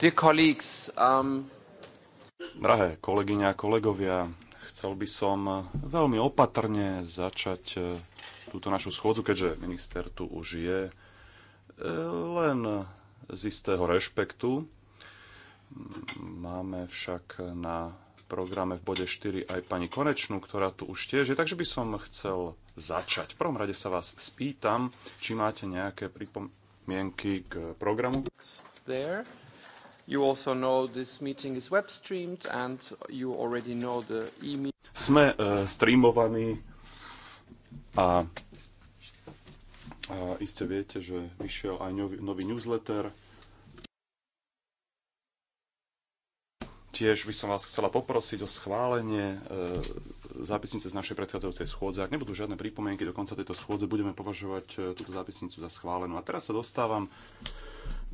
Dear colleagues, um... Drahé kolegyne a kolegovia, chcel by som veľmi opatrne začať eh, túto našu schôdzu, keďže minister tu už je, eh, len z istého rešpektu. Máme však na programe v bode 4 aj pani Konečnú, ktorá tu už tiež je, takže by som chcel začať. V prvom rade sa vás spýtam, či máte nejaké pripomienky k programu. There. You also know this meeting is web streamed and you already know the e Sme uh, streamovaní a, a iste viete, že vyšiel aj nový, nový newsletter. Tiež by som vás chcela poprosiť o schválenie uh, zápisnice z našej predchádzajúcej schôdze. Ak nebudú žiadne pripomienky do konca tejto schôdze, budeme považovať e, túto zápisnicu za schválenú. A teraz sa dostávam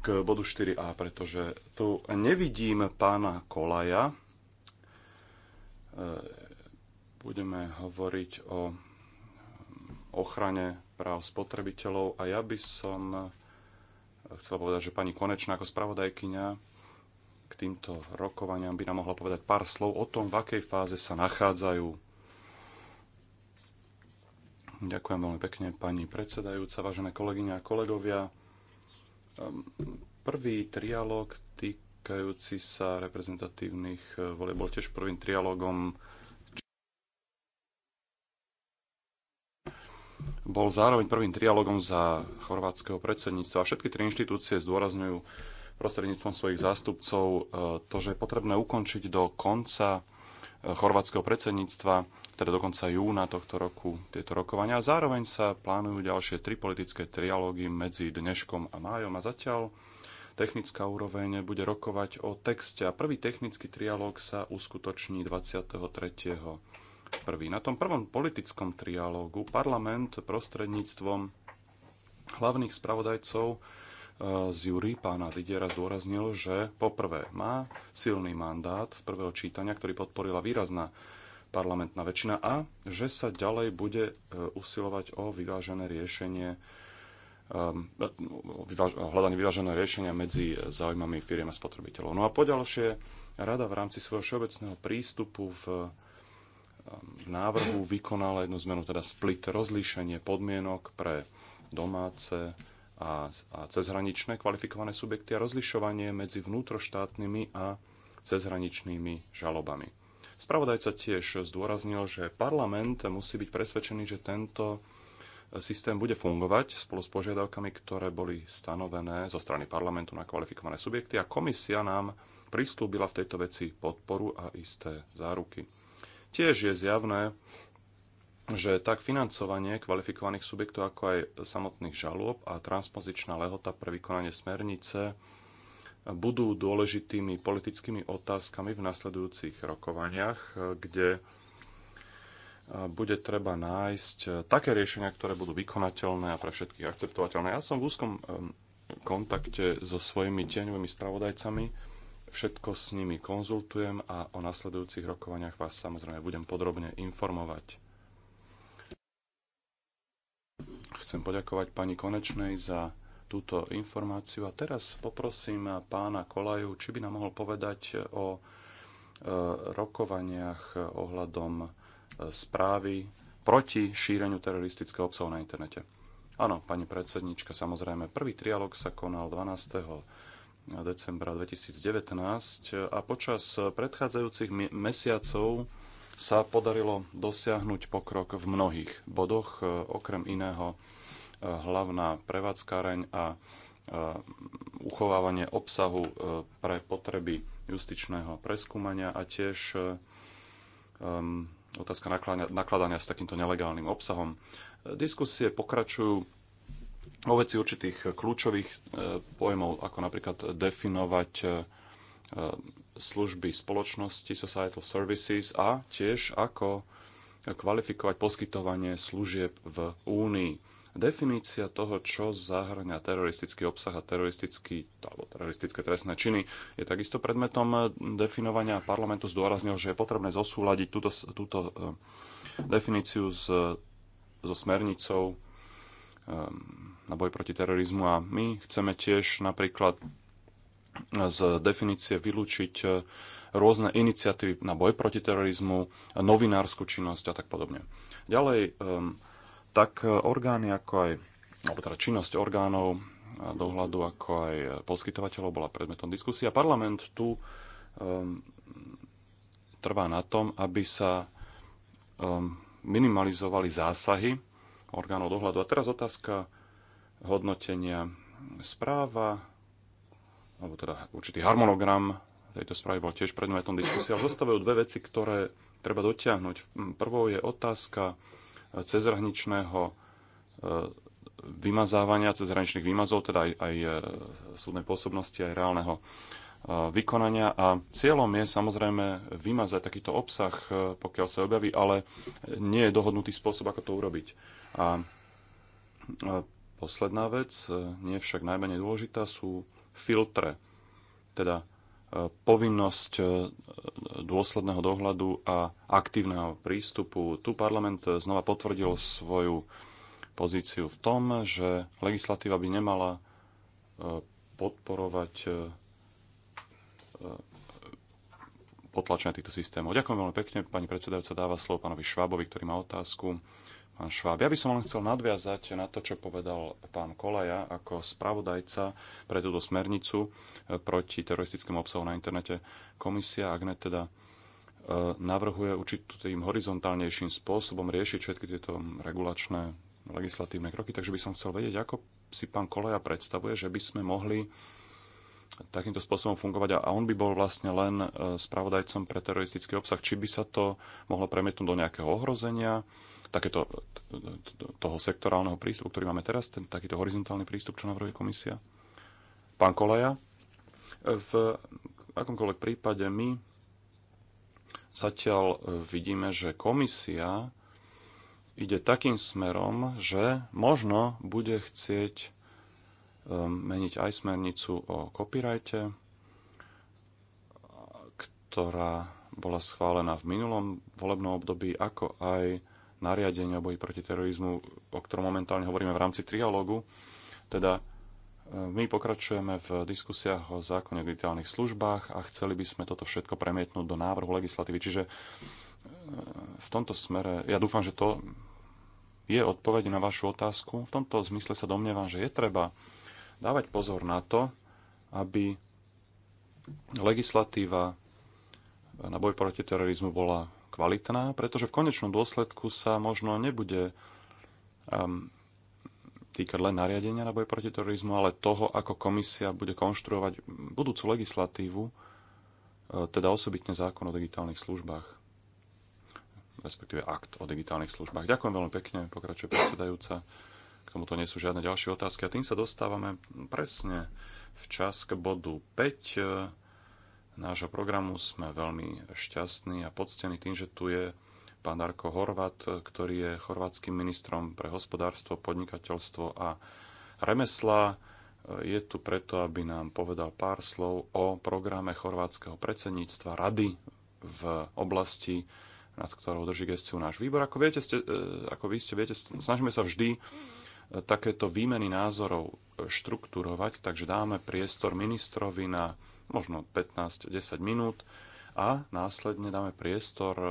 k bodu 4a, pretože tu nevidím pána Kolaja. E, budeme hovoriť o ochrane práv spotrebiteľov a ja by som chcela povedať, že pani Konečná ako spravodajkyňa k týmto rokovaniam by nám mohla povedať pár slov o tom, v akej fáze sa nachádzajú. Ďakujem veľmi pekne, pani predsedajúca, vážené kolegyne a kolegovia. Ehm, prvý trialóg týkajúci sa reprezentatívnych eh, volieb bol tiež prvým trialógom bol zároveň prvým trialogom za chorvátskeho predsedníctva. Všetky tri inštitúcie zdôrazňujú prostredníctvom svojich zástupcov eh, to, že je potrebné ukončiť do konca chorvátskeho predsedníctva, teda do konca júna tohto roku tieto rokovania. Zároveň sa plánujú ďalšie tri politické trialógy medzi dneškom a májom a zatiaľ technická úroveň bude rokovať o texte a prvý technický trialóg sa uskutoční 23. Prvý. Na tom prvom politickom trialógu parlament prostredníctvom hlavných spravodajcov z Jury, pána Didiera, zdôraznil, že poprvé má silný mandát z prvého čítania, ktorý podporila výrazná parlamentná väčšina a že sa ďalej bude e, usilovať o vyvážené riešenie ehm, e, hľadanie vyváženého riešenia medzi záujmami firiem a spotrebiteľov. No a poďalšie, rada v rámci svojho všeobecného prístupu v, v ehm, návrhu vykonala jednu zmenu, teda split, rozlíšenie podmienok pre domáce a, a cezhraničné kvalifikované subjekty a rozlišovanie medzi vnútroštátnymi a cezhraničnými žalobami. Spravodajca tiež zdôraznil, že parlament musí byť presvedčený, že tento systém bude fungovať spolu s požiadavkami, ktoré boli stanovené zo strany parlamentu na kvalifikované subjekty a komisia nám prislúbila v tejto veci podporu a isté záruky. Tiež je zjavné, že tak financovanie kvalifikovaných subjektov, ako aj samotných žalôb a transpozičná lehota pre vykonanie smernice budú dôležitými politickými otázkami v nasledujúcich rokovaniach, kde e, bude treba nájsť e, také riešenia, ktoré budú vykonateľné a pre všetkých akceptovateľné. Ja som v úzkom e, kontakte so svojimi tieňovými spravodajcami, všetko s nimi konzultujem a o nasledujúcich rokovaniach vás samozrejme budem podrobne informovať. Chcem poďakovať pani Konečnej za túto informáciu. A teraz poprosím pána Kolaju, či by nám mohol povedať o e, rokovaniach ohľadom e, správy proti šíreniu teroristického obsahu na internete. Áno, pani predsednička, samozrejme, prvý trialog sa konal 12. decembra 2019 a počas predchádzajúcich mesiacov sa podarilo dosiahnuť pokrok v mnohých bodoch, e, okrem iného e, hlavná prevádzkáreň a e, uchovávanie obsahu pre potreby justičného preskúmania a tiež otázka nakladania s takýmto nelegálnym obsahom. Diskusie pokračujú o veci určitých kľúčových pojmov, ako napríklad definovať služby spoločnosti, societal services a tiež ako kvalifikovať poskytovanie služieb v Únii. Definícia toho, čo zahrania teroristický obsah a teroristický, alebo teroristické trestné činy, je takisto predmetom definovania. Parlamentu zdôraznil, že je potrebné zosúľadiť túto, túto eh, definíciu s, so smernicou ehm, na boj proti terorizmu a my chceme tiež napríklad z definície vylúčiť e, rôzne iniciatívy na boj proti terorizmu, novinárskú činnosť a tak podobne. Ďalej, tak e, orgány ako aj, alebo teda činnosť orgánov e, dohľadu ako aj poskytovateľov bola predmetom diskusie a parlament tu um, trvá na tom, aby sa um, minimalizovali zásahy orgánov dohľadu. A teraz otázka hodnotenia. Správa alebo teda určitý harmonogram tejto správy bol tiež predmetom diskusie, ale zostávajú dve veci, ktoré treba dotiahnuť. Prvou je otázka e, cezhraničného e, vymazávania, cezhraničných výmazov, teda aj, aj e, súdnej pôsobnosti, aj reálneho vykonania a cieľom je samozrejme vymazať takýto obsah, pokiaľ sa objaví, ale nie je dohodnutý spôsob, ako to urobiť. A posledná vec, nie však najmenej dôležitá, sú filtre, teda e, povinnosť e, dôsledného dohľadu a aktívneho prístupu. Tu parlament e, znova potvrdil svoju pozíciu v tom, že legislatíva by nemala podporovať potlačenie týchto systémov. Ďakujem veľmi pekne. Pani predsedajúca dáva slovo pánovi Švábovi, ktorý má otázku pán Šváb. Ja by som len chcel nadviazať na to, čo povedal pán Kolaja ako spravodajca pre túto smernicu e, proti teroristickému obsahu na internete. Komisia, ak teda e, navrhuje určitým horizontálnejším spôsobom riešiť všetky tieto regulačné legislatívne kroky, takže by som chcel vedieť, ako si pán Kolaja predstavuje, že by sme mohli takýmto spôsobom fungovať a on by bol vlastne len e, spravodajcom pre teroristický obsah. Či by sa to mohlo premietnúť do nejakého ohrozenia takéto, toho sektorálneho prístupu, ktorý máme teraz, ten takýto horizontálny prístup, čo navrhuje komisia? Pán Koleja, v akomkoľvek prípade my zatiaľ e, vidíme, že komisia ide takým smerom, že možno bude chcieť e, meniť aj smernicu o copyrighte, ktorá bola schválená v minulom volebnom období, ako aj nariadenia o boji proti terorizmu, o ktorom momentálne hovoríme v rámci trialógu. Teda e, my pokračujeme v diskusiách o zákone o digitálnych službách a chceli by sme toto všetko premietnúť do návrhu legislatívy. Čiže e, v tomto smere, ja dúfam, že to je odpoveď na vašu otázku. V tomto zmysle sa domnievam, že je treba dávať pozor na to, aby legislatíva na boj proti terorizmu bola kvalitná, pretože v konečnom dôsledku sa možno nebude um, týkať len nariadenia na boj proti terorizmu, ale toho, ako komisia bude konštruovať budúcu legislatívu, uh, teda osobitne zákon o digitálnych službách, respektíve akt o digitálnych službách. Ďakujem veľmi pekne, pokračuje predsedajúca. K tomuto nie sú žiadne ďalšie otázky. A tým sa dostávame presne v čas k bodu 5 nášho programu. Sme veľmi šťastní a poctení tým, že tu je pán Darko Horvat, ktorý je chorvátským ministrom pre hospodárstvo, podnikateľstvo a remesla. Je tu preto, aby nám povedal pár slov o programe chorvátskeho predsedníctva rady v oblasti, nad ktorou drží gestiu náš výbor. Ako, viete, ste, e, ako vy ste, viete, snažíme sa vždy e, takéto výmeny názorov štruktúrovať, takže dáme priestor ministrovi na možno 15-10 minút a následne dáme priestor e,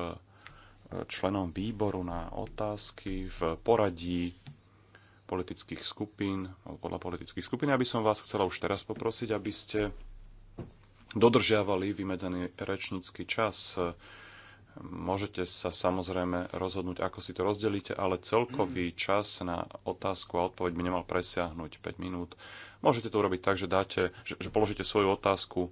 členom výboru na otázky v poradí politických skupín, podľa politických skupín. Ja by som vás chcela už teraz poprosiť, aby ste dodržiavali vymedzený rečnícky čas. Môžete sa samozrejme rozhodnúť, ako si to rozdelíte, ale celkový čas na otázku a odpoveď by nemal presiahnuť 5 minút. Môžete to urobiť tak, že, dáte, že, že položíte svoju otázku, e,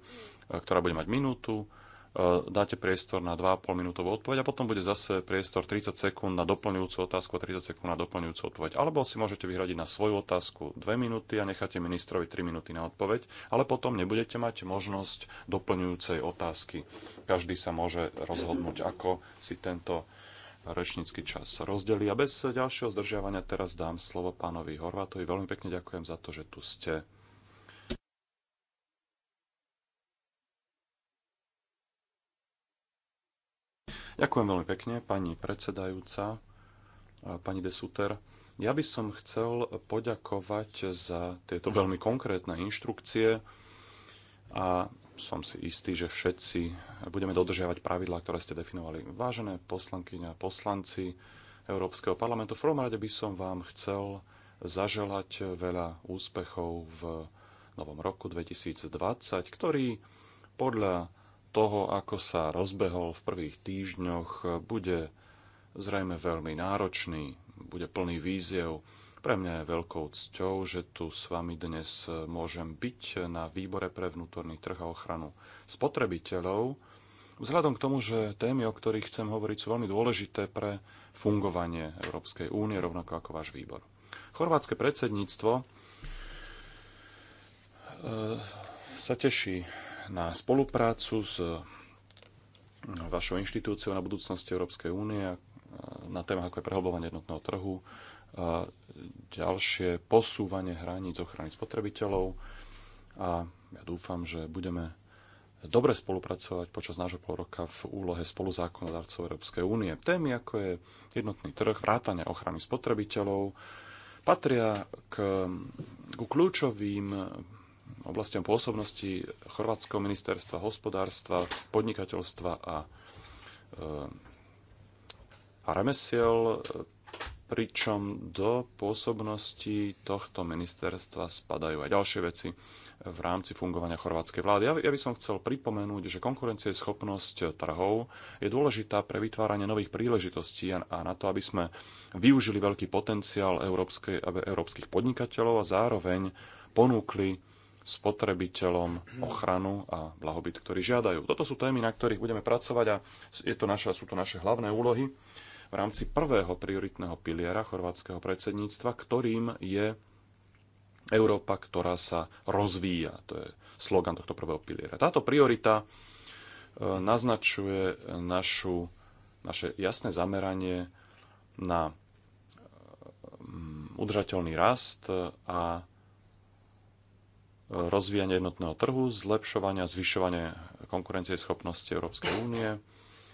ktorá bude mať minútu, E, dáte priestor na 2,5 minútovú odpoveď a potom bude zase priestor 30 sekúnd na doplňujúcu otázku a 30 sekúnd na doplňujúcu odpoveď. Alebo si môžete vyhradiť na svoju otázku 2 minúty a necháte ministrovi 3 minúty na odpoveď, ale potom nebudete mať možnosť doplňujúcej otázky. Každý sa môže rozhodnúť, ako si tento rečnícky čas rozdelí. A bez ďalšieho zdržiavania teraz dám slovo pánovi Horvátovi. Veľmi pekne ďakujem za to, že tu ste. Ďakujem veľmi pekne, pani predsedajúca, pani Desuter. Ja by som chcel poďakovať za tieto veľmi konkrétne inštrukcie a som si istý, že všetci budeme dodržiavať pravidlá, ktoré ste definovali. Vážené poslankyňa a poslanci Európskeho parlamentu, v prvom rade by som vám chcel zaželať veľa úspechov v novom roku 2020, ktorý podľa toho, ako sa rozbehol v prvých týždňoch, bude zrejme veľmi náročný, bude plný víziev. Pre mňa je veľkou cťou, že tu s vami dnes môžem byť na výbore pre vnútorný trh a ochranu spotrebiteľov. Vzhľadom k tomu, že témy, o ktorých chcem hovoriť, sú veľmi dôležité pre fungovanie Európskej únie, rovnako ako váš výbor. Chorvátske predsedníctvo e, sa teší na spoluprácu s no, vašou inštitúciou na budúcnosti Európskej únie na téma, ako je prehlbovanie jednotného trhu, ďalšie posúvanie hraníc ochrany spotrebiteľov a ja dúfam, že budeme dobre spolupracovať počas nášho pol roka v úlohe spoluzákonodárcov Európskej únie. Témy ako je jednotný trh, vrátanie ochrany spotrebiteľov patria k, k kľúčovým oblastiam pôsobnosti Chorvátskeho ministerstva hospodárstva, podnikateľstva a, e, a remesiel, e, pričom do pôsobnosti tohto ministerstva spadajú aj ďalšie veci v rámci fungovania chorvátskej vlády. Ja, by som chcel pripomenúť, že konkurencieschopnosť trhov je dôležitá pre vytváranie nových príležitostí a, na to, aby sme využili veľký potenciál európskych podnikateľov a zároveň ponúkli spotrebiteľom ochranu a blahobyt, ktorý žiadajú. Toto sú témy, na ktorých budeme pracovať a je to naša, sú to naše hlavné úlohy v rámci prvého prioritného piliera chorvátskeho predsedníctva, ktorým je Európa, ktorá sa rozvíja. To je slogan tohto prvého piliera. Táto priorita e, naznačuje našu, naše jasné zameranie na e, udržateľný rast a rozvíjanie jednotného trhu, zlepšovania, zvyšovanie konkurencie schopnosti Európskej únie,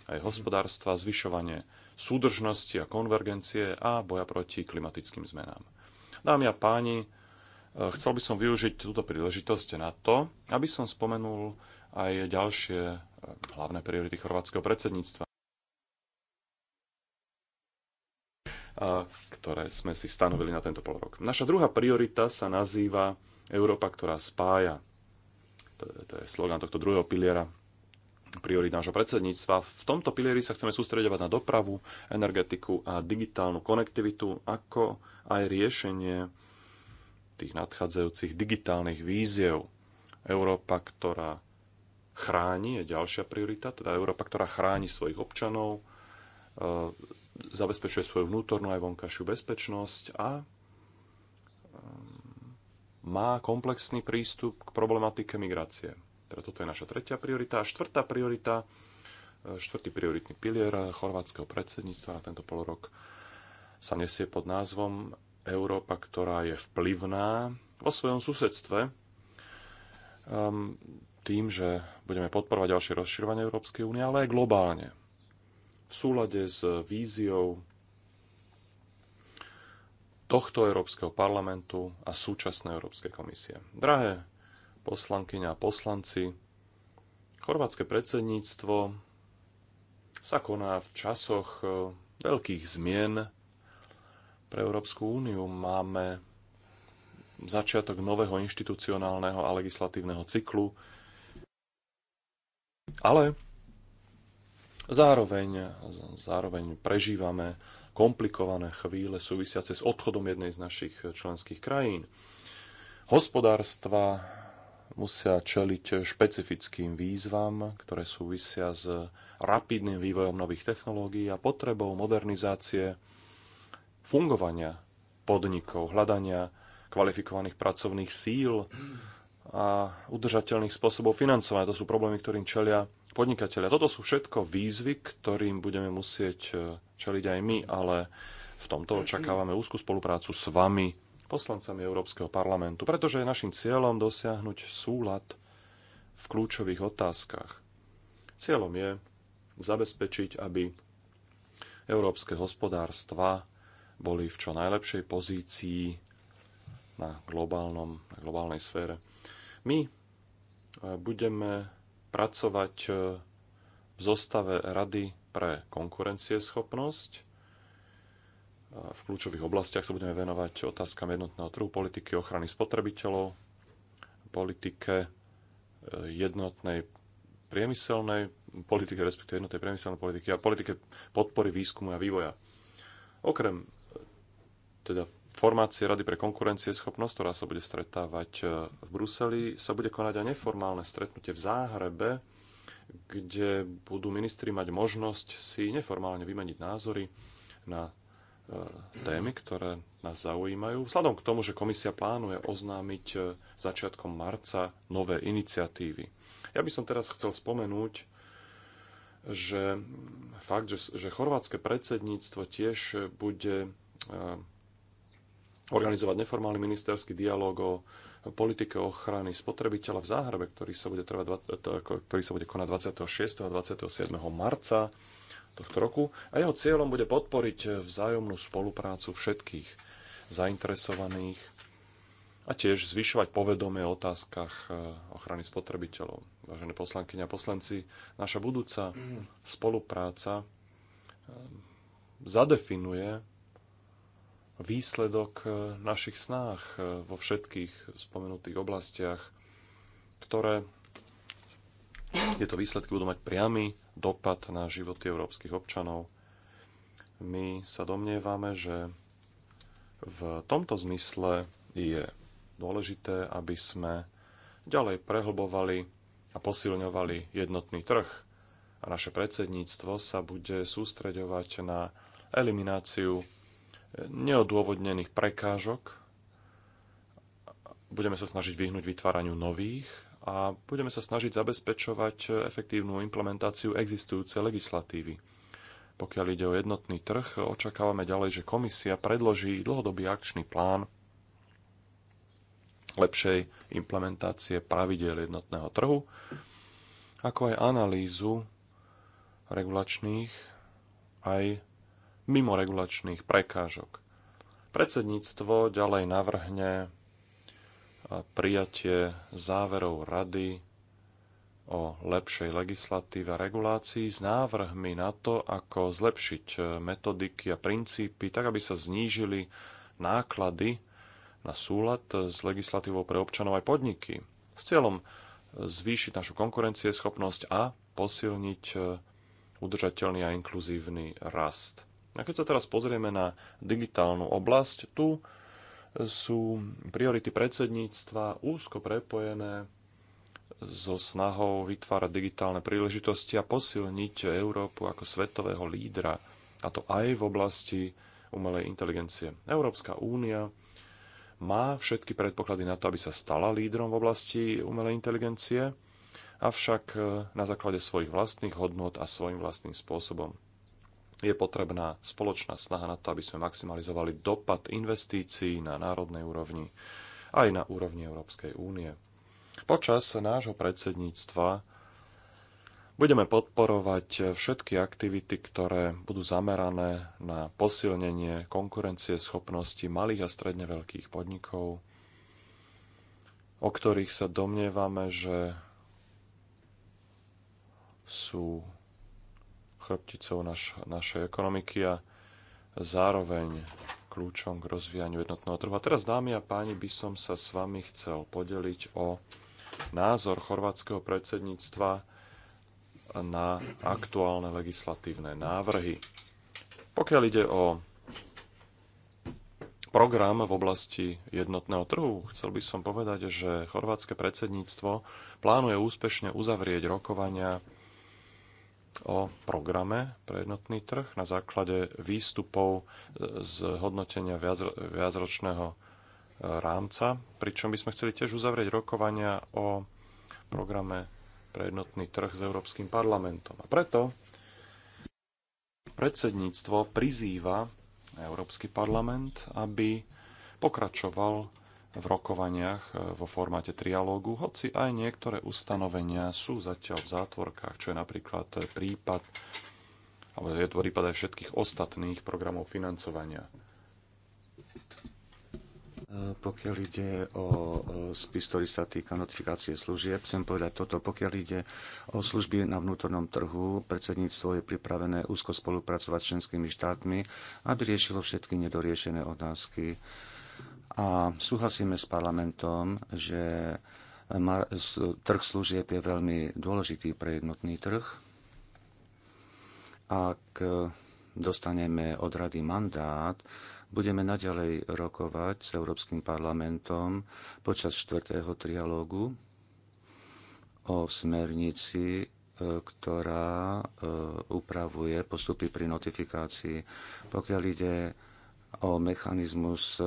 aj hospodárstva, zvyšovanie súdržnosti a konvergencie a boja proti klimatickým zmenám. Dámy a páni, eh, chcel by som využiť túto príležitosť na to, aby som spomenul aj ďalšie eh, hlavné priority chorvátskeho predsedníctva, eh, ktoré sme si stanovili na tento rok. Naša druhá priorita sa nazýva Európa, ktorá spája. To, to je slogan tohto druhého piliera priorit nášho predsedníctva. V tomto pilieri sa chceme sústredovať na dopravu, energetiku a digitálnu konektivitu, ako aj riešenie tých nadchádzajúcich digitálnych víziev. Európa, ktorá chráni, je ďalšia priorita, teda Európa, ktorá chráni svojich občanov, e, zabezpečuje svoju vnútornú aj vonkajšiu bezpečnosť a má komplexný prístup k problematike migrácie. Teda toto je naša tretia priorita. A štvrtá priorita, e, štvrtý prioritný pilier chorvátskeho predsedníctva na tento polorok sa nesie pod názvom Európa, ktorá je vplyvná vo svojom susedstve ehm, tým, že budeme podporovať ďalšie rozširovanie Európskej únie, ale aj globálne. V súlade s víziou tohto Európskeho parlamentu a súčasnej Európskej komisie. Drahé poslankyňa a poslanci, chorvátske predsedníctvo sa koná v časoch eh, veľkých zmien pre Európsku úniu. Máme začiatok nového inštitucionálneho a legislatívneho cyklu, ale zároveň, zároveň prežívame komplikované chvíle súvisiace s odchodom jednej z našich členských krajín. Hospodárstva musia čeliť špecifickým výzvam, ktoré súvisia s rapidným vývojom nových technológií a potrebou modernizácie fungovania podnikov, hľadania kvalifikovaných pracovných síl a udržateľných spôsobov financovania. To sú problémy, ktorým čelia podnikatelia. Toto sú všetko výzvy, ktorým budeme musieť čeliť aj my, ale v tomto očakávame úzku spoluprácu s vami, poslancami Európskeho parlamentu, pretože je našim cieľom dosiahnuť súlad v kľúčových otázkach. Cieľom je zabezpečiť, aby európske hospodárstva boli v čo najlepšej pozícii na, globálnom, na globálnej sfére. My eh, budeme pracovať eh, v zostave Rady pre konkurencieschopnosť. V kľúčových oblastiach sa budeme venovať otázkam jednotného trhu, politiky ochrany spotrebiteľov, politike e, jednotnej priemyselnej politike, respektíve jednotnej priemyselnej politiky a politike podpory výskumu a vývoja. Okrem e, teda formácie Rady pre konkurencieschopnosť, ktorá sa bude stretávať e, v Bruseli, sa bude konať aj neformálne stretnutie v Záhrebe kde budú ministri mať možnosť si neformálne vymeniť názory na e, témy, ktoré nás zaujímajú. Vzhľadom k tomu, že komisia plánuje oznámiť e, začiatkom marca nové iniciatívy. Ja by som teraz chcel spomenúť, že fakt, že, že chorvátske predsedníctvo tiež bude e, organizovať neformálny ministerský dialog o politike ochrany spotrebiteľa v Záhrebe, ktorý sa bude, trvať, ktorý sa bude konať 26. a 27. marca tohto roku. A jeho cieľom bude podporiť vzájomnú spoluprácu všetkých zainteresovaných a tiež zvyšovať povedomie o otázkach e, ochrany spotrebiteľov. Vážené poslanky a poslanci, naša budúca mhm. spolupráca e, zadefinuje výsledok e, našich snách e, vo všetkých spomenutých oblastiach, ktoré tieto výsledky budú mať priamy dopad na životy európskych občanov. My sa domnievame, že v tomto zmysle je dôležité, aby sme ďalej prehlbovali a posilňovali jednotný trh. A naše predsedníctvo sa bude sústreďovať na elimináciu neodôvodnených prekážok. Budeme sa snažiť vyhnúť vytváraniu nových a budeme sa snažiť zabezpečovať efektívnu implementáciu existujúcej legislatívy. Pokiaľ ide o jednotný trh, očakávame ďalej, že komisia predloží dlhodobý akčný plán lepšej implementácie pravidel jednotného trhu, ako aj analýzu regulačných aj mimo regulačných prekážok. Predsedníctvo ďalej navrhne prijatie záverov Rady o lepšej legislatíve a regulácii s návrhmi na to, ako zlepšiť e, metodiky a princípy, tak aby sa znížili náklady na súlad e, s legislatívou pre občanov aj podniky. S cieľom e, zvýšiť našu konkurencieschopnosť a posilniť udržateľný a inkluzívny rast. A keď sa teraz pozrieme na digitálnu oblasť, tu sú priority predsedníctva úzko prepojené so snahou vytvárať digitálne príležitosti a posilniť Európu ako svetového lídra, a to aj v oblasti umelej inteligencie. Európska únia má všetky predpoklady na to, aby sa stala lídrom v oblasti umelej inteligencie, avšak eh, na základe svojich vlastných hodnot a svojim vlastným spôsobom je potrebná spoločná snaha na to, aby sme maximalizovali dopad investícií na národnej úrovni aj na úrovni Európskej únie. Počas nášho predsedníctva budeme podporovať všetky aktivity, ktoré budú zamerané na posilnenie konkurencie schopnosti malých a stredne veľkých podnikov, o ktorých sa domnievame, že sú chrbticou naš, našej ekonomiky a zároveň kľúčom k rozvíjaniu jednotného trhu. A teraz, dámy a páni, by som sa s vami chcel podeliť o názor chorvátskeho predsedníctva na aktuálne legislatívne návrhy. Pokiaľ ide o program v oblasti jednotného trhu, chcel by som povedať, že chorvátske predsedníctvo plánuje úspešne uzavrieť rokovania o programe pre jednotný trh na základe výstupov e, z hodnotenia viacročného e, rámca, pričom by sme chceli tiež uzavrieť rokovania o programe pre jednotný trh s Európskym parlamentom. A preto predsedníctvo prizýva Európsky parlament, aby pokračoval v rokovaniach e, vo formáte trialógu, hoci aj niektoré ustanovenia sú zatiaľ v zátvorkách, čo je napríklad prípad, alebo je to prípad aj všetkých ostatných programov financovania. E, pokiaľ ide o spis, ktorý sa týka notifikácie služieb, chcem povedať toto. Pokiaľ ide o služby na vnútornom trhu, predsedníctvo je pripravené úzko spolupracovať s členskými štátmi, aby riešilo všetky nedoriešené otázky a súhlasíme s parlamentom, že trh služieb je veľmi dôležitý pre jednotný trh. Ak dostaneme od rady mandát, budeme naďalej rokovať s Európskym parlamentom počas čtvrtého trialógu o smernici, e, ktorá e, upravuje postupy pri notifikácii. Pokiaľ ide o mechanizmus e,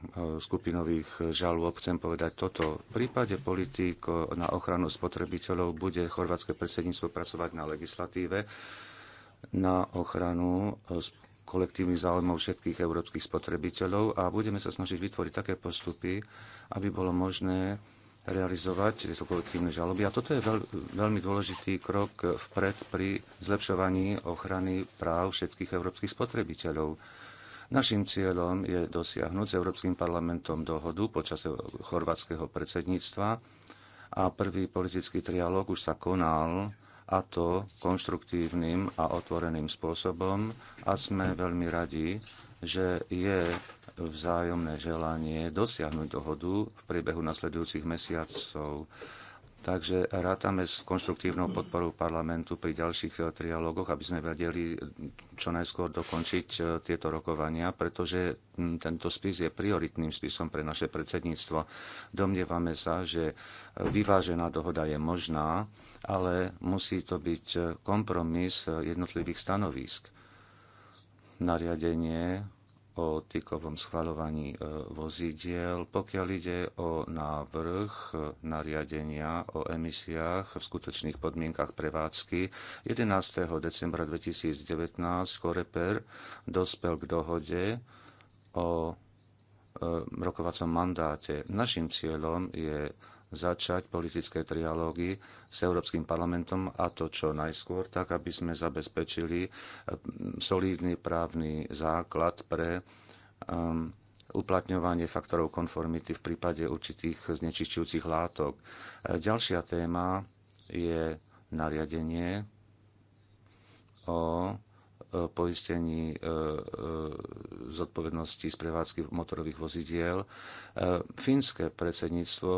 Eh, skupinových žalôb chcem povedať toto. V prípade politík eh, na ochranu spotrebiteľov bude chorvátske predsedníctvo pracovať na legislatíve na ochranu eh, kolektívnych záujmov všetkých európskych spotrebiteľov a budeme sa snažiť vytvoriť také postupy, aby bolo možné realizovať tieto kolektívne žaloby. A toto je veľ, veľmi dôležitý krok vpred pri zlepšovaní ochrany práv všetkých európskych spotrebiteľov Našim cieľom je dosiahnuť s Európskym parlamentom dohodu počas chorvátskeho predsedníctva a prvý politický trialóg už sa konal a to konštruktívnym a otvoreným spôsobom a sme veľmi radi, že je vzájomné želanie dosiahnuť dohodu v priebehu nasledujúcich mesiacov. Takže rátame s konštruktívnou podporou parlamentu pri ďalších eh, trialógoch, aby sme vedeli eh, čo najskôr dokončiť eh, tieto rokovania, pretože hm, tento spis je prioritným spisom pre naše predsedníctvo. Domnievame sa, že vyvážená dohoda je možná, ale musí to byť kompromis jednotlivých stanovísk. Nariadenie o tykovom schvaľovaní e, vozidiel. Pokiaľ ide o návrh e, nariadenia o emisiách v skutočných podmienkach prevádzky, 11. decembra 2019 Koreper dospel k dohode o e, rokovacom mandáte. Našim cieľom je začať politické trialógy s Európskym parlamentom a to čo najskôr, tak aby sme zabezpečili eh, solídny právny základ pre um, uplatňovanie faktorov konformity v prípade určitých znečišťujúcich látok. Eh, ďalšia téma je nariadenie o eh, poistení zodpovednosti z prevádzky motorových vozidiel. Fínske predsedníctvo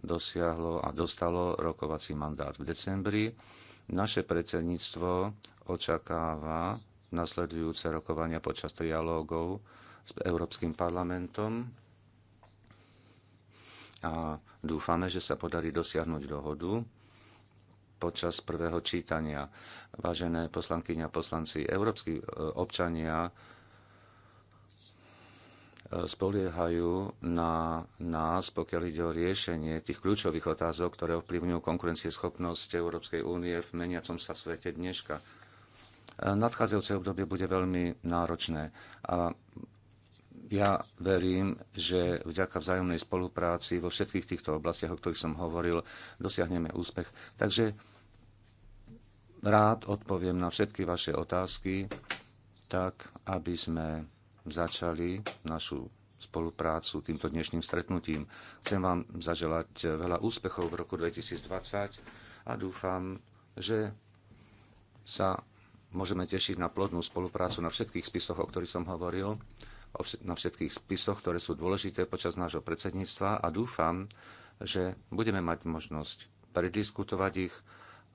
dosiahlo a dostalo rokovací mandát v decembri. Naše predsedníctvo očakáva nasledujúce rokovania počas trialógov s Európskym parlamentom a dúfame, že sa podarí dosiahnuť dohodu počas prvého čítania. Vážené poslankyňa a poslanci, európsky e, občania spoliehajú na nás, pokiaľ ide o riešenie tých kľúčových otázok, ktoré ovplyvňujú konkurencieschopnosť Európskej únie v meniacom sa svete dneška. Nadchádzajúce obdobie bude veľmi náročné a ja verím, že vďaka vzájomnej spolupráci vo všetkých týchto oblastiach, o ktorých som hovoril, dosiahneme úspech. Takže rád odpoviem na všetky vaše otázky, tak aby sme začali našu spoluprácu týmto dnešným stretnutím. Chcem vám zaželať veľa úspechov v roku 2020 a dúfam, že sa môžeme tešiť na plodnú spoluprácu na všetkých spisoch, o ktorých som hovoril, na všetkých spisoch, ktoré sú dôležité počas nášho predsedníctva a dúfam, že budeme mať možnosť prediskutovať ich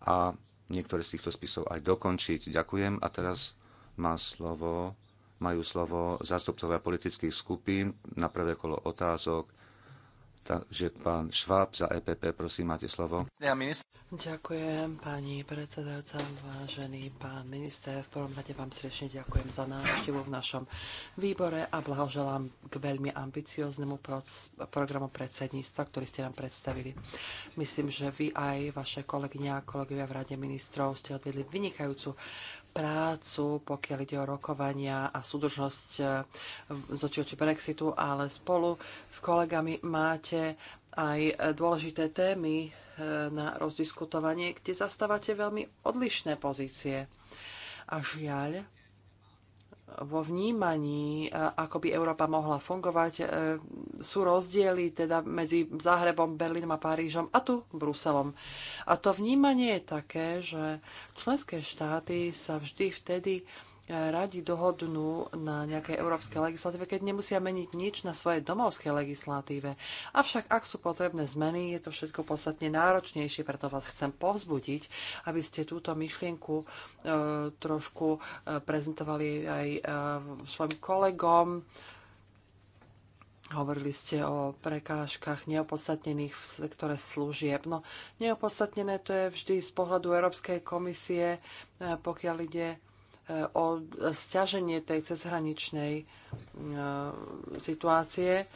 a niektoré z týchto spisov aj dokončiť. Ďakujem a teraz má slovo majú slovo zástupcovia politických skupín na prvé kolo otázok. Takže pán Šváb za EPP, prosím, máte slovo. Ja, Ďakujem, pani predsedajúca, vážený pán minister. V prvom rade vám srdečne ďakujem za návštevu v našom výbore a blahoželám k veľmi ambicioznému programu predsedníctva, ktorý ste nám predstavili. Myslím, že vy aj vaše kolegyňa a kolegovia v Rade ministrov ste odvedli vynikajúcu prácu, pokiaľ ide o rokovania a súdržnosť eh, z oči oči Brexitu, ale spolu s kolegami máte aj dôležité témy eh, na rozdiskutovanie, kde zastávate veľmi odlišné pozície. A žiaľ, vo vnímaní, e, ako by Európa mohla fungovať, e, sú rozdiely teda medzi Záhrebom, Berlínom a Parížom a tu Bruselom. A to vnímanie je také, že členské štáty sa vždy vtedy radi dohodnú na nejakej európskej legislatíve, keď nemusia meniť nič na svojej domovskej legislatíve. Avšak ak sú potrebné zmeny, je to všetko podstatne náročnejšie, preto vás chcem povzbudiť, aby ste túto myšlienku e, trošku e, prezentovali aj e, svojim kolegom. Hovorili ste o prekážkach neopodstatnených v sektore služieb. No, neopodstatnené to je vždy z pohľadu Európskej komisie, e, pokiaľ ide o stiaženie tej cezhraničnej e, situácie.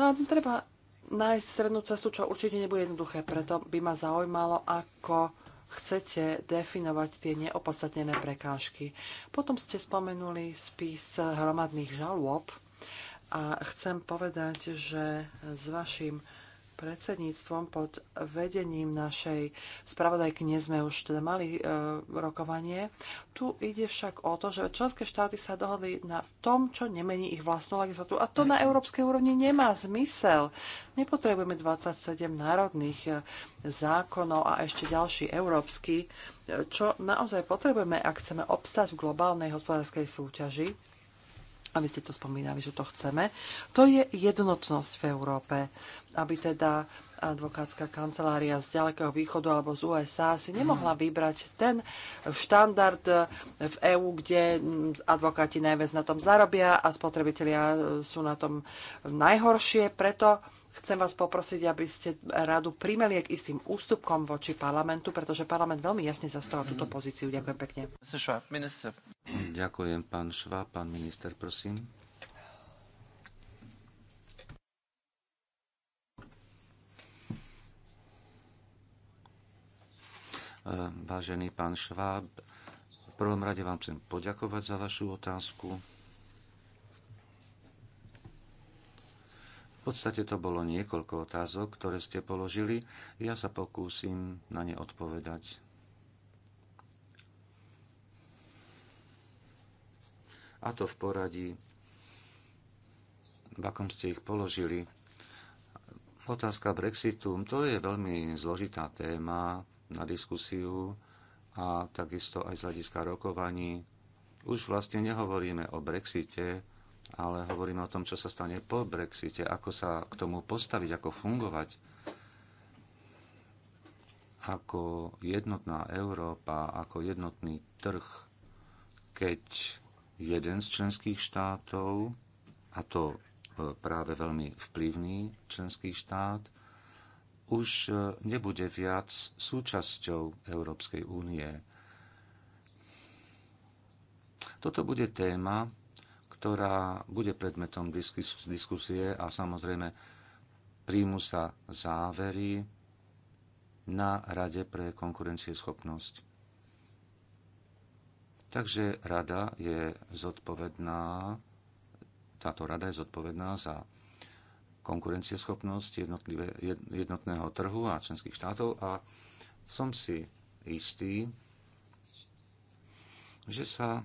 No a treba nájsť strednú cestu, čo určite nebude jednoduché, preto by ma zaujímalo, ako chcete definovať tie neopodstatnené prekážky. Potom ste spomenuli spis hromadných žalôb a chcem povedať, že s vašim predsedníctvom pod vedením našej spravodajky nie sme už teda mali e, rokovanie. Tu ide však o to, že členské štáty sa dohodli na tom, čo nemení ich vlastnú legislatúru. A to na európskej úrovni nemá zmysel. Nepotrebujeme 27 národných e, zákonov a ešte ďalší európsky. E, čo naozaj potrebujeme, ak chceme obstať v globálnej hospodárskej súťaži, a vy ste to spomínali, že to chceme, to je jednotnosť v Európe, aby teda advokátska kancelária z ďalekého východu alebo z USA si mhm. nemohla vybrať ten štandard v EÚ, kde advokáti najviac na tom zarobia a spotrebitelia sú na tom najhoršie. Preto chcem vás poprosiť, aby ste radu primeli k istým ústupkom voči parlamentu, pretože parlament veľmi jasne zastáva túto mhm. pozíciu. Ďakujem pekne. Ďakujem, pán Šva. Pán minister, prosím. E, vážený pán Šváb, v prvom rade vám chcem poďakovať za vašu otázku. V podstate to bolo niekoľko otázok, ktoré ste položili. Ja sa pokúsim na ne odpovedať. a to v poradí, v akom ste ich položili. Otázka Brexitu, to je veľmi zložitá téma na diskusiu a takisto aj z hľadiska rokovaní. Už vlastne nehovoríme o Brexite, ale hovoríme o tom, čo sa stane po Brexite, ako sa k tomu postaviť, ako fungovať ako jednotná Európa, ako jednotný trh, keď jeden z členských štátov, a to e, práve veľmi vplyvný členský štát, už e, nebude viac súčasťou Európskej únie. Toto bude téma, ktorá bude predmetom diskusie a samozrejme príjmu sa závery na Rade pre konkurencieschopnosť. Takže rada je zodpovedná, táto rada je zodpovedná za konkurencieschopnosť jednotného trhu a členských štátov a som si istý, že sa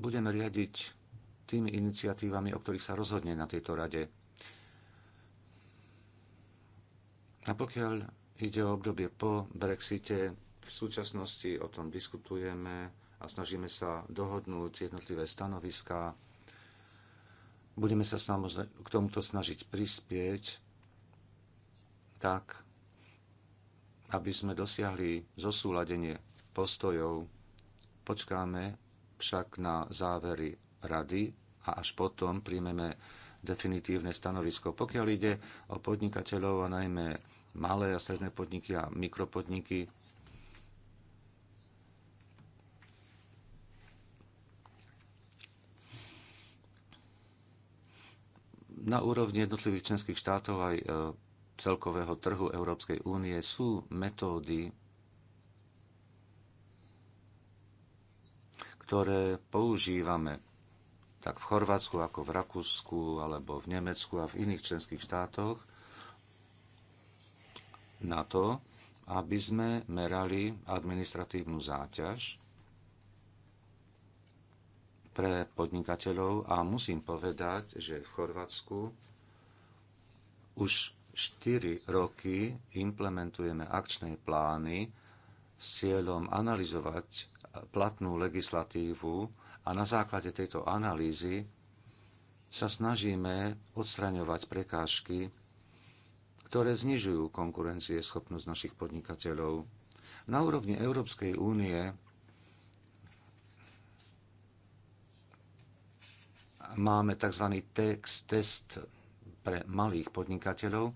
budeme riadiť tými iniciatívami, o ktorých sa rozhodne na tejto rade. A pokiaľ ide o obdobie po Brexite, v súčasnosti o tom diskutujeme, snažíme sa dohodnúť jednotlivé stanoviská. Budeme sa k tomuto snažiť prispieť tak, aby sme dosiahli zosúladenie postojov. Počkáme však na závery rady a až potom príjmeme definitívne stanovisko. Pokiaľ ide o podnikateľov a najmä malé a stredné podniky a mikropodniky, na úrovni jednotlivých členských štátov aj e, celkového trhu Európskej únie sú metódy, ktoré používame tak v Chorvátsku, ako v Rakúsku, alebo v Nemecku a v iných členských štátoch na to, aby sme merali administratívnu záťaž pre podnikateľov a musím povedať, že v Chorvátsku už 4 roky implementujeme akčné plány s cieľom analyzovať platnú legislatívu a na základe tejto analýzy sa snažíme odstraňovať prekážky, ktoré znižujú konkurencieschopnosť našich podnikateľov. Na úrovni Európskej únie máme tzv. text, test pre malých podnikateľov.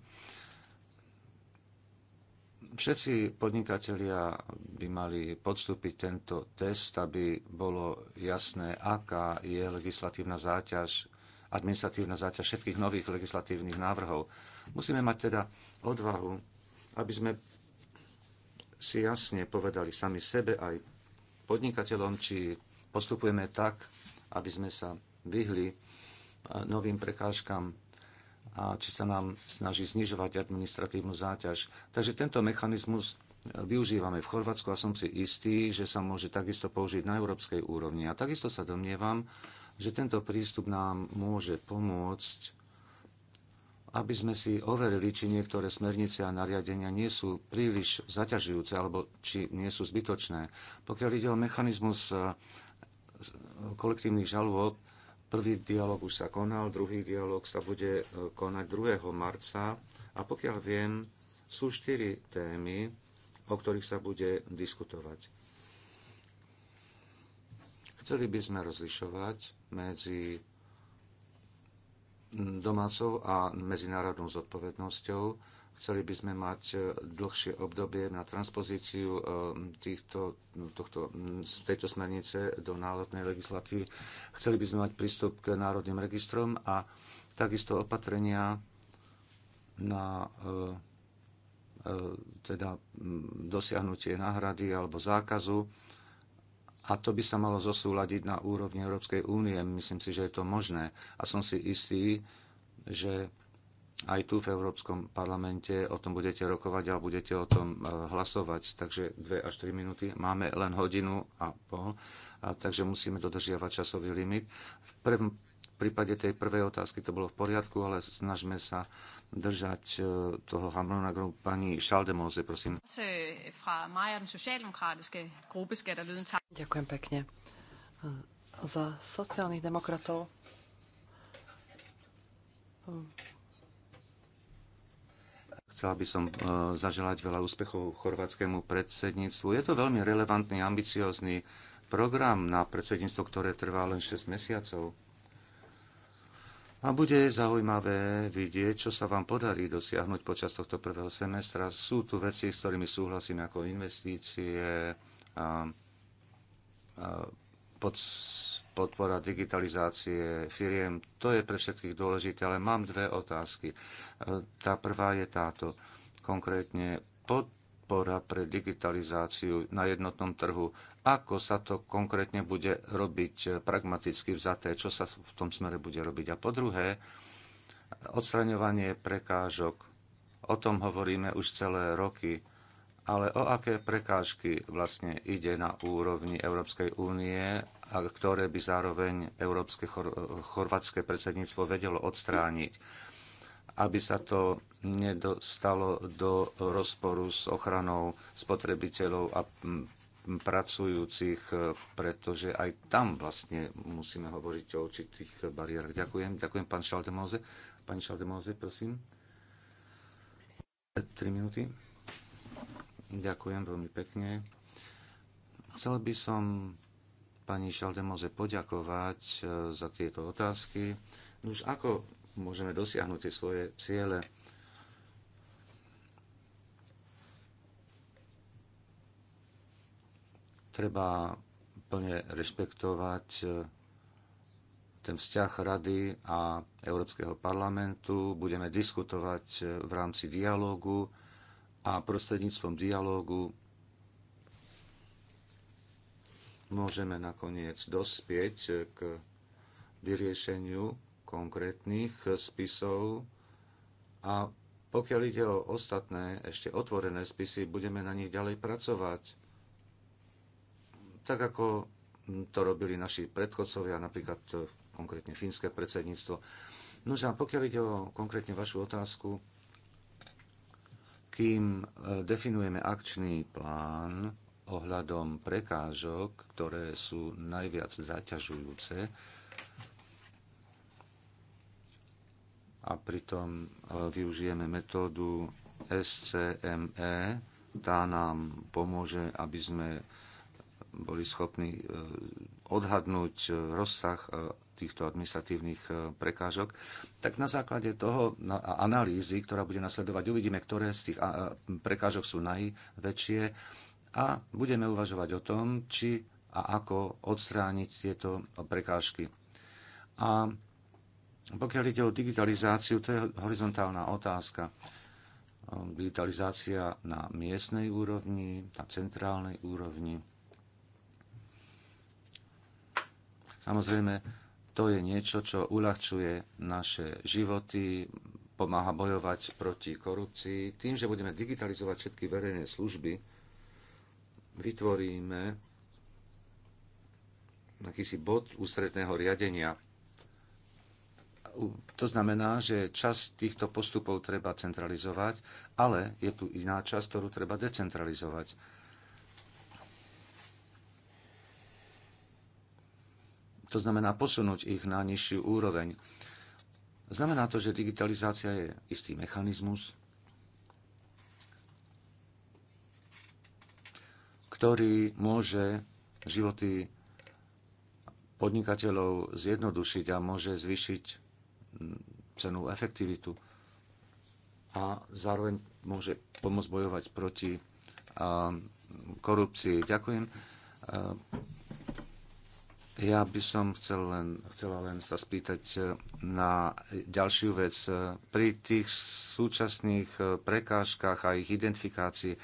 Všetci podnikatelia by mali podstúpiť tento test, aby bolo jasné, aká je legislatívna záťaž, administratívna záťaž všetkých nových legislatívnych návrhov. Musíme mať teda odvahu, aby sme si jasne povedali sami sebe aj podnikateľom, či postupujeme tak, aby sme sa vyhli novým prekážkam a či sa nám snaží znižovať administratívnu záťaž. Takže tento mechanizmus e, využívame v Chorvátsku a som si istý, že sa môže takisto použiť na európskej úrovni. A takisto sa domnievam, že tento prístup nám môže pomôcť aby sme si overili, či niektoré smernice a nariadenia nie sú príliš zaťažujúce alebo či nie sú zbytočné. Pokiaľ ide o mechanizmus e, kolektívnych žalôb, Prvý dialog už sa konal, druhý dialog sa bude e, konať 2. marca a pokiaľ viem, sú štyri témy, o ktorých sa bude diskutovať. Chceli by sme rozlišovať medzi domácou a medzinárodnou zodpovednosťou Chceli by sme mať e, dlhšie obdobie na transpozíciu e, týchto, tohto, tejto smernice do národnej legislatívy. Chceli by sme mať prístup k národným registrom a takisto opatrenia na e, teda dosiahnutie náhrady alebo zákazu a to by sa malo zosúľadiť na úrovni Európskej únie. Myslím si, že je to možné. A som si istý, že aj tu v Európskom parlamente o tom budete rokovať a budete o tom e, hlasovať. Takže 2 až 3 minúty. Máme len hodinu a pol, a takže musíme dodržiavať časový limit. V prvom prípade tej prvej otázky to bolo v poriadku, ale snažme sa držať e, toho harmonogramu. Pani Šaldemose, prosím. Ďakujem pekne. Za sociálnych demokratov Chcela by som e, zaželať veľa úspechov chorvátskému predsedníctvu. Je to veľmi relevantný, ambiciózny program na predsedníctvo, ktoré trvá len 6 mesiacov. A bude zaujímavé vidieť, čo sa vám podarí dosiahnuť počas tohto prvého semestra. Sú tu veci, s ktorými súhlasím, ako investície, a, a pod, podpora digitalizácie firiem. To je pre všetkých dôležité, ale mám dve otázky. E, tá prvá je táto. Konkrétne podpora pre digitalizáciu na jednotnom trhu. Ako sa to konkrétne bude robiť pragmaticky vzaté? Čo sa v tom smere bude robiť? A po druhé, odstraňovanie prekážok. O tom hovoríme už celé roky ale o aké prekážky vlastne ide na úrovni Európskej únie ktoré by zároveň Európske chorvátske predsedníctvo vedelo odstrániť, aby sa to nedostalo do rozporu s ochranou spotrebiteľov a pracujúcich, pretože aj tam vlastne musíme hovoriť o určitých bariérach. Ďakujem. Ďakujem, pán Šaldemóze. Pani Šaldemóze, prosím. Tri minúty. Ďakujem veľmi pekne. Chcel by som pani Šaldemoze poďakovať e, za tieto otázky. No už ako môžeme dosiahnuť tie svoje ciele? Treba plne rešpektovať e, ten vzťah Rady a Európskeho parlamentu. Budeme diskutovať e, v rámci dialógu a prostredníctvom dialógu môžeme nakoniec dospieť e, k vyriešeniu konkrétnych spisov a pokiaľ ide o ostatné, ešte otvorené spisy, budeme na nich ďalej pracovať. Tak ako to robili naši predchodcovia, napríklad e, konkrétne fínske predsedníctvo. No a pokiaľ ide o konkrétne vašu otázku, kým e, definujeme akčný plán, ohľadom prekážok, ktoré sú najviac zaťažujúce a pritom e, využijeme metódu SCME. Tá nám pomôže, aby sme boli schopní e, odhadnúť e, rozsah týchto administratívnych prekážok, tak na základe toho analýzy, ktorá bude nasledovať, uvidíme, ktoré z tých prekážok sú najväčšie a budeme uvažovať o tom, či a ako odstrániť tieto prekážky. A pokiaľ ide o digitalizáciu, to je horizontálna otázka. Digitalizácia na miestnej úrovni, na centrálnej úrovni. Samozrejme, to je niečo, čo uľahčuje naše životy, pomáha bojovať proti korupcii. Tým, že budeme digitalizovať všetky verejné služby, vytvoríme akýsi bod ústredného riadenia. To znamená, že časť týchto postupov treba centralizovať, ale je tu iná časť, ktorú treba decentralizovať. To znamená posunúť ich na nižšiu úroveň. Znamená to, že digitalizácia je istý mechanizmus, ktorý môže životy podnikateľov zjednodušiť a môže zvýšiť mm, cenu efektivitu a zároveň môže pomôcť bojovať proti korupcii. Ďakujem. Ja by som chcel len, chcela len sa spýtať e, na ďalšiu vec. E, pri tých súčasných e, prekážkach a ich identifikácii,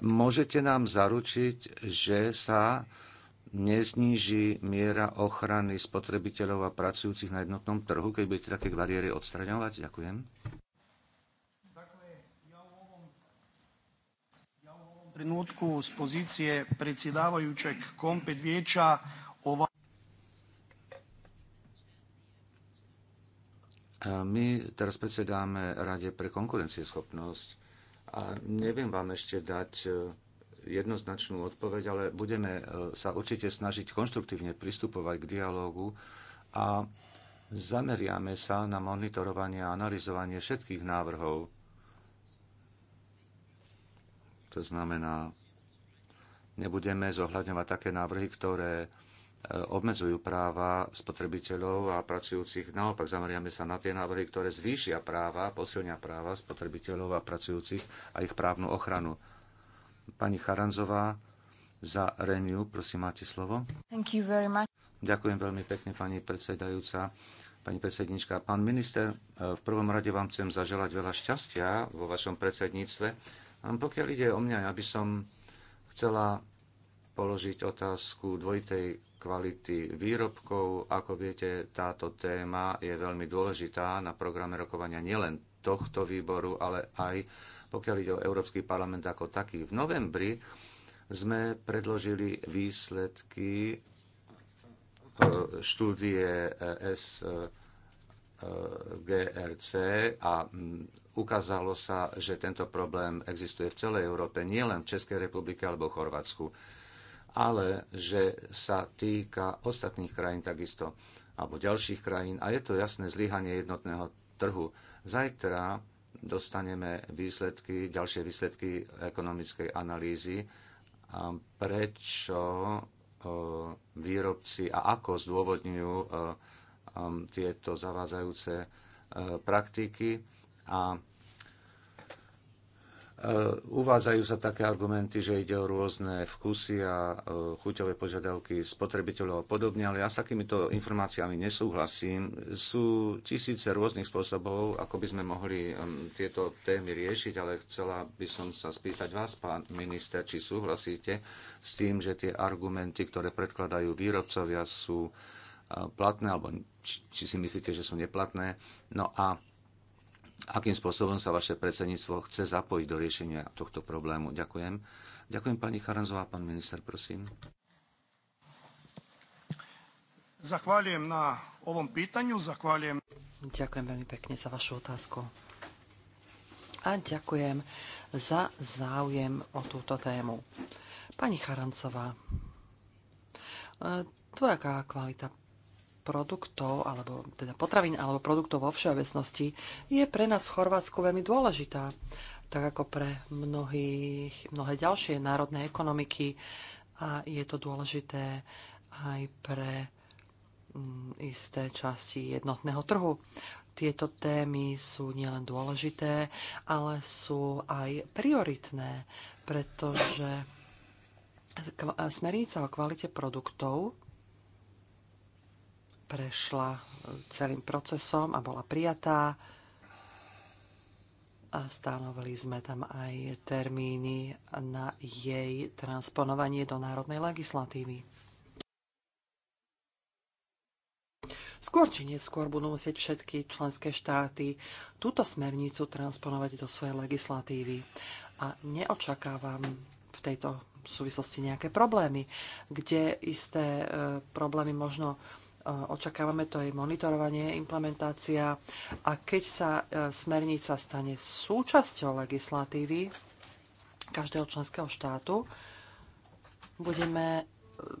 Môžete nám zaručiť, že sa nezníži miera ochrany spotrebiteľov a pracujúcich na jednotnom trhu, keď budete také bariéry odstraňovať? Ďakujem. trenutku s pozicije predsjedavajućeg kompet vijeća ova... My teraz predsedáme Rade pre konkurencieschopnosť a neviem vám ešte dať e, jednoznačnú odpoveď, ale budeme e, sa určite snažiť konštruktívne pristupovať k dialógu a zameriame sa na monitorovanie a analyzovanie všetkých návrhov. To znamená, nebudeme zohľadňovať také návrhy, ktoré E, obmedzujú práva spotrebiteľov a pracujúcich. Naopak zameriame sa na tie návrhy, ktoré zvýšia práva, posilnia práva spotrebiteľov a pracujúcich a ich právnu ochranu. Pani Charanzová za Renew, prosím, máte slovo. Thank you very much. Ďakujem veľmi pekne, pani predsedajúca, pani predsednička. Pán minister, e, v prvom rade vám chcem zaželať veľa šťastia vo vašom predsedníctve. A pokiaľ ide o mňa, ja by som chcela položiť otázku dvojitej kvality výrobkov. Ako viete, táto téma je veľmi dôležitá na programe rokovania nielen tohto výboru, ale aj pokiaľ ide o Európsky parlament ako taký. V novembri sme predložili výsledky e, štúdie e, SGRC a mm, ukázalo sa, že tento problém existuje v celej Európe, nielen v Českej republike alebo v Chorvátsku ale že sa týka ostatných krajín takisto, alebo ďalších krajín. A je to jasné zlyhanie jednotného trhu. Zajtra dostaneme výsledky, ďalšie výsledky ekonomickej analýzy, prečo výrobci a ako zdôvodňujú tieto zavádzajúce praktiky a E, uvádzajú sa také argumenty, že ide o rôzne vkusy a e, chuťové požiadavky spotrebiteľov a podobne, ale ja s takýmito informáciami nesúhlasím. Sú tisíce rôznych spôsobov, ako by sme mohli tieto témy riešiť, ale chcela by som sa spýtať vás, pán minister, či súhlasíte s tým, že tie argumenty, ktoré predkladajú výrobcovia, sú e, platné, alebo či si myslíte, že sú neplatné. No a akým spôsobom sa vaše predsedníctvo chce zapojiť do riešenia tohto problému. Ďakujem. Ďakujem pani Charanzová, pán minister, prosím. Zachváľujem na ovom pýtaniu, zachváľujem. Ďakujem veľmi pekne za vašu otázku. A ďakujem za záujem o túto tému. Pani Charancová, e, tvoja kvalita produktov, alebo teda potravín, alebo produktov vo všeobecnosti, je pre nás v Chorvátsku veľmi dôležitá, tak ako pre mnohých, mnohé ďalšie národné ekonomiky a je to dôležité aj pre mm, isté časti jednotného trhu. Tieto témy sú nielen dôležité, ale sú aj prioritné, pretože smernica o kvalite produktov prešla e, celým procesom a bola prijatá. A stanovili sme tam aj termíny na jej transponovanie do národnej legislatívy. Skôr či neskôr budú musieť všetky členské štáty túto smernicu transponovať do svojej legislatívy. A neočakávam v tejto súvislosti nejaké problémy, kde isté e, problémy možno očakávame, to je monitorovanie, implementácia. A keď sa e, smernica stane súčasťou legislatívy každého členského štátu, budeme e,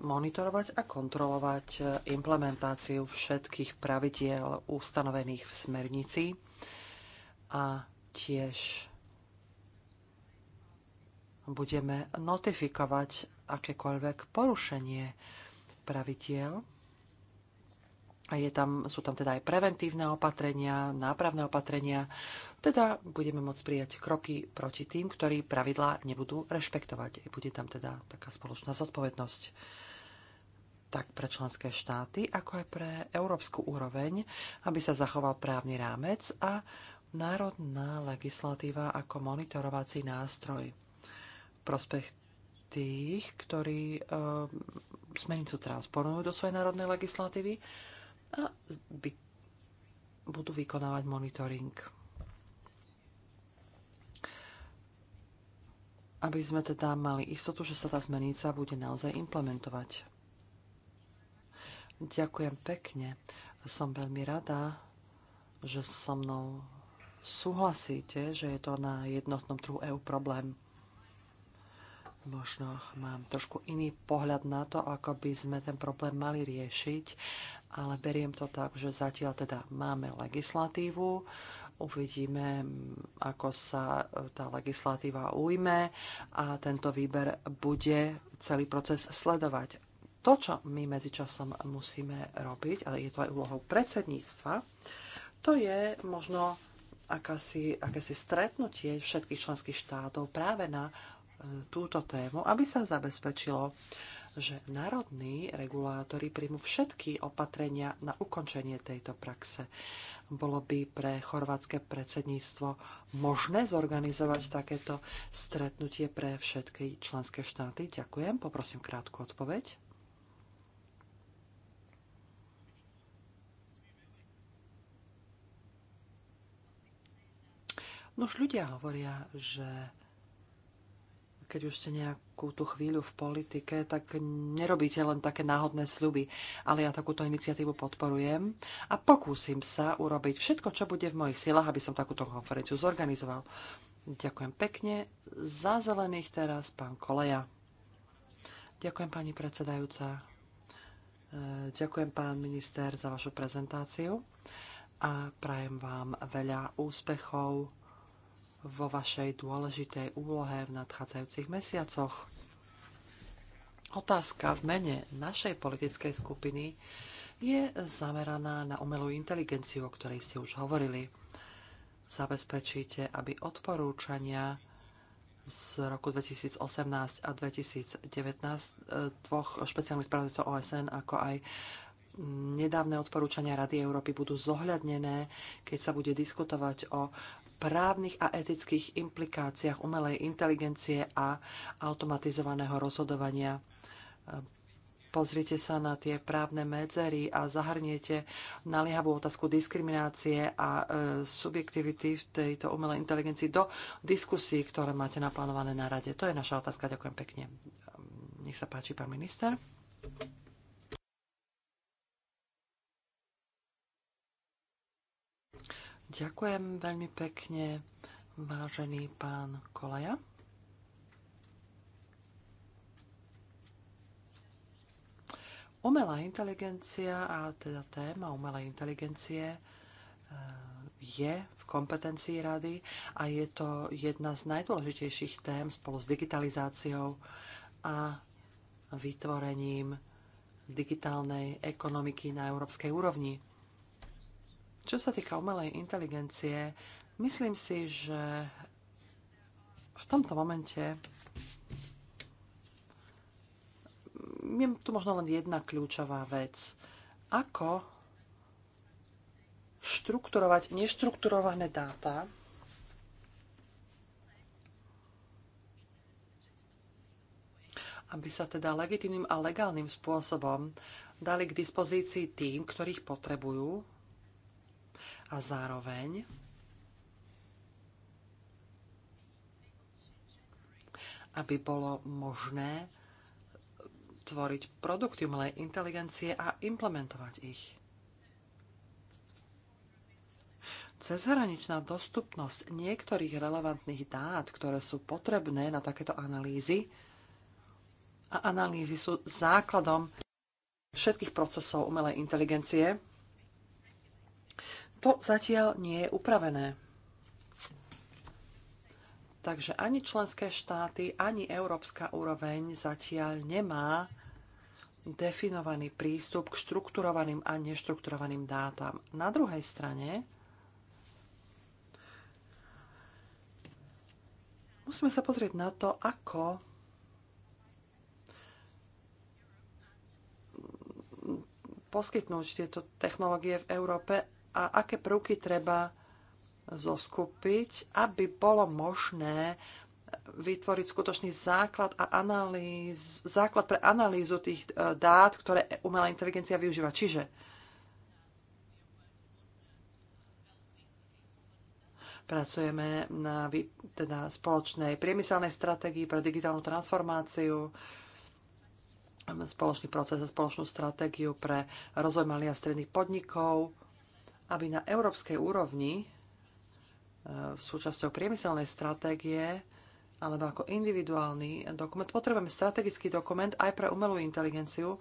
monitorovať a kontrolovať e, implementáciu všetkých pravidiel ustanovených v smernici a tiež budeme notifikovať akékoľvek porušenie pravidiel je tam, sú tam teda aj preventívne opatrenia, nápravné opatrenia. Teda budeme môcť prijať kroky proti tým, ktorí pravidlá nebudú rešpektovať. Bude tam teda taká spoločná zodpovednosť tak pre členské štáty, ako aj pre európsku úroveň, aby sa zachoval právny rámec a národná legislatíva ako monitorovací nástroj. Prospech tých, ktorí e, ehm, smernicu transponujú do svojej národnej legislatívy a by, budú vykonávať monitoring. Aby sme teda mali istotu, že sa tá zmenica bude naozaj implementovať. Ďakujem pekne. Som veľmi rada, že so mnou súhlasíte, že je to na jednotnom trhu EU problém. Možno mám trošku iný pohľad na to, ako by sme ten problém mali riešiť ale beriem to tak, že zatiaľ teda máme legislatívu, uvidíme, ako sa e, tá legislatíva ujme a tento výber bude celý proces sledovať. To, čo my medzičasom musíme robiť, ale je to aj úlohou predsedníctva, to je možno akási, akési stretnutie všetkých členských štátov práve na e, túto tému, aby sa zabezpečilo, že národní regulátori príjmu všetky opatrenia na ukončenie tejto praxe. Bolo by pre chorvátske predsedníctvo možné zorganizovať takéto stretnutie pre všetky členské štáty? Ďakujem. Poprosím krátku odpoveď. Nož ľudia hovoria, že keď už ste nejakú tú chvíľu v politike, tak nerobíte len také náhodné sľuby. Ale ja takúto iniciatívu podporujem a pokúsim sa urobiť všetko, čo bude v mojich silách, aby som takúto konferenciu zorganizoval. Ďakujem pekne. Za zelených teraz pán Koleja. Ďakujem pani predsedajúca. E, ďakujem pán minister za vašu prezentáciu a prajem vám veľa úspechov vo vašej dôležitej úlohe v nadchádzajúcich mesiacoch. Otázka v mene našej politickej skupiny je zameraná na umelú inteligenciu, o ktorej ste už hovorili. Zabezpečíte, aby odporúčania z roku 2018 a 2019 e, dvoch špeciálnych spravodajcov OSN, ako aj nedávne odporúčania Rady Európy budú zohľadnené, keď sa bude diskutovať o právnych a etických implikáciách umelej inteligencie a automatizovaného rozhodovania. Pozrite sa na tie právne medzery a zahrniete naliehavú otázku diskriminácie a e, subjektivity v tejto umelej inteligencii do diskusí, ktoré máte naplánované na rade. To je naša otázka. Ďakujem pekne. Nech sa páči, pán minister. Ďakujem veľmi pekne, vážený pán Kolaja. Umelá inteligencia a teda téma umelej inteligencie e, je v kompetencii rady a je to jedna z najdôležitejších tém spolu s digitalizáciou a vytvorením digitálnej ekonomiky na európskej úrovni. Čo sa týka umelej inteligencie, myslím si, že v tomto momente je tu možno len jedna kľúčová vec. Ako štrukturovať neštrukturované dáta, aby sa teda legitimným a legálnym spôsobom dali k dispozícii tým, ktorých potrebujú a zároveň aby bolo možné tvoriť produkty umelej inteligencie a implementovať ich. Cezhraničná dostupnosť niektorých relevantných dát, ktoré sú potrebné na takéto analýzy, a analýzy sú základom všetkých procesov umelej inteligencie, to zatiaľ nie je upravené. Takže ani členské štáty, ani európska úroveň zatiaľ nemá definovaný prístup k štrukturovaným a neštrukturovaným dátam. Na druhej strane musíme sa pozrieť na to, ako poskytnúť tieto technológie v Európe a aké prvky treba zoskupiť, aby bolo možné vytvoriť skutočný základ a analýz, základ pre analýzu tých e, dát, ktoré umelá inteligencia využíva. Čiže pracujeme na teda spoločnej priemyselnej stratégii pre digitálnu transformáciu, spoločný proces a spoločnú stratégiu pre rozvoj malých a stredných podnikov aby na európskej úrovni e, súčasťou priemyselnej stratégie alebo ako individuálny dokument. Potrebujeme strategický dokument aj pre umelú inteligenciu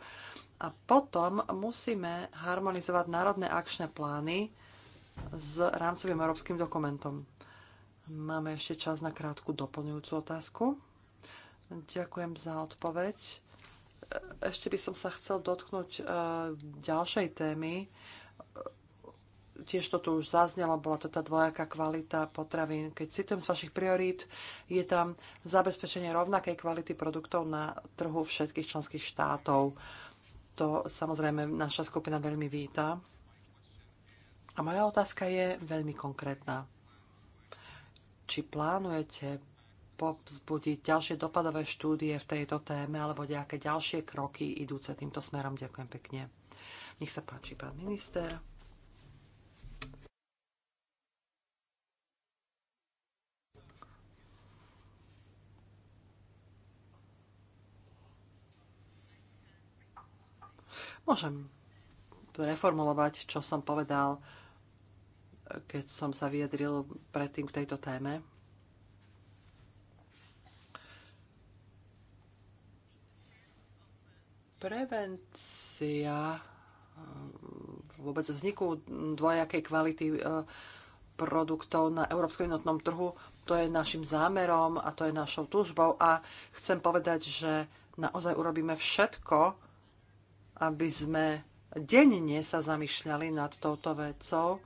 a potom musíme harmonizovať národné akčné plány s rámcovým európskym dokumentom. Máme ešte čas na krátku doplňujúcu otázku. Ďakujem za odpoveď. E, ešte by som sa chcel dotknúť e, ďalšej témy tiež to tu už zaznelo, bola to tá dvojaká kvalita potravín. Keď citujem z vašich priorít, je tam zabezpečenie rovnakej kvality produktov na trhu všetkých členských štátov. To samozrejme naša skupina veľmi víta. A moja otázka je veľmi konkrétna. Či plánujete povzbudiť ďalšie dopadové štúdie v tejto téme alebo nejaké ďalšie kroky idúce týmto smerom? Ďakujem pekne. Nech sa páči, pán minister. Môžem reformulovať, čo som povedal, keď som sa vyjadril predtým k tejto téme. Prevencia eh, vôbec vzniku dvojakej kvality eh, produktov na európskom jednotnom trhu, to je našim zámerom a to je našou túžbou a chcem povedať, že naozaj urobíme všetko, aby sme denne sa zamýšľali nad touto vecou.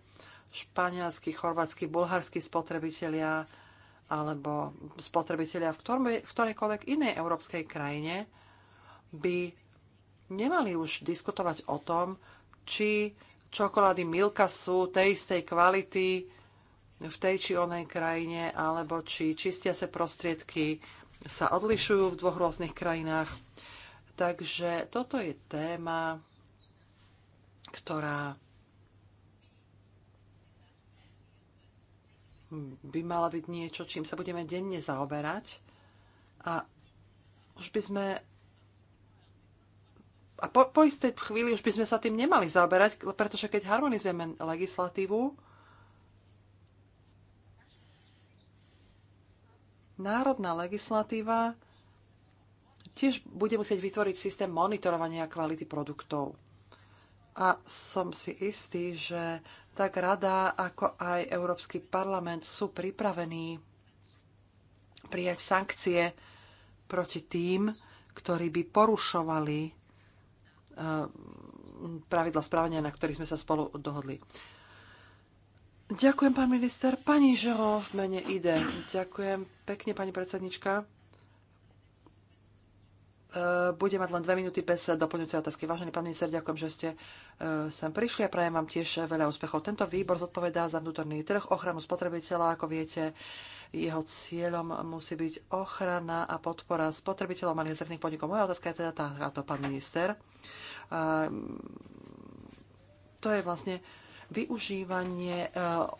Španielskí, chorvátsky, bulharskí spotrebitelia alebo spotrebitelia v, ktorom, v ktorejkoľvek inej európskej krajine by nemali už diskutovať o tom, či čokolády Milka sú tej istej kvality v tej či onej krajine, alebo či čistiace prostriedky sa odlišujú v dvoch rôznych krajinách. Takže toto je téma, ktorá by mala byť niečo, čím sa budeme denne zaoberať. A už by sme a po, po istej chvíli už by sme sa tým nemali zaoberať, pretože keď harmonizujeme legislatívu, národná legislatíva tiež bude musieť vytvoriť systém monitorovania kvality produktov. A som si istý, že tak Rada, ako aj Európsky parlament sú pripravení prijať sankcie proti tým, ktorí by porušovali e, pravidla správania, na ktorých sme sa spolu dohodli. Ďakujem, pán minister. Pani Žeho v mene ide. Ďakujem pekne, pani predsednička. E, bude mať len dve minúty bez doplňujúcej otázky. Vážený pán minister, ďakujem, že ste e, sem prišli a prajem vám tiež veľa úspechov. Tento výbor zodpovedá za vnútorný trh, ochranu spotrebiteľa, ako viete. Jeho cieľom musí byť ochrana a podpora spotrebiteľov malých zrných podnikov. Moja otázka je teda táto, pán minister. E, to je vlastne využívanie,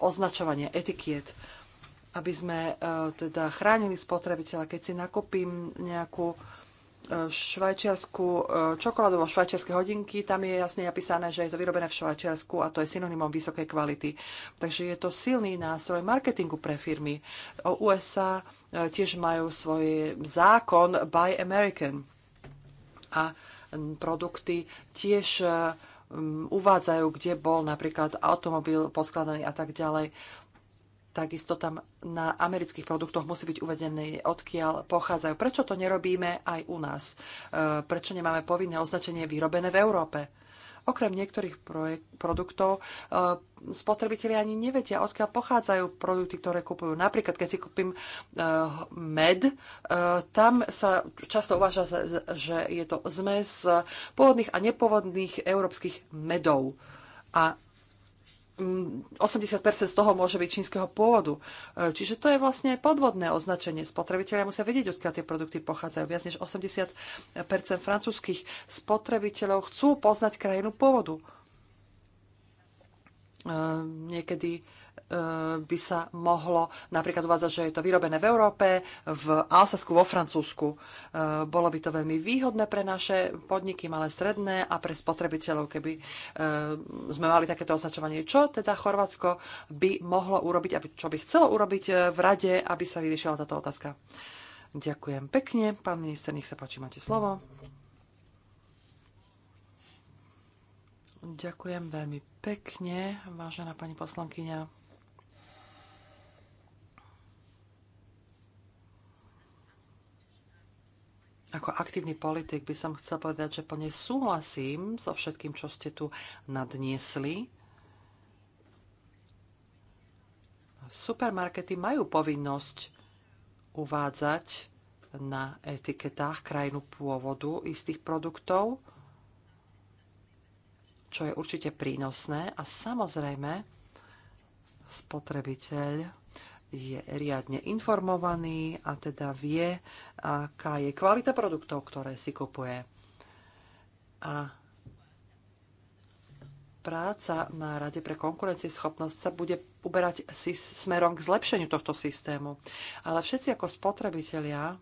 označovanie etikiet aby sme teda chránili spotrebiteľa. Keď si nakúpim nejakú švajčiarsku, eh, čokoládovo švajčiarske hodinky, tam je jasne napísané, že je to vyrobené v Švajčiarsku a to je synonymom vysokej kvality. Takže je to silný nástroj marketingu pre firmy. O USA eh, tiež majú svoj zákon Buy American a mm, produkty tiež eh, uvádzajú, kde bol napríklad automobil poskladaný a tak ďalej. Takisto tam na amerických produktoch musí byť uvedené, odkiaľ pochádzajú. Prečo to nerobíme aj u nás? E, prečo nemáme povinné označenie vyrobené v Európe? Okrem niektorých produktov e, spotrebitelia ani nevedia, odkiaľ pochádzajú produkty, ktoré kupujú. Napríklad, keď si kúpim e, med, tam sa často uvažia, že je to zmes pôvodných a nepôvodných európskych medov. A 80% mm, z toho môže byť čínskeho pôvodu. E, čiže to je vlastne podvodné označenie. Spotrebitelia musia vedieť, odkiaľ tie produkty pochádzajú. Viac než 80% francúzskych spotrebiteľov chcú poznať krajinu pôvodu. E, niekedy Eh, by sa mohlo napríklad uvádzať, že je to vyrobené v Európe, v Alsasku, vo Francúzsku. Eh, bolo by to veľmi výhodné pre naše podniky, malé stredné a pre spotrebiteľov, keby eh, sme mali takéto označovanie. Čo teda Chorvátsko by mohlo urobiť, aby, čo by chcelo urobiť v rade, aby sa vyriešila táto otázka? Ďakujem pekne. Pán minister, nech sa páči, máte slovo. Ďakujem veľmi pekne, vážená pani poslankyňa. Ako aktívny politik by som chcel povedať, že plne súhlasím so všetkým, čo ste tu nadniesli. Supermarkety majú povinnosť uvádzať na etiketách krajinu pôvodu istých produktov, čo je určite prínosné a samozrejme spotrebiteľ je riadne informovaný a teda vie, aká je kvalita produktov, ktoré si kupuje. A práca na Rade pre konkurencieschopnosť sa bude uberať si smerom k zlepšeniu tohto systému. Ale všetci ako spotrebitelia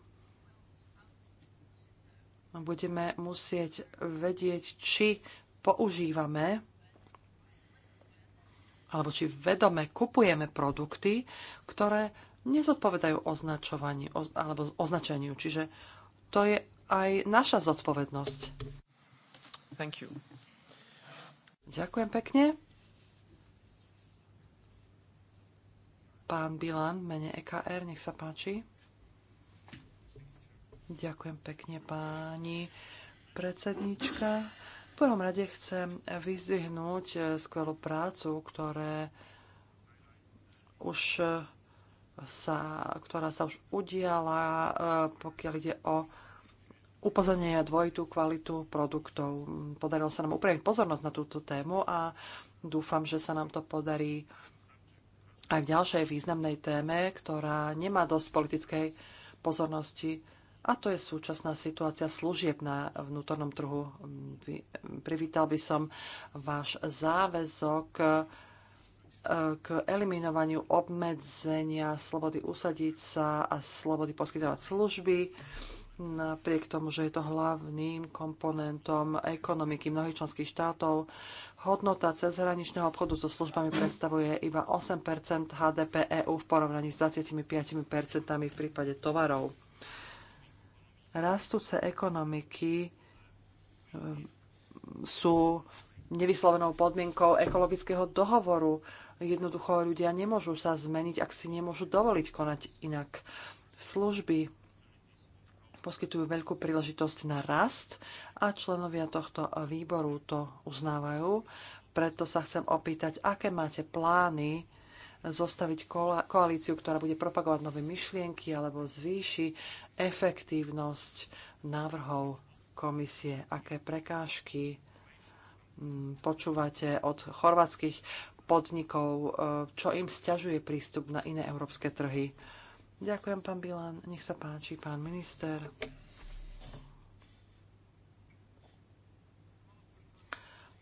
budeme musieť vedieť, či používame alebo či vedome kupujeme produkty, ktoré nezodpovedajú označovaniu alebo označeniu. Čiže to je aj naša zodpovednosť. Thank you. Ďakujem pekne. Pán Bilan, mene EKR, nech sa páči. Ďakujem pekne, páni predsednička prvom rade chcem vyzdvihnúť eh, skvelú prácu, ktoré už eh, sa, ktorá sa už udiala, eh, pokiaľ ide o upozornenie a dvojitú kvalitu produktov. Podarilo sa nám upriamiť pozornosť na túto tému a dúfam, že sa nám to podarí aj v ďalšej významnej téme, ktorá nemá dosť politickej pozornosti a to je súčasná situácia služieb na vnútornom trhu. Privítal by som váš záväzok eh, k eliminovaniu obmedzenia slobody usadiť sa a slobody poskytovať služby. Napriek tomu, že je to hlavným komponentom ekonomiky mnohých členských štátov, hodnota cezhraničného obchodu so službami predstavuje iba 8 HDP EÚ v porovnaní s 25 v prípade tovarov. Rastúce ekonomiky ehm, sú nevyslovenou podmienkou ekologického dohovoru. Jednoducho ľudia nemôžu sa zmeniť, ak si nemôžu dovoliť konať inak. Služby poskytujú veľkú príležitosť na rast a členovia tohto výboru to uznávajú. Preto sa chcem opýtať, aké máte plány zostaviť koalíciu, ktorá bude propagovať nové myšlienky alebo zvýši efektívnosť návrhov komisie. Aké prekážky mm, počúvate od chorvátskych podnikov, e, čo im stiažuje prístup na iné európske trhy. Ďakujem, pán Bilan. Nech sa páči, pán minister.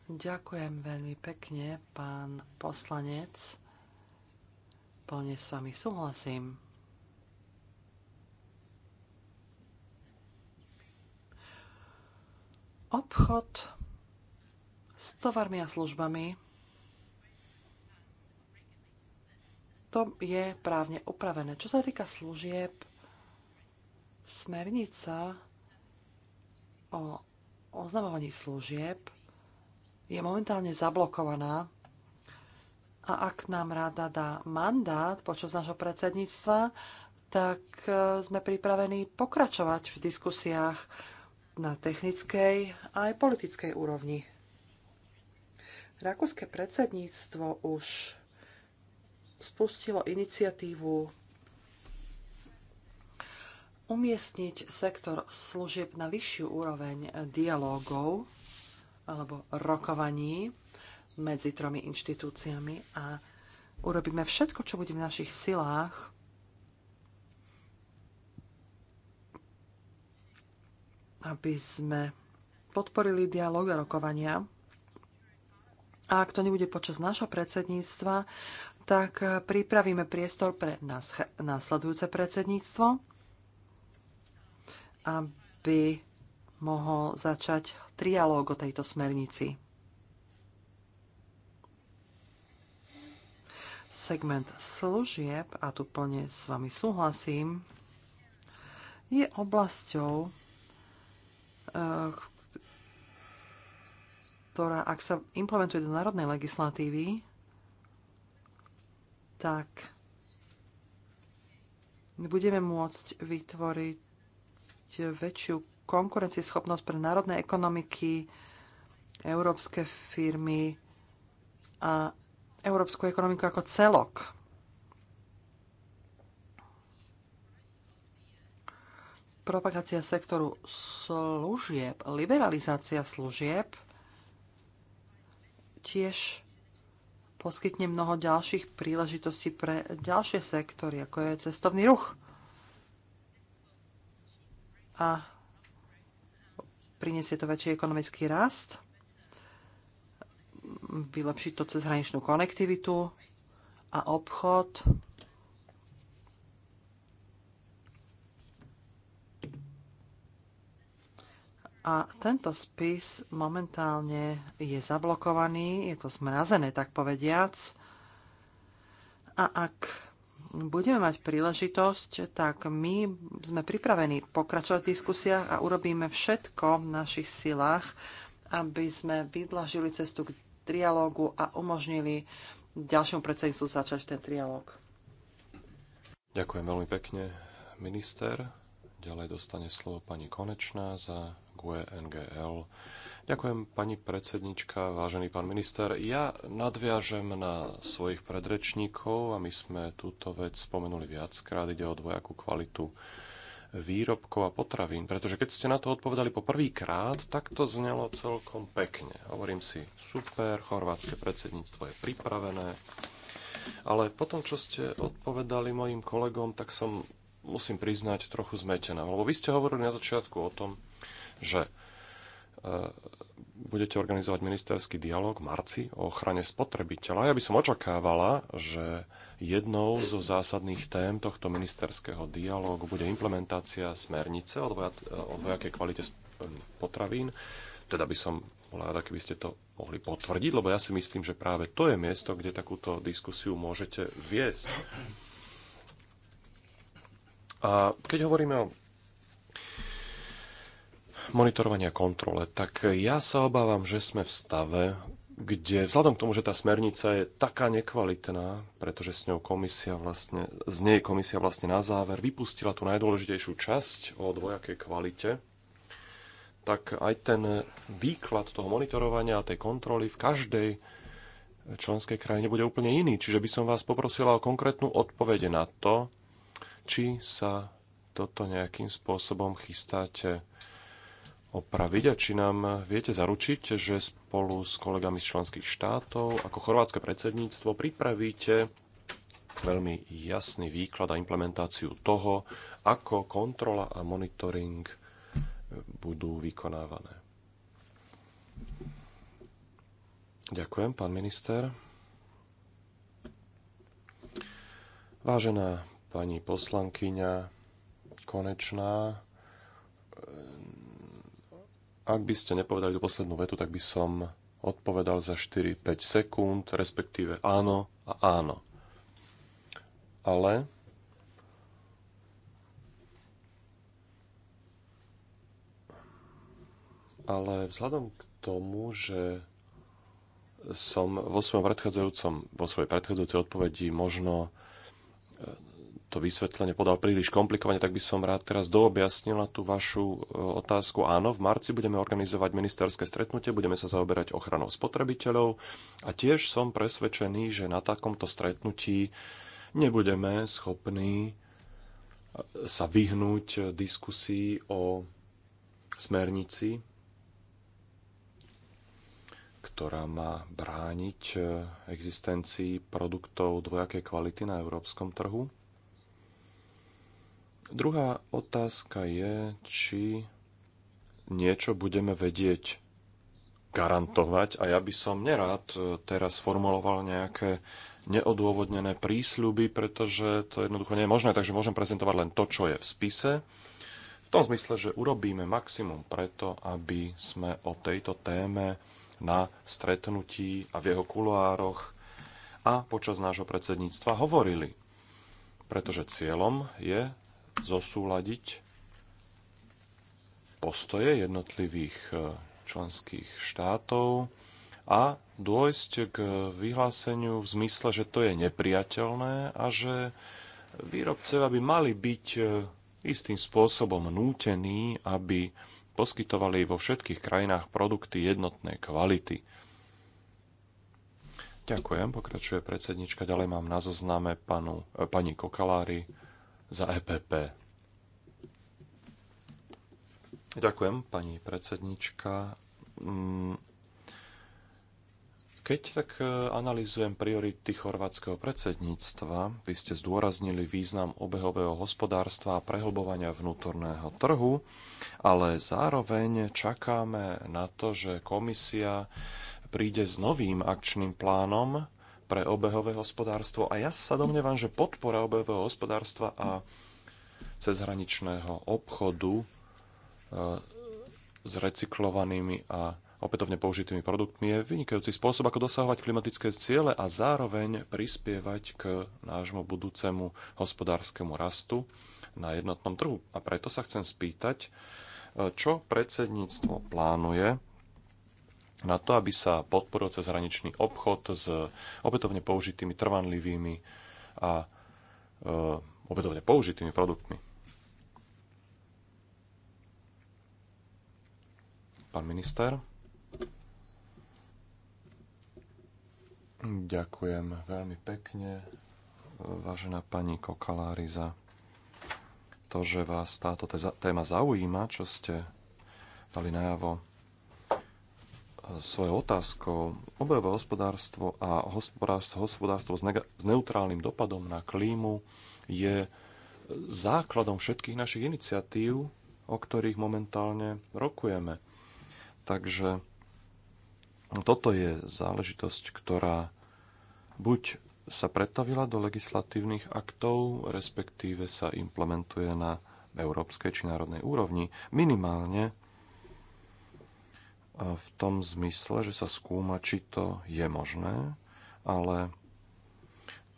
Ďakujem veľmi pekne, pán poslanec. Plne s vami súhlasím. Obchod s tovarmi a službami to je právne upravené. Čo sa týka služieb, smernica o oznamovaní služieb je momentálne zablokovaná a ak nám rada dá mandát počas nášho predsedníctva, tak e, sme pripravení pokračovať v diskusiách na technickej a aj politickej úrovni. Rakúske predsedníctvo už spustilo iniciatívu umiestniť sektor služieb na vyššiu úroveň dialógov alebo rokovaní medzi tromi inštitúciami a urobíme všetko, čo bude v našich silách, aby sme podporili dialog a rokovania. A ak to nebude počas nášho predsedníctva, tak pripravíme priestor pre následujúce predsedníctvo, aby mohol začať trialóg o tejto smernici. segment služieb, a tu plne s vami súhlasím, je oblasťou, eh, ktorá, ak sa implementuje do národnej legislatívy, tak budeme môcť vytvoriť väčšiu konkurencieschopnosť pre národné ekonomiky, európske firmy a európsku ekonomiku ako celok. Propagácia sektoru služieb, liberalizácia služieb tiež poskytne mnoho ďalších príležitostí pre ďalšie sektory, ako je cestovný ruch. A priniesie to väčší ekonomický rast vylepšiť to cez hraničnú konektivitu a obchod. A tento spis momentálne je zablokovaný, je to zmrazené, tak povediac. A ak budeme mať príležitosť, tak my sme pripravení pokračovať v diskusiách a urobíme všetko v našich silách, aby sme vydlažili cestu k trialógu a umožnili ďalšiemu predsedníctvu začať ten trialóg. Ďakujem veľmi pekne, minister. Ďalej dostane slovo pani Konečná za GUE NGL. Ďakujem pani predsednička, vážený pán minister. Ja nadviažem na svojich predrečníkov a my sme túto vec spomenuli viackrát. Ide o dvojakú kvalitu výrobkov a potravín. Pretože keď ste na to odpovedali po prvý krát, tak to znelo celkom pekne. Hovorím si, super, chorvátske predsedníctvo je pripravené. Ale potom, čo ste odpovedali mojim kolegom, tak som, musím priznať, trochu zmetená. Lebo vy ste hovorili na začiatku o tom, že E, budete organizovať ministerský dialog v marci o ochrane spotrebiteľa. Ja by som očakávala, že jednou zo zásadných tém tohto ministerského dialogu bude implementácia smernice o, dvoja, o dvojakej kvalite potravín. Teda by som bola rada, keby ste to mohli potvrdiť, lebo ja si myslím, že práve to je miesto, kde takúto diskusiu môžete viesť. A keď hovoríme o monitorovania kontrole, tak ja sa obávam, že sme v stave, kde vzhľadom k tomu, že tá smernica je taká nekvalitná, pretože s ňou komisia vlastne, z nej komisia vlastne na záver vypustila tú najdôležitejšiu časť o dvojakej kvalite, tak aj ten výklad toho monitorovania a tej kontroly v každej členskej krajine bude úplne iný. Čiže by som vás poprosila o konkrétnu odpovede na to, či sa toto nejakým spôsobom chystáte opraviť a či nám viete zaručiť, že spolu s kolegami z členských štátov ako chorvátske predsedníctvo pripravíte veľmi jasný výklad a implementáciu toho, ako kontrola a monitoring budú vykonávané. Ďakujem, pán minister. Vážená pani poslankyňa Konečná, ak by ste nepovedali tú poslednú vetu, tak by som odpovedal za 4-5 sekúnd, respektíve áno a áno. Ale ale vzhľadom k tomu, že som vo svojom predchádzajúcom, vo svojej predchádzajúcej odpovedi možno to vysvetlenie podal príliš komplikovane, tak by som rád teraz doobjasnila tú vašu e, otázku. Áno, v marci budeme organizovať ministerské stretnutie, budeme sa zaoberať ochranou spotrebiteľov a tiež som presvedčený, že na takomto stretnutí nebudeme schopní e, sa vyhnúť diskusii o smernici, ktorá má brániť e, existencii produktov dvojakej kvality na európskom trhu. Druhá otázka je, či niečo budeme vedieť garantovať a ja by som nerád e, teraz formuloval nejaké neodôvodnené prísľuby, pretože to jednoducho nie je možné, takže môžem prezentovať len to, čo je v spise. V tom zmysle, že urobíme maximum preto, aby sme o tejto téme na stretnutí a v jeho kuloároch a počas nášho predsedníctva hovorili. Pretože cieľom je zosúladiť postoje jednotlivých e, členských štátov a dôjsť k vyhláseniu v zmysle, že to je nepriateľné a že výrobcovia by mali byť e, istým spôsobom nútení, aby poskytovali vo všetkých krajinách produkty jednotnej kvality. Ďakujem, pokračuje predsednička. Ďalej mám na zozname panu, e, pani Kokalári za EPP. Ďakujem, pani predsednička. Mm. Keď tak e, analizujem priority chorvátskeho predsedníctva, vy ste zdôraznili význam obehového hospodárstva a prehlbovania vnútorného trhu, ale zároveň čakáme na to, že komisia príde s novým akčným plánom pre obehové hospodárstvo. A ja sa domnievam, že podpora obehového hospodárstva a cezhraničného obchodu e, s recyklovanými a opätovne použitými produktmi je vynikajúci spôsob, ako dosahovať klimatické ciele a zároveň prispievať k nášmu budúcemu hospodárskemu rastu na jednotnom trhu. A preto sa chcem spýtať, e, čo predsedníctvo plánuje na to, aby sa podporil cezhraničný obchod s opätovne použitými, trvanlivými a e, opätovne použitými produktmi. Pán minister. Ďakujem veľmi pekne, vážená pani Kokalári, za to, že vás táto téma zaujíma, čo ste dali najavo svojou otázkou obehové hospodárstvo a hospodárstvo, hospodárstvo s, s neutrálnym dopadom na klímu je základom všetkých našich iniciatív, o ktorých momentálne rokujeme. Takže toto je záležitosť, ktorá buď sa pretavila do legislatívnych aktov, respektíve sa implementuje na európskej či národnej úrovni. Minimálne v tom zmysle, že sa skúma, či to je možné, ale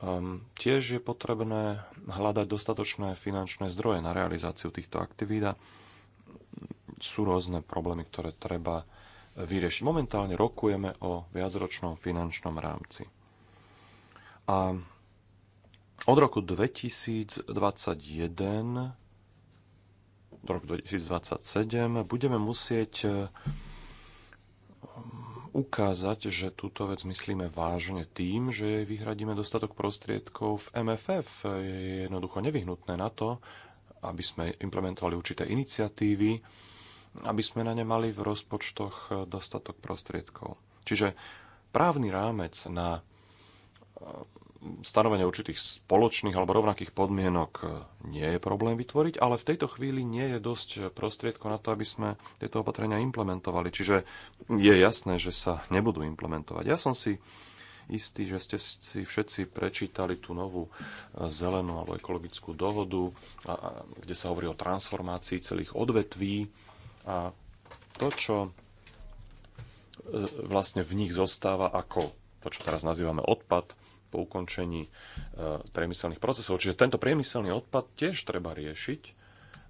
um, tiež je potrebné hľadať dostatočné finančné zdroje na realizáciu týchto aktivít a sú rôzne problémy, ktoré treba vyriešiť. Momentálne rokujeme o viacročnom finančnom rámci. A od roku 2021 do roku 2027 budeme musieť ukázať, že túto vec myslíme vážne tým, že vyhradíme dostatok prostriedkov v MFF. Je jednoducho nevyhnutné na to, aby sme implementovali určité iniciatívy, aby sme na ne mali v rozpočtoch dostatok prostriedkov. Čiže právny rámec na stanovenie určitých spoločných alebo rovnakých podmienok e, nie je problém vytvoriť, ale v tejto chvíli nie je dosť prostriedkov na to, aby sme tieto opatrenia implementovali. Čiže je jasné, že sa nebudú implementovať. Ja som si istý, že ste si všetci prečítali tú novú e, zelenú alebo ekologickú dohodu, kde sa hovorí o transformácii celých odvetví a to, čo e, vlastne v nich zostáva ako to, čo teraz nazývame odpad, po ukončení e, priemyselných procesov. Čiže tento priemyselný odpad tiež treba riešiť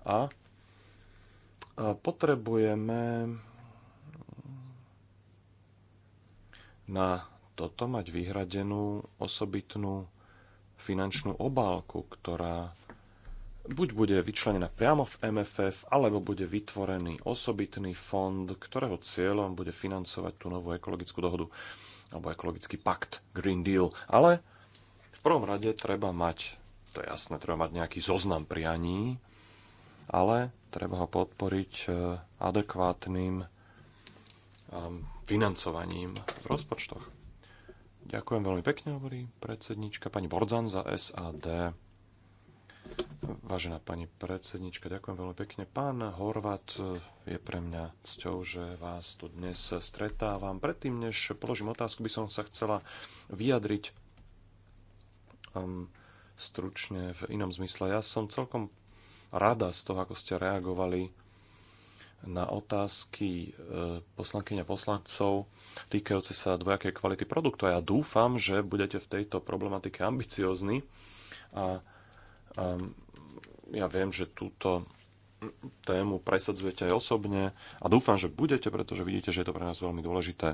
a e, potrebujeme na toto mať vyhradenú osobitnú finančnú obálku, ktorá buď bude vyčlenená priamo v MFF, alebo bude vytvorený osobitný fond, ktorého cieľom bude financovať tú novú ekologickú dohodu alebo ekologický pakt, Green Deal. Ale v prvom rade treba mať, to je jasné, treba mať nejaký zoznam prianí, ale treba ho podporiť e, adekvátnym e, financovaním v rozpočtoch. Ďakujem veľmi pekne, hovorí predsednička pani Bordzan za SAD. Vážená pani predsednička, ďakujem veľmi pekne. Pán Horvat, e, je pre mňa cťou, že vás tu dnes stretávam. Predtým, než položím otázku, by som sa chcela vyjadriť um, stručne v inom zmysle. Ja som celkom rada z toho, ako ste reagovali na otázky e, poslankyňa poslancov týkajúce sa dvojakej kvality produktu. A ja dúfam, že budete v tejto problematike ambiciozni a Ehm, ja viem, že túto tému presadzujete aj osobne a dúfam, že budete, pretože vidíte, že je to pre nás veľmi dôležité.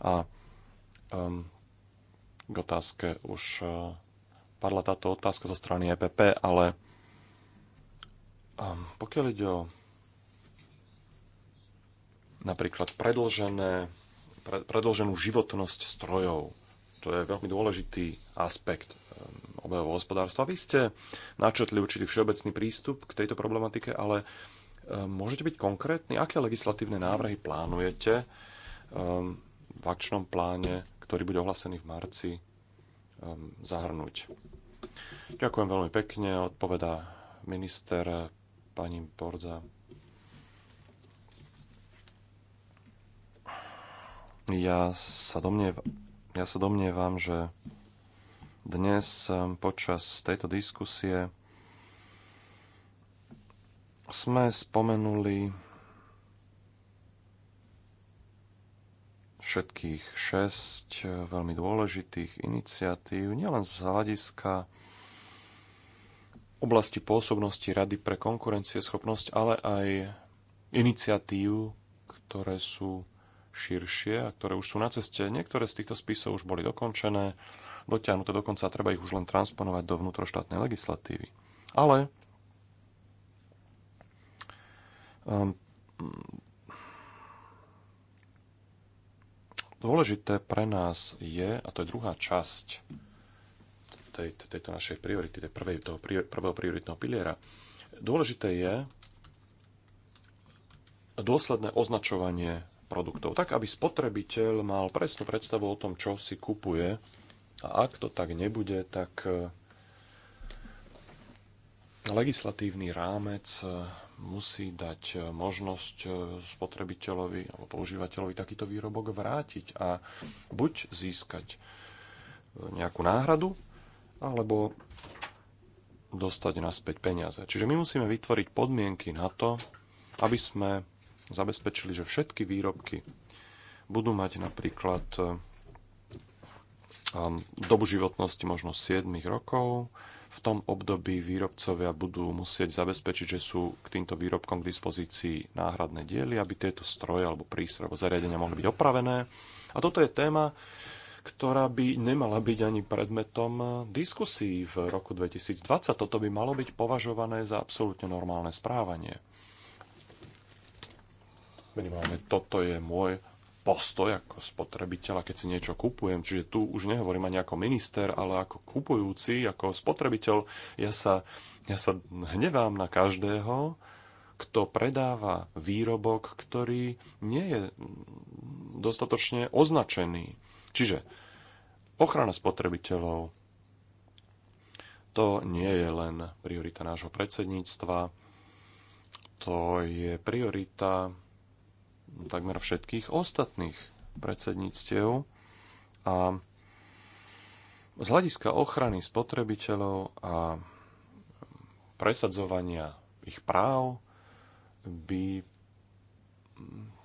A um, k otázke už uh, padla táto otázka zo strany EPP, ale um, pokiaľ ide o napríklad predlžené, pre, predlženú životnosť strojov, to je veľmi dôležitý aspekt um, obehového hospodárstva. Vy ste načetli určitý všeobecný prístup k tejto problematike, ale e, môžete byť konkrétni, aké legislatívne návrhy plánujete e, v akčnom pláne, ktorý bude ohlasený v marci, e, zahrnúť. Ďakujem veľmi pekne, odpovedá minister pani porza. Ja sa domnievam, ja sa domnievam že dnes ehm, počas tejto diskusie sme spomenuli všetkých šesť eh, veľmi dôležitých iniciatív, nielen z hľadiska oblasti pôsobnosti Rady pre konkurencieschopnosť, ale aj iniciatív, ktoré sú širšie a ktoré už sú na ceste. Niektoré z týchto spisov už boli dokončené, dotiahnuté dokonca treba ich už len transponovať do vnútroštátnej legislatívy. Ale um, dôležité pre nás je, a to je druhá časť tej, tejto našej priority, tej prvej, toho prvého prioritného piliera, dôležité je dôsledné označovanie produktov, tak aby spotrebiteľ mal presnú predstavu o tom, čo si kupuje a ak to tak nebude, tak e, legislatívny rámec e, musí dať e, možnosť spotrebiteľovi alebo používateľovi takýto výrobok vrátiť a buď získať nejakú náhradu, alebo dostať naspäť peniaze. Čiže my musíme vytvoriť podmienky na to, aby sme zabezpečili, že všetky výrobky budú mať napríklad dobu životnosti možno 7 rokov. V tom období výrobcovia budú musieť zabezpečiť, že sú k týmto výrobkom k dispozícii náhradné diely, aby tieto stroje alebo prístroje alebo zariadenia mohli byť opravené. A toto je téma, ktorá by nemala byť ani predmetom diskusí v roku 2020. Toto by malo byť považované za absolútne normálne správanie. Minimálne toto je môj postoj ako spotrebiteľa, keď si niečo kupujem. Čiže tu už nehovorím ani ako minister, ale ako kupujúci, ako spotrebiteľ. Ja sa, ja sa hnevám na každého, kto predáva výrobok, ktorý nie je dostatočne označený. Čiže ochrana spotrebiteľov, to nie je len priorita nášho predsedníctva, to je priorita takmer všetkých ostatných predsedníctiev. A z hľadiska ochrany spotrebiteľov a presadzovania ich práv by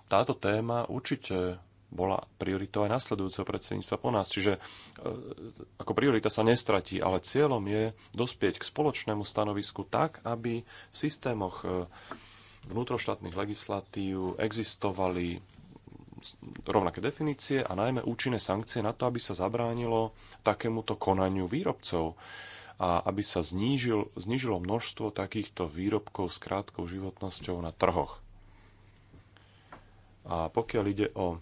táto téma určite bola prioritou aj nasledujúceho predsedníctva po nás. Čiže e, ako priorita sa nestratí, ale cieľom je dospieť k spoločnému stanovisku tak, aby v systémoch e, vnútroštátnych legislatív existovali rovnaké definície a najmä účinné sankcie na to, aby sa zabránilo takémuto konaniu výrobcov a aby sa znížil, znížilo množstvo takýchto výrobkov s krátkou životnosťou na trhoch. A pokiaľ ide o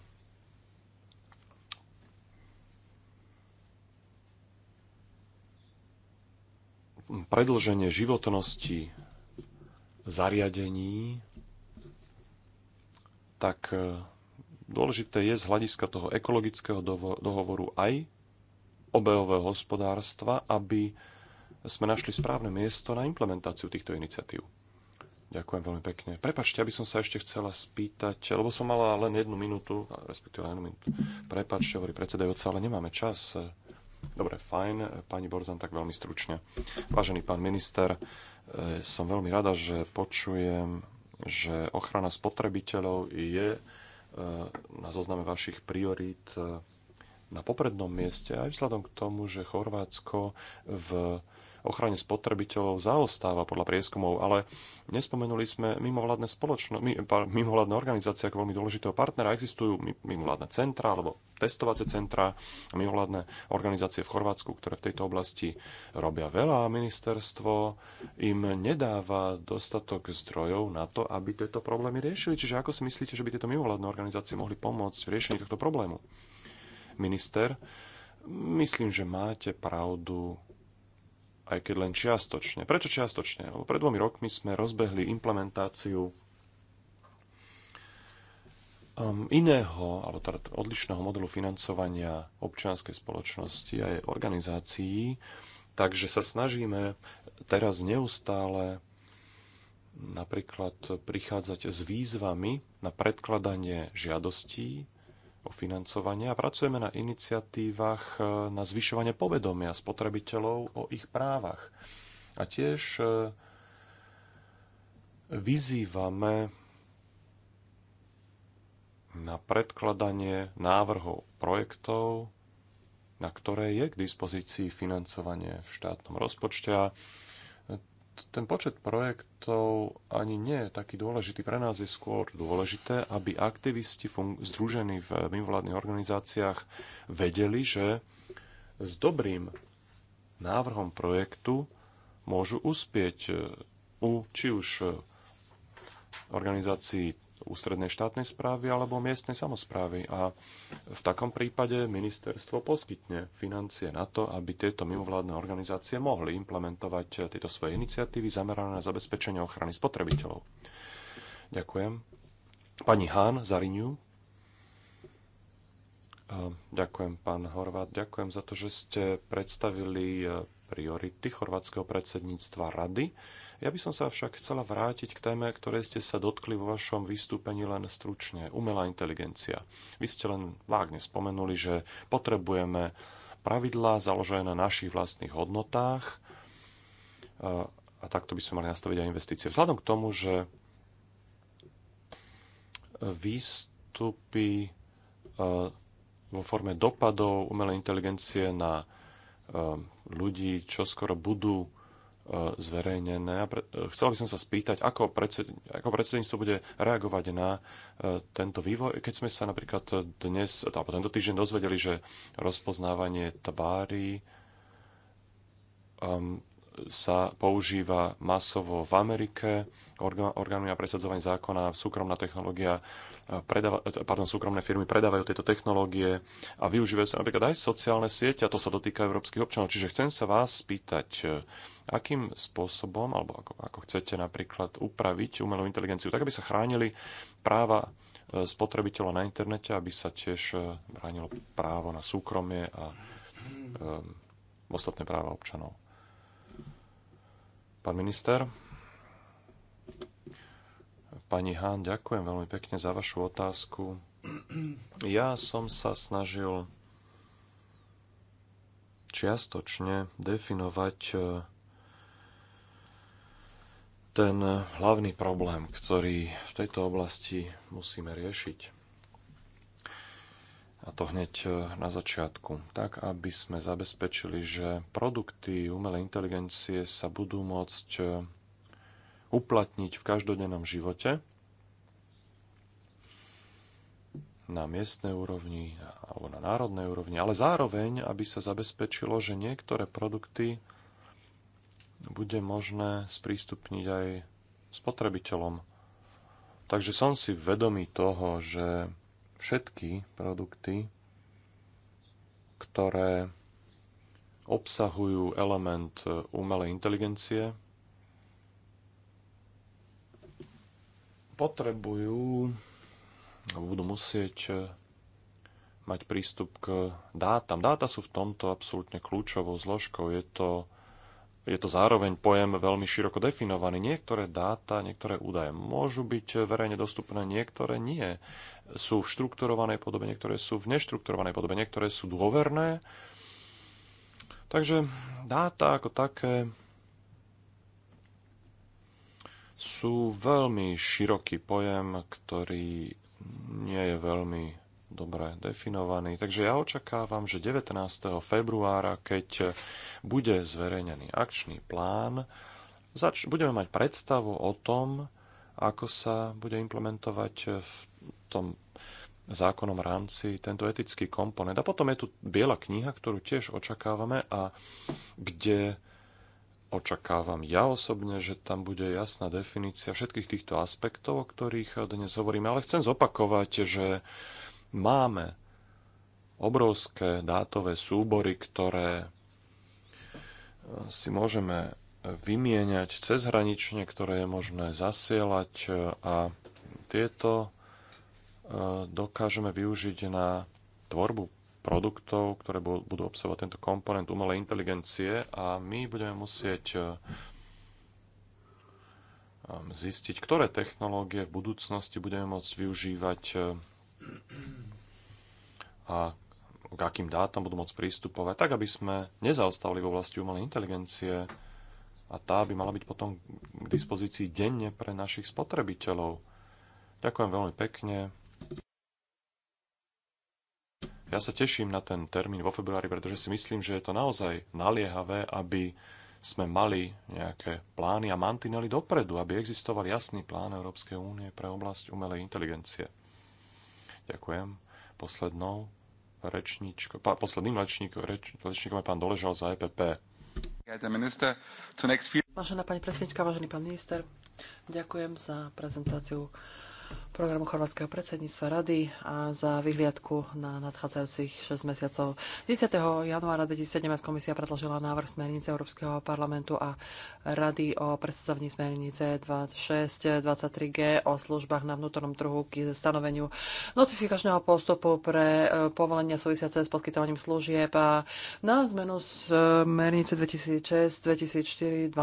predlženie životnosti zariadení, tak e, dôležité je z hľadiska toho ekologického dohovoru aj obehového hospodárstva, aby sme našli správne miesto na implementáciu týchto iniciatív. Ďakujem veľmi pekne. Prepačte, aby som sa ešte chcela spýtať, lebo som mala len jednu minútu, respektíve len jednu minútu. Prepačte, hovorí predsedajúca, ale nemáme čas. Dobre, fajn. Pani Borzan, tak veľmi stručne. Vážený pán minister, e, som veľmi rada, že počujem, že ochrana spotrebiteľov je e, na zozname vašich priorít e, na poprednom mieste aj vzhľadom k tomu, že Chorvátsko v ochrane spotrebiteľov zaostáva podľa prieskumov, ale nespomenuli sme mimovládne, spoločno, mimovládne organizácie ako veľmi dôležitého partnera. Existujú mimovládne centra alebo testovacie centra a mimovládne organizácie v Chorvátsku, ktoré v tejto oblasti robia veľa a ministerstvo im nedáva dostatok zdrojov na to, aby tieto problémy riešili. Čiže ako si myslíte, že by tieto mimovládne organizácie mohli pomôcť v riešení tohto problému? Minister, myslím, že máte pravdu aj keď len čiastočne. Prečo čiastočne? Lebo pred dvomi rokmi sme rozbehli implementáciu um, iného, alebo teda odlišného modelu financovania občianskej spoločnosti a jej organizácií, takže sa snažíme teraz neustále napríklad prichádzať s výzvami na predkladanie žiadostí o financovanie a pracujeme na iniciatívach e, na zvyšovanie povedomia spotrebiteľov o ich právach. A tiež e, vyzývame na predkladanie návrhov projektov, na ktoré je k dispozícii financovanie v štátnom rozpočte ten počet projektov ani nie je taký dôležitý. Pre nás je skôr dôležité, aby aktivisti združení v mimovládnych organizáciách vedeli, že s dobrým návrhom projektu môžu uspieť eh, u či už eh, organizácií ústrednej štátnej správy alebo miestnej samozprávy. A v takom prípade ministerstvo poskytne financie na to, aby tieto mimovládne organizácie mohli implementovať tieto svoje iniciatívy zamerané na zabezpečenie ochrany spotrebiteľov. Ďakujem. Pani Hán, Zariňu. Ďakujem, pán Horvát. Ďakujem za to, že ste predstavili priority chorvátskeho predsedníctva rady. Ja by som sa však chcela vrátiť k téme, ktoré ste sa dotkli vo vašom vystúpení len stručne. Umelá inteligencia. Vy ste len vágne spomenuli, že potrebujeme pravidlá založené na našich vlastných hodnotách a takto by sme mali nastaviť aj investície. Vzhľadom k tomu, že výstupy vo forme dopadov umelej inteligencie na ľudí čo skoro budú zverejnené. chcel by som sa spýtať, ako, predsed, ako predsedníctvo bude reagovať na e, tento vývoj, keď sme sa napríklad dnes, alebo tento týždeň dozvedeli, že rozpoznávanie tvári um, sa používa masovo v Amerike orgánmi a presadzovanie zákona, súkromná technológia predáva, pardon, súkromné firmy predávajú tieto technológie a využívajú sa napríklad aj sociálne siete a to sa dotýka európskych občanov. Čiže chcem sa vás spýtať, e, akým spôsobom, alebo ako, ako chcete napríklad upraviť umelú inteligenciu, tak aby sa chránili práva e, spotrebiteľa na internete, aby sa tiež e, bránilo právo na súkromie a um, ostatné práva občanov. Pán minister. Pani Hán, ďakujem veľmi pekne za vašu otázku. Ja som sa snažil čiastočne definovať e, ten hlavný problém, ktorý v tejto oblasti musíme riešiť. A to hneď e, na začiatku. Tak, aby sme zabezpečili, že produkty umelej inteligencie sa budú môcť e, uplatniť v každodennom živote na miestnej úrovni alebo na národnej úrovni, ale zároveň, aby sa zabezpečilo, že niektoré produkty bude možné sprístupniť aj spotrebiteľom. Takže som si vedomý toho, že všetky produkty, ktoré obsahujú element umelej inteligencie, potrebujú alebo budú musieť eh, mať prístup k dátam. Dáta sú v tomto absolútne kľúčovou zložkou. Je to, je to zároveň pojem veľmi široko definovaný. Niektoré dáta, niektoré údaje môžu byť verejne dostupné, niektoré nie. Sú v štrukturovanej podobe, niektoré sú v neštrukturovanej podobe, niektoré sú dôverné. Takže dáta ako také sú veľmi široký pojem, ktorý nie je veľmi dobre definovaný. Takže ja očakávam, že 19. februára, keď bude zverejnený akčný plán, zač- budeme mať predstavu o tom, ako sa bude implementovať v tom zákonom rámci tento etický komponent. A potom je tu biela kniha, ktorú tiež očakávame a kde očakávam ja osobne, že tam bude jasná definícia všetkých týchto aspektov, o ktorých dnes hovoríme. Ale chcem zopakovať, že máme obrovské dátové súbory, ktoré eh, si môžeme vymieňať cezhranične, ktoré je možné zasielať eh, a tieto eh, dokážeme využiť na tvorbu produktov, ktoré budú obsahovať tento komponent umelej inteligencie a my budeme musieť eh, zistiť, ktoré technológie v budúcnosti budeme môcť využívať eh, a k akým dátam budú môcť prístupovať, tak aby sme nezaostali v oblasti umelej inteligencie a tá by mala byť potom k dispozícii denne pre našich spotrebiteľov. Ďakujem veľmi pekne ja sa teším na ten termín vo februári, pretože si myslím, že je to naozaj naliehavé, aby sme mali nejaké plány a mantinely dopredu, aby existoval jasný plán Európskej únie pre oblasť umelej inteligencie. Ďakujem. Poslednou rečničko, pa, posledným rečníkom, reč, je pán Doležal za EPP. Vážená pani predsednička, vážený pán minister, ďakujem za prezentáciu programu chorvátskeho predsedníctva rady a za vyhliadku na nadchádzajúcich 6 mesiacov. 10. januára 2017 komisia predložila návrh smernice Európskeho parlamentu a rady o predstavení smernice 26-23G o službách na vnútornom trhu k stanoveniu notifikačného postupu pre e, povolenia súvisiace s poskytovaním služieb a na zmenu smernice 2006-2004-12 e, e,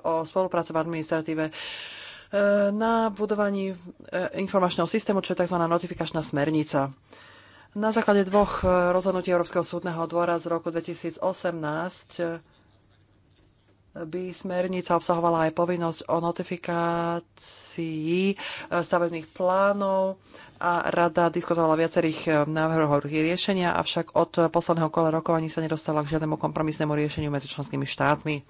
o spolupráce v administratíve E, na budovaní e, informačného systému, čo je tzv. notifikačná smernica. Na základe dvoch e, rozhodnutí Európskeho súdneho dvora z roku 2018 by smernica obsahovala aj povinnosť o notifikácii stavebných plánov a rada diskutovala viacerých návrhov riešenia, avšak od posledného kola rokovaní sa nedostala k žiadnemu kompromisnému riešeniu medzi členskými štátmi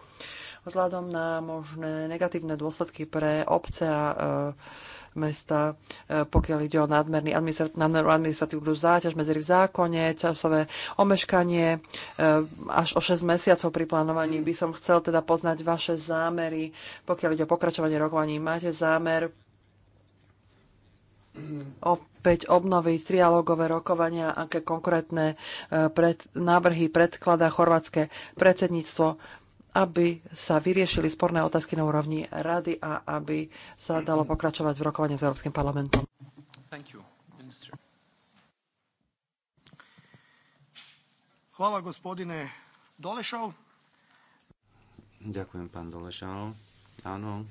vzhľadom na možné negatívne dôsledky pre obce a e, mesta, e, pokiaľ ide o nadmerný administratívnu záťaž, medzery v zákone, časové omeškanie e, až o 6 mesiacov pri plánovaní. By som chcel teda poznať vaše zámery, pokiaľ ide o pokračovanie rokovaní. Máte zámer opäť obnoviť trialógové rokovania, aké konkrétne pred, návrhy predkladá chorvátske predsedníctvo aby sa vyriešili sporné otázky na úrovni rady a aby sa dalo pokračovať v rokovaní s Európskym parlamentom. Thank you, gospodine Dolešov. Ďakujem, pán Dolešal. Áno,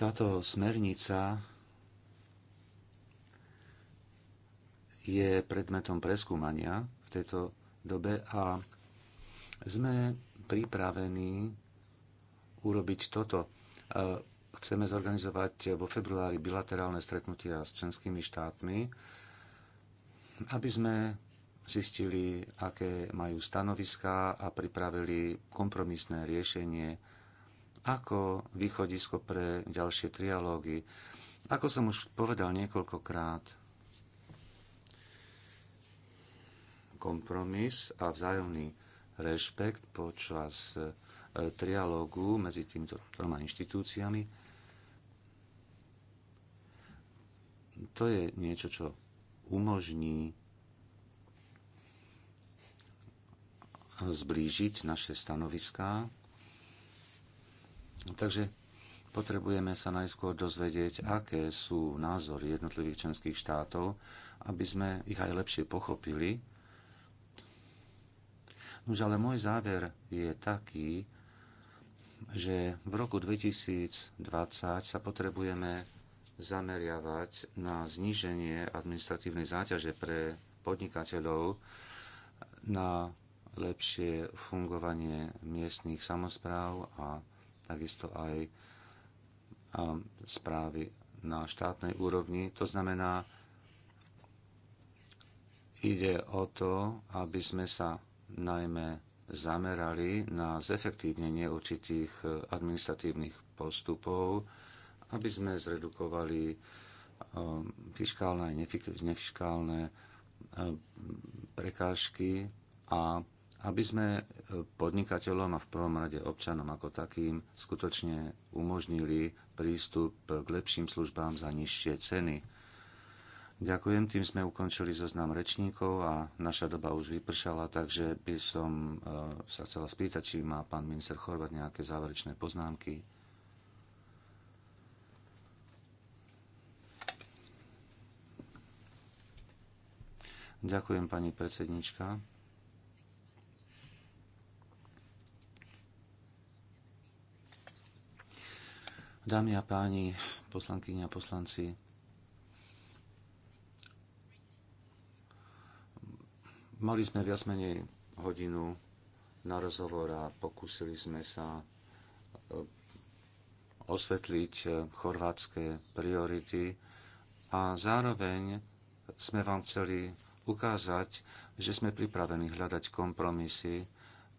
táto smernica je predmetom preskúmania v tejto dobe a sme pripravení urobiť toto. E, chceme zorganizovať vo februári bilaterálne stretnutia s členskými štátmi, aby sme zistili, aké majú stanoviská a pripravili kompromisné riešenie ako východisko pre ďalšie trialógy. Ako som už povedal niekoľkokrát, kompromis a vzájomný rešpekt počas e, trialógu medzi týmito troma inštitúciami. To je niečo, čo umožní zblížiť naše stanoviská. Takže potrebujeme sa najskôr dozvedieť, aké sú názory jednotlivých členských štátov, aby sme ich aj lepšie pochopili už ale môj záver je taký, že v roku 2020 sa potrebujeme zameriavať na zníženie administratívnej záťaže pre podnikateľov, na lepšie fungovanie miestných samozpráv a takisto aj správy na štátnej úrovni. To znamená, ide o to, aby sme sa najmä zamerali na zefektívnenie určitých eh, administratívnych postupov, aby sme zredukovali eh, fiskálne a nefiskálne eh, prekážky a aby sme podnikateľom a v prvom rade občanom ako takým skutočne umožnili prístup k lepším službám za nižšie ceny. Ďakujem, tým sme ukončili zoznam rečníkov a naša doba už vypršala, takže by som e, sa chcela spýtať, či má pán minister Chorvat nejaké záverečné poznámky. Ďakujem, pani predsednička. Dámy a páni, poslankyňa a poslanci, Mali sme viac menej hodinu na rozhovor a pokúsili sme sa eh, osvetliť eh, chorvátske priority a zároveň sme vám chceli ukázať, že sme pripravení hľadať kompromisy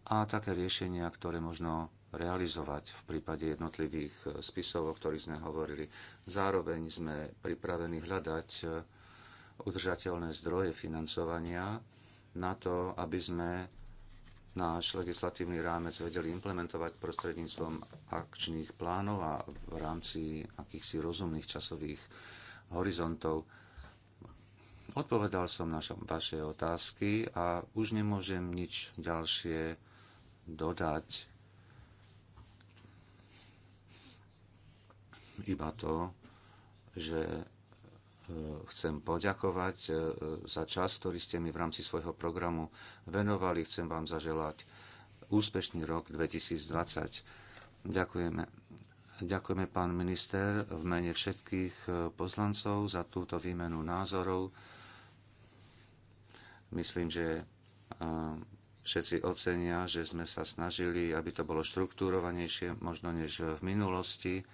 a také riešenia, ktoré možno realizovať v prípade jednotlivých eh, spisov, o ktorých sme hovorili. Zároveň sme pripravení hľadať udržateľné zdroje financovania na to, aby sme náš legislatívny rámec vedeli implementovať prostredníctvom akčných plánov a v rámci akýchsi rozumných časových horizontov. Odpovedal som na vaše otázky a už nemôžem nič ďalšie dodať. Iba to, že chcem poďakovať e, e, za čas, ktorý ste mi v rámci svojho programu venovali. Chcem vám zaželať úspešný rok 2020. Ďakujeme. Ďakujeme, pán minister, v mene všetkých e, poslancov za túto výmenu názorov. Myslím, že všetci ocenia, že sme sa snažili, aby to bolo štruktúrovanejšie možno než v minulosti.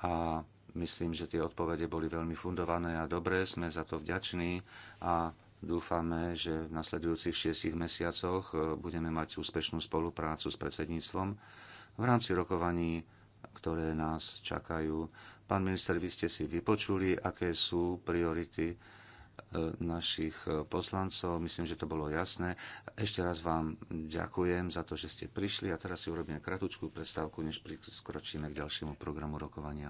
A Myslím, že tie odpovede boli veľmi fundované a dobré, sme za to vďační a dúfame, že v nasledujúcich šiestich mesiacoch e, budeme mať úspešnú spoluprácu s predsedníctvom v rámci rokovaní, ktoré nás čakajú. Pán minister, vy ste si vypočuli, aké sú priority e, našich e, poslancov. Myslím, že to bolo jasné. Ešte raz vám ďakujem za to, že ste prišli a teraz si urobíme kratučkú predstavku, než skročíme k ďalšiemu programu rokovania.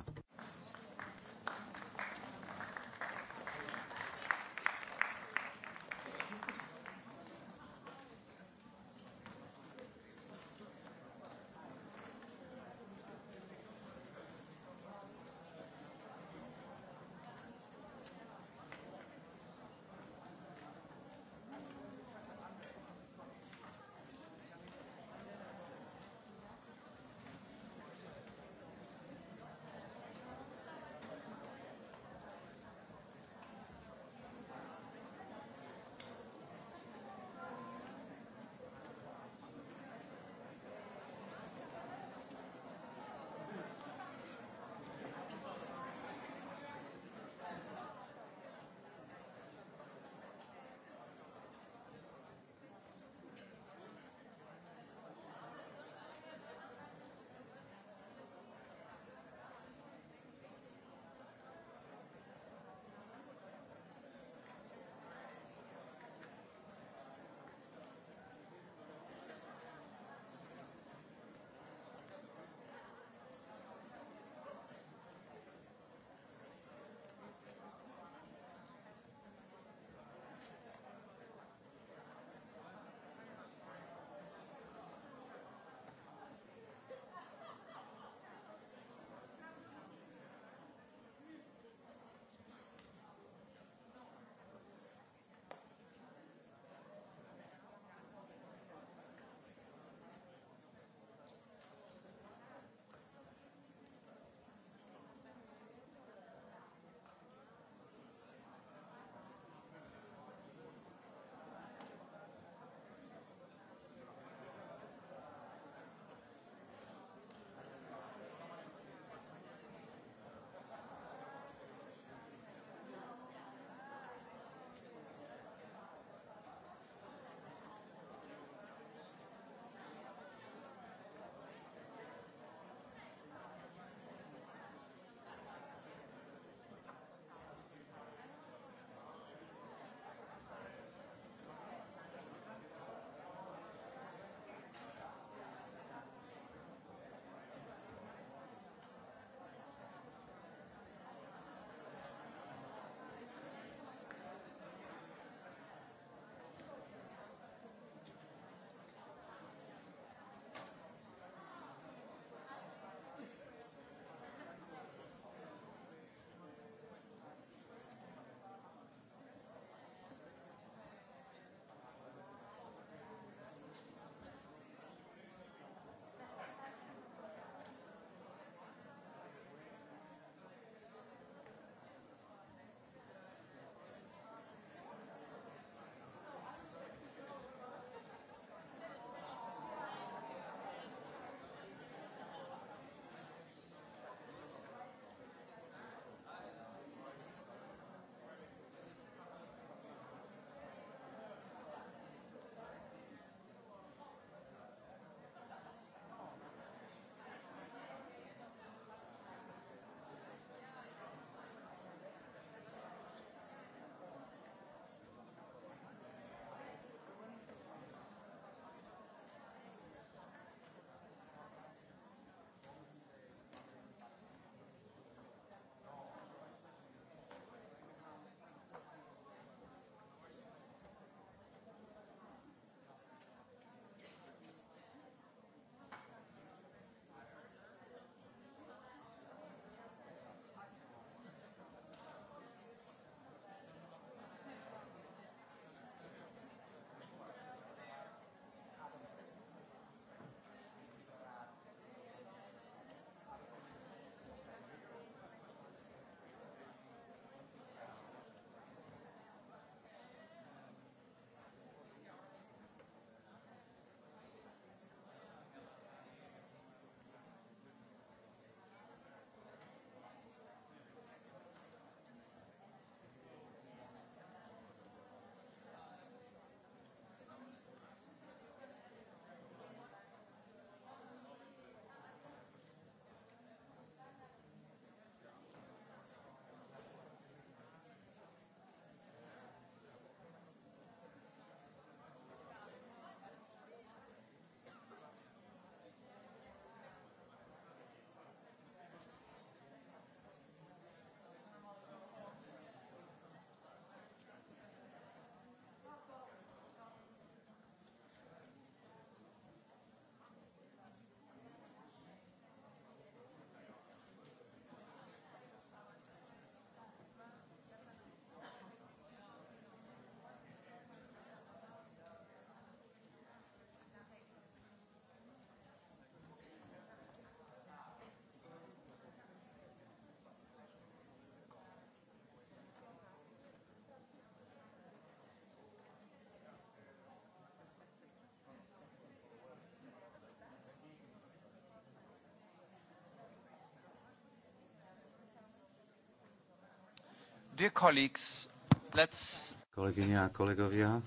Dear colleagues, let's... Kolegyne a kolegovia,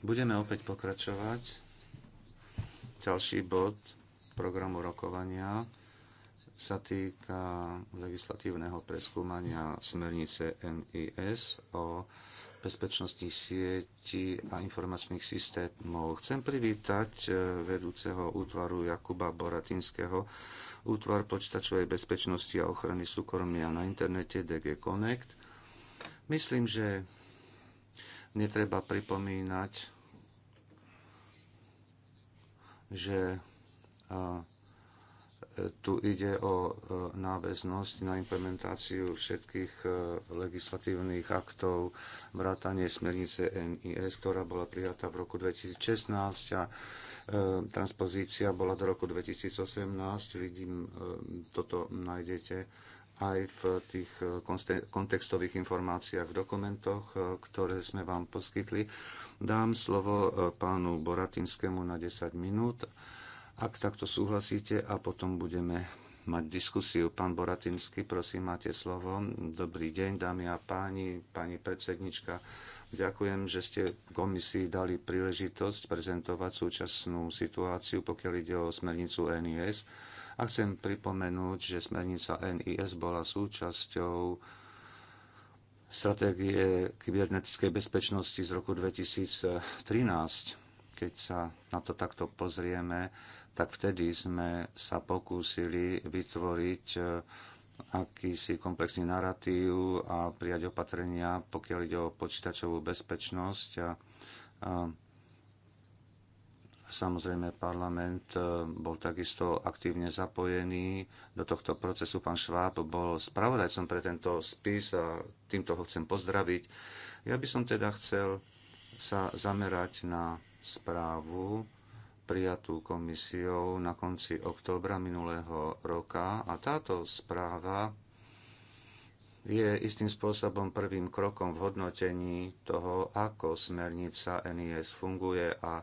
budeme opäť pokračovať. Ďalší bod programu rokovania sa týka legislatívneho preskúmania smernice NIS o bezpečnosti sieti a informačných systémov. Chcem privítať eh, vedúceho útvaru Jakuba Boratinského, útvar počítačovej bezpečnosti a ochrany súkromia na internete DG Connect Myslím, že netreba pripomínať, že e, tu ide o e, náväznosť na implementáciu všetkých e, legislatívnych aktov vrátanie smernice NIS, ktorá bola prijatá v roku 2016 a transpozícia bola do roku 2018. Vidím, toto nájdete aj v tých eh, kontextových informáciách v dokumentoch, eh, ktoré sme vám poskytli. Dám slovo eh, pánu Boratinskému na 10 minút, ak takto súhlasíte, a potom budeme mať diskusiu. Pán Boratinsky, prosím, máte slovo. Dobrý deň, dámy a páni, pani predsednička. Ďakujem, že ste komisii dali príležitosť prezentovať súčasnú situáciu, pokiaľ ide o smernicu NIS a chcem pripomenúť, že smernica NIS bola súčasťou stratégie kybernetickej bezpečnosti z roku 2013. Keď sa na to takto pozrieme, tak vtedy sme sa pokúsili vytvoriť eh, akýsi komplexný narratív a prijať opatrenia, pokiaľ ide o počítačovú bezpečnosť. A, a Samozrejme, parlament e, bol takisto aktívne zapojený do tohto procesu. Pán Šváb bol spravodajcom pre tento spis a týmto ho chcem pozdraviť. Ja by som teda chcel sa zamerať na správu prijatú komisiou na konci októbra minulého roka a táto správa je istým spôsobom prvým krokom v hodnotení toho, ako smernica NIS funguje a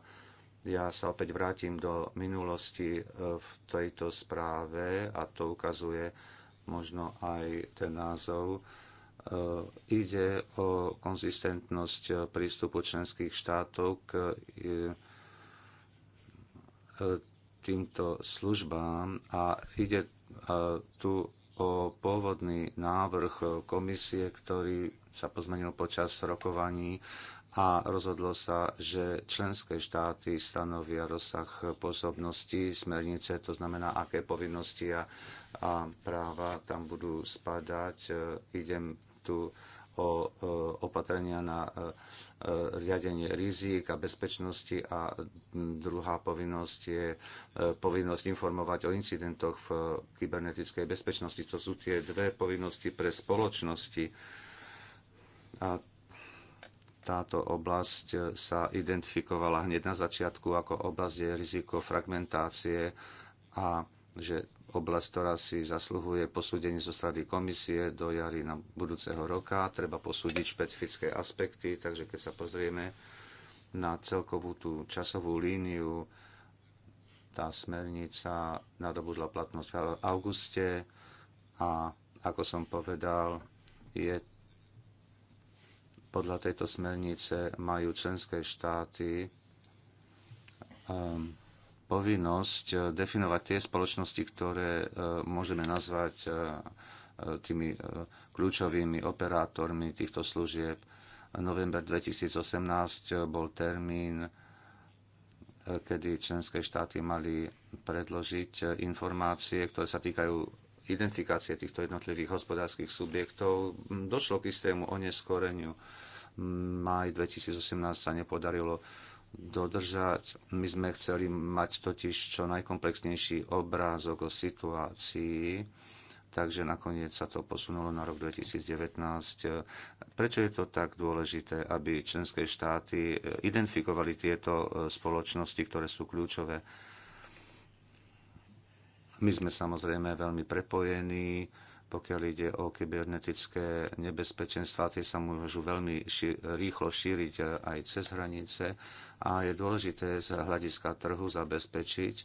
ja sa opäť vrátim do minulosti e, v tejto správe a to ukazuje možno aj ten názov. E, ide o konzistentnosť e, prístupu členských štátov k týmto službám a ide tu o pôvodný návrh komisie, ktorý sa pozmenil počas rokovaní a rozhodlo sa, že členské štáty stanovia rozsah pôsobnosti smernice, to znamená, aké povinnosti a, a práva tam budú spadať. E, idem tu o e, opatrenia na e, riadenie rizík a bezpečnosti a druhá povinnosť je povinnosť informovať o incidentoch v kybernetickej bezpečnosti. To sú tie dve povinnosti pre spoločnosti. A táto oblasť sa identifikovala hneď na začiatku ako oblasť, kde je riziko fragmentácie a že oblasť, ktorá si zasluhuje posúdenie zo strany komisie do jary na budúceho roka. Treba posúdiť špecifické aspekty, takže keď sa pozrieme na celkovú tú časovú líniu, tá smernica nadobudla platnosť v auguste a ako som povedal, je podľa tejto smernice majú členské štáty um, povinnosť uh, definovať tie spoločnosti, ktoré uh, môžeme nazvať uh, tými kľúčovými operátormi týchto služieb. November 2018 bol termín, kedy členské štáty mali predložiť informácie, ktoré sa týkajú identifikácie týchto jednotlivých hospodárskych subjektov došlo k istému oneskoreniu. Maj 2018 sa nepodarilo dodržať. My sme chceli mať totiž čo najkomplexnejší obrázok o situácii, takže nakoniec sa to posunulo na rok 2019. Prečo je to tak dôležité, aby členské štáty eh, identifikovali tieto eh, spoločnosti, ktoré sú kľúčové? My sme samozrejme veľmi prepojení, pokiaľ ide o kybernetické nebezpečenstvá, tie sa môžu veľmi ši- rýchlo šíriť e, aj cez hranice a je dôležité z hľadiska trhu zabezpečiť,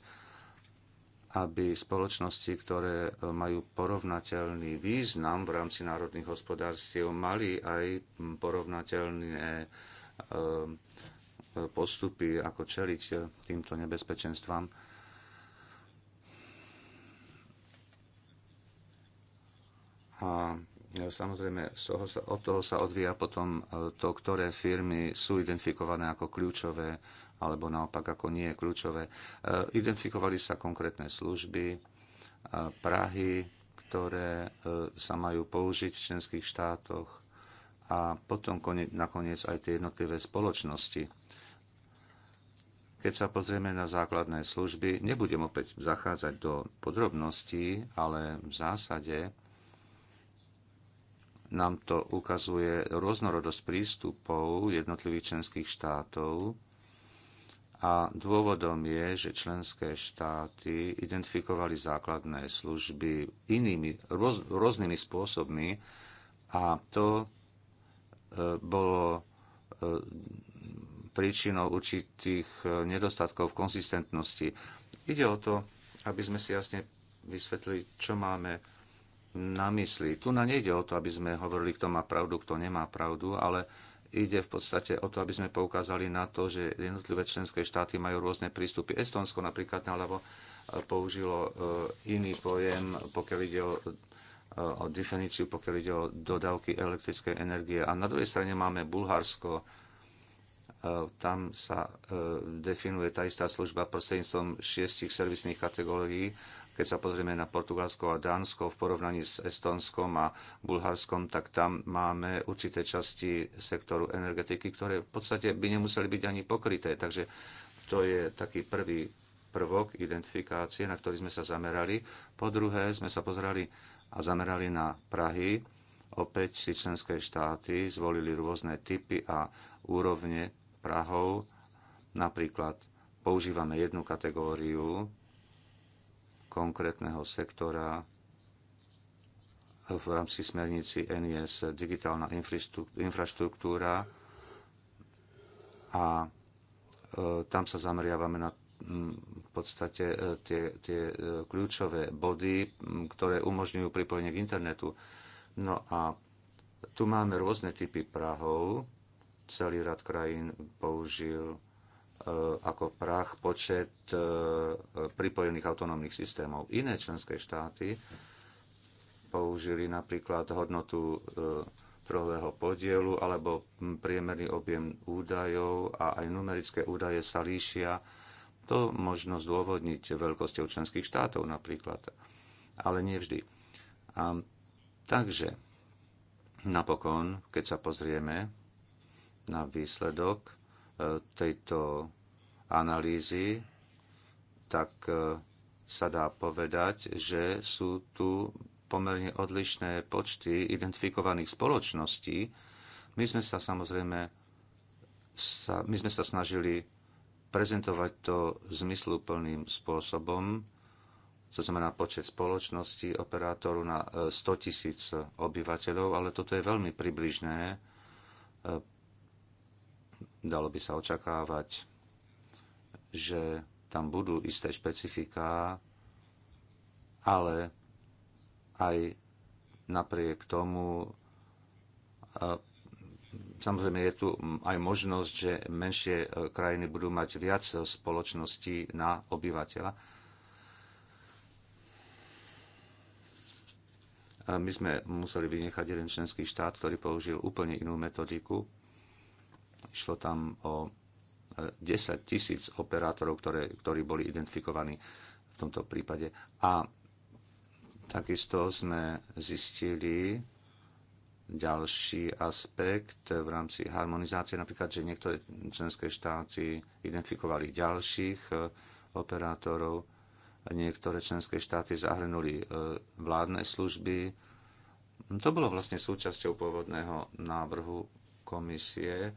aby spoločnosti, ktoré majú porovnateľný význam v rámci národných hospodárstiev, mali aj porovnateľné e, e, postupy, ako čeliť týmto nebezpečenstvám. A e, samozrejme, z toho sa, od toho sa odvíja potom e, to, ktoré firmy sú identifikované ako kľúčové alebo naopak ako nie kľúčové. E, identifikovali sa konkrétne služby, Prahy, ktoré sa majú použiť v členských štátoch a potom nakoniec aj tie jednotlivé spoločnosti. Keď sa pozrieme na základné služby, nebudem opäť zachádzať do podrobností, ale v zásade nám to ukazuje rôznorodosť prístupov jednotlivých členských štátov a dôvodom je, že členské štáty identifikovali základné služby inými, rôz, rôznymi spôsobmi a to e, bolo e, príčinou určitých e, nedostatkov v konzistentnosti. Ide o to, aby sme si jasne vysvetlili, čo máme na mysli. Tu na nejde o to, aby sme hovorili, kto má pravdu, kto nemá pravdu, ale ide v podstate o to, aby sme poukázali na to, že jednotlivé členské štáty majú rôzne prístupy. Estonsko napríklad naľavo e, použilo e, iný pojem, pokiaľ ide o, e, o definíciu, pokiaľ ide o dodávky elektrickej energie. A na druhej strane máme Bulharsko, tam sa definuje tá istá služba prostredníctvom šiestich servisných kategórií keď sa pozrieme na Portugalsko a Dánsko v porovnaní s Estonskom a Bulharskom, tak tam máme určité časti sektoru energetiky, ktoré v podstate by nemuseli byť ani pokryté. Takže to je taký prvý prvok identifikácie, na ktorý sme sa zamerali. Po druhé sme sa pozerali a zamerali na Prahy. Opäť si členské štáty zvolili rôzne typy a úrovne Prahov. Napríklad používame jednu kategóriu konkrétneho sektora v rámci smernici NIS digitálna infraštruktúra a e, tam sa zameriavame na v podstate e, tie, tie e, kľúčové body, ktoré umožňujú pripojenie k internetu. No a tu máme rôzne typy Prahov. Celý rad krajín použil E, ako prach počet e, pripojených autonómnych systémov. Iné členské štáty použili napríklad hodnotu e, trhového podielu alebo priemerný objem údajov a aj numerické údaje sa líšia. To možno zdôvodniť veľkosťou členských štátov napríklad, ale nie vždy. A, takže napokon, keď sa pozrieme na výsledok, tejto analýzy, tak e, sa dá povedať, že sú tu pomerne odlišné počty identifikovaných spoločností. My sme sa samozrejme sa, my sme sa snažili prezentovať to zmysluplným spôsobom, to znamená počet spoločností, operátoru na 100 e, tisíc obyvateľov, ale toto je veľmi približné e, Dalo by sa očakávať, že tam budú isté špecifiká, ale aj napriek tomu Samozrejme je tu aj možnosť, že menšie e, krajiny budú mať viac e, spoločností na obyvateľa. My sme museli vynechať jeden členský štát, ktorý použil úplne inú metodiku Išlo tam o 10 e, tisíc operátorov, ktoré, ktorí boli identifikovaní v tomto prípade. A takisto sme zistili ďalší aspekt v rámci harmonizácie, napríklad, že niektoré členské štáty identifikovali ďalších e, operátorov, niektoré členské štáty zahrnuli e, vládne služby. To bolo vlastne súčasťou pôvodného návrhu komisie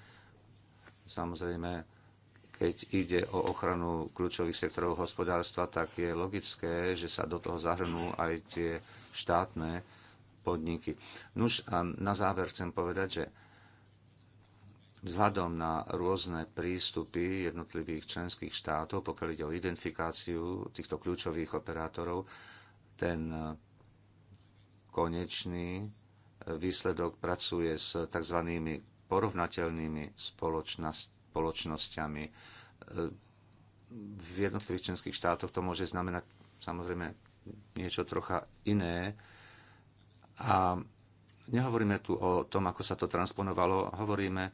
Samozrejme, keď ide o ochranu kľúčových sektorov hospodárstva, tak je logické, že sa do toho zahrnú aj tie štátne podniky. Nuž a na záver chcem povedať, že vzhľadom na rôzne prístupy jednotlivých členských štátov, pokiaľ ide o identifikáciu týchto kľúčových operátorov, ten konečný výsledok pracuje s tzv porovnateľnými spoločnosťami. E, v jednotlivých členských štátoch to môže znamenať samozrejme niečo trocha iné. A nehovoríme tu o tom, ako sa to transponovalo, hovoríme e,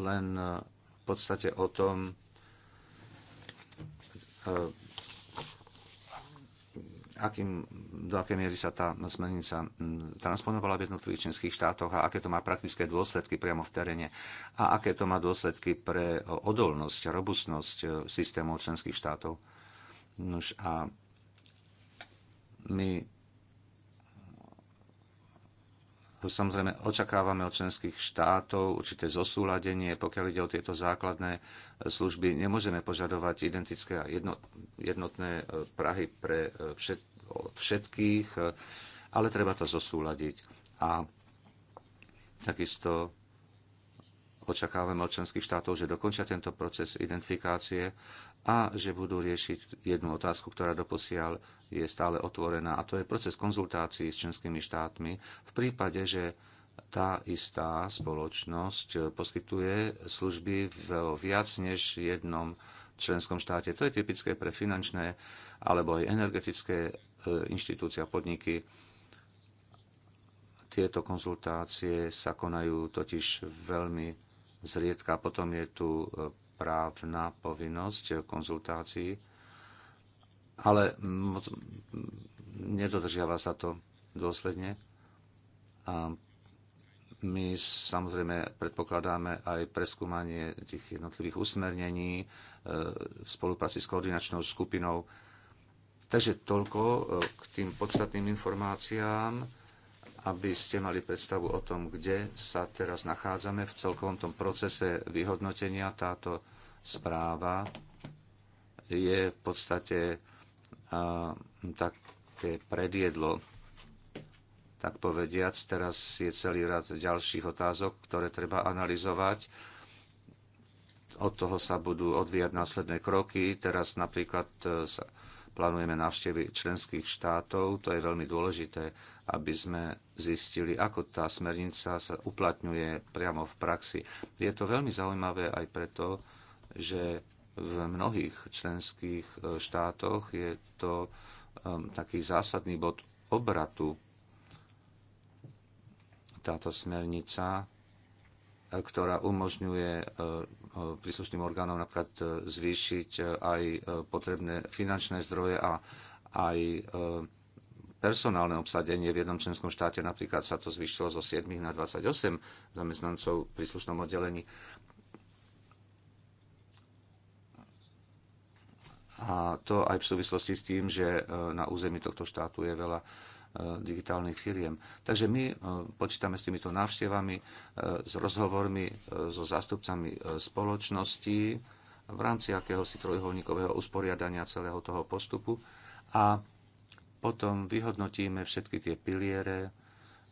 len v podstate o tom, e, akým, do akej miery sa tá smernica transponovala v jednotlivých členských štátoch a aké to má praktické dôsledky priamo v teréne a aké to má dôsledky pre odolnosť a robustnosť e, systémov členských štátov. Nož a my Samozrejme, očakávame od členských štátov určité zosúladenie, pokiaľ ide o tieto základné e, služby. Nemôžeme požadovať identické a jednotné e, Prahy pre e, všetkých, ale treba to zosúladiť. A takisto očakávame od členských štátov, že dokončia tento proces identifikácie a že budú riešiť jednu otázku, ktorá doposiaľ je stále otvorená, a to je proces konzultácií s členskými štátmi v prípade, že tá istá spoločnosť poskytuje služby v viac než jednom členskom štáte. To je typické pre finančné alebo aj energetické e, inštitúcia a podniky. Tieto konzultácie sa konajú totiž veľmi zriedka. Potom je tu e, právna povinnosť konzultácií, ale moc, nedodržiava sa to dôsledne. A my samozrejme predpokladáme aj preskúmanie tých jednotlivých usmernení e, v spolupráci s koordinačnou skupinou. Takže toľko e, k tým podstatným informáciám aby ste mali predstavu o tom, kde sa teraz nachádzame v celkovom tom procese vyhodnotenia. Táto správa je v podstate a, také predjedlo, tak povediac. Teraz je celý rad ďalších otázok, ktoré treba analyzovať. Od toho sa budú odvíjať následné kroky. Teraz napríklad e, sa plánujeme návštevy členských štátov. To je veľmi dôležité, aby sme zistili, ako tá smernica sa uplatňuje priamo v praxi. Je to veľmi zaujímavé aj preto, že v mnohých členských e, štátoch je to e, taký zásadný bod obratu táto smernica, e, ktorá umožňuje príslušným orgánom napríklad zvýšiť aj potrebné finančné zdroje a aj personálne obsadenie v jednom členskom štáte napríklad sa to zvyšilo zo 7 na 28 zamestnancov v príslušnom oddelení. A to aj v súvislosti s tým, že e, na území tohto štátu je veľa e, digitálnych firiem. Takže my e, počítame s týmito návštevami, s rozhovormi so zástupcami spoločnosti v rámci akéhosi trojuholníkového usporiadania celého toho postupu a potom vyhodnotíme všetky tie piliere,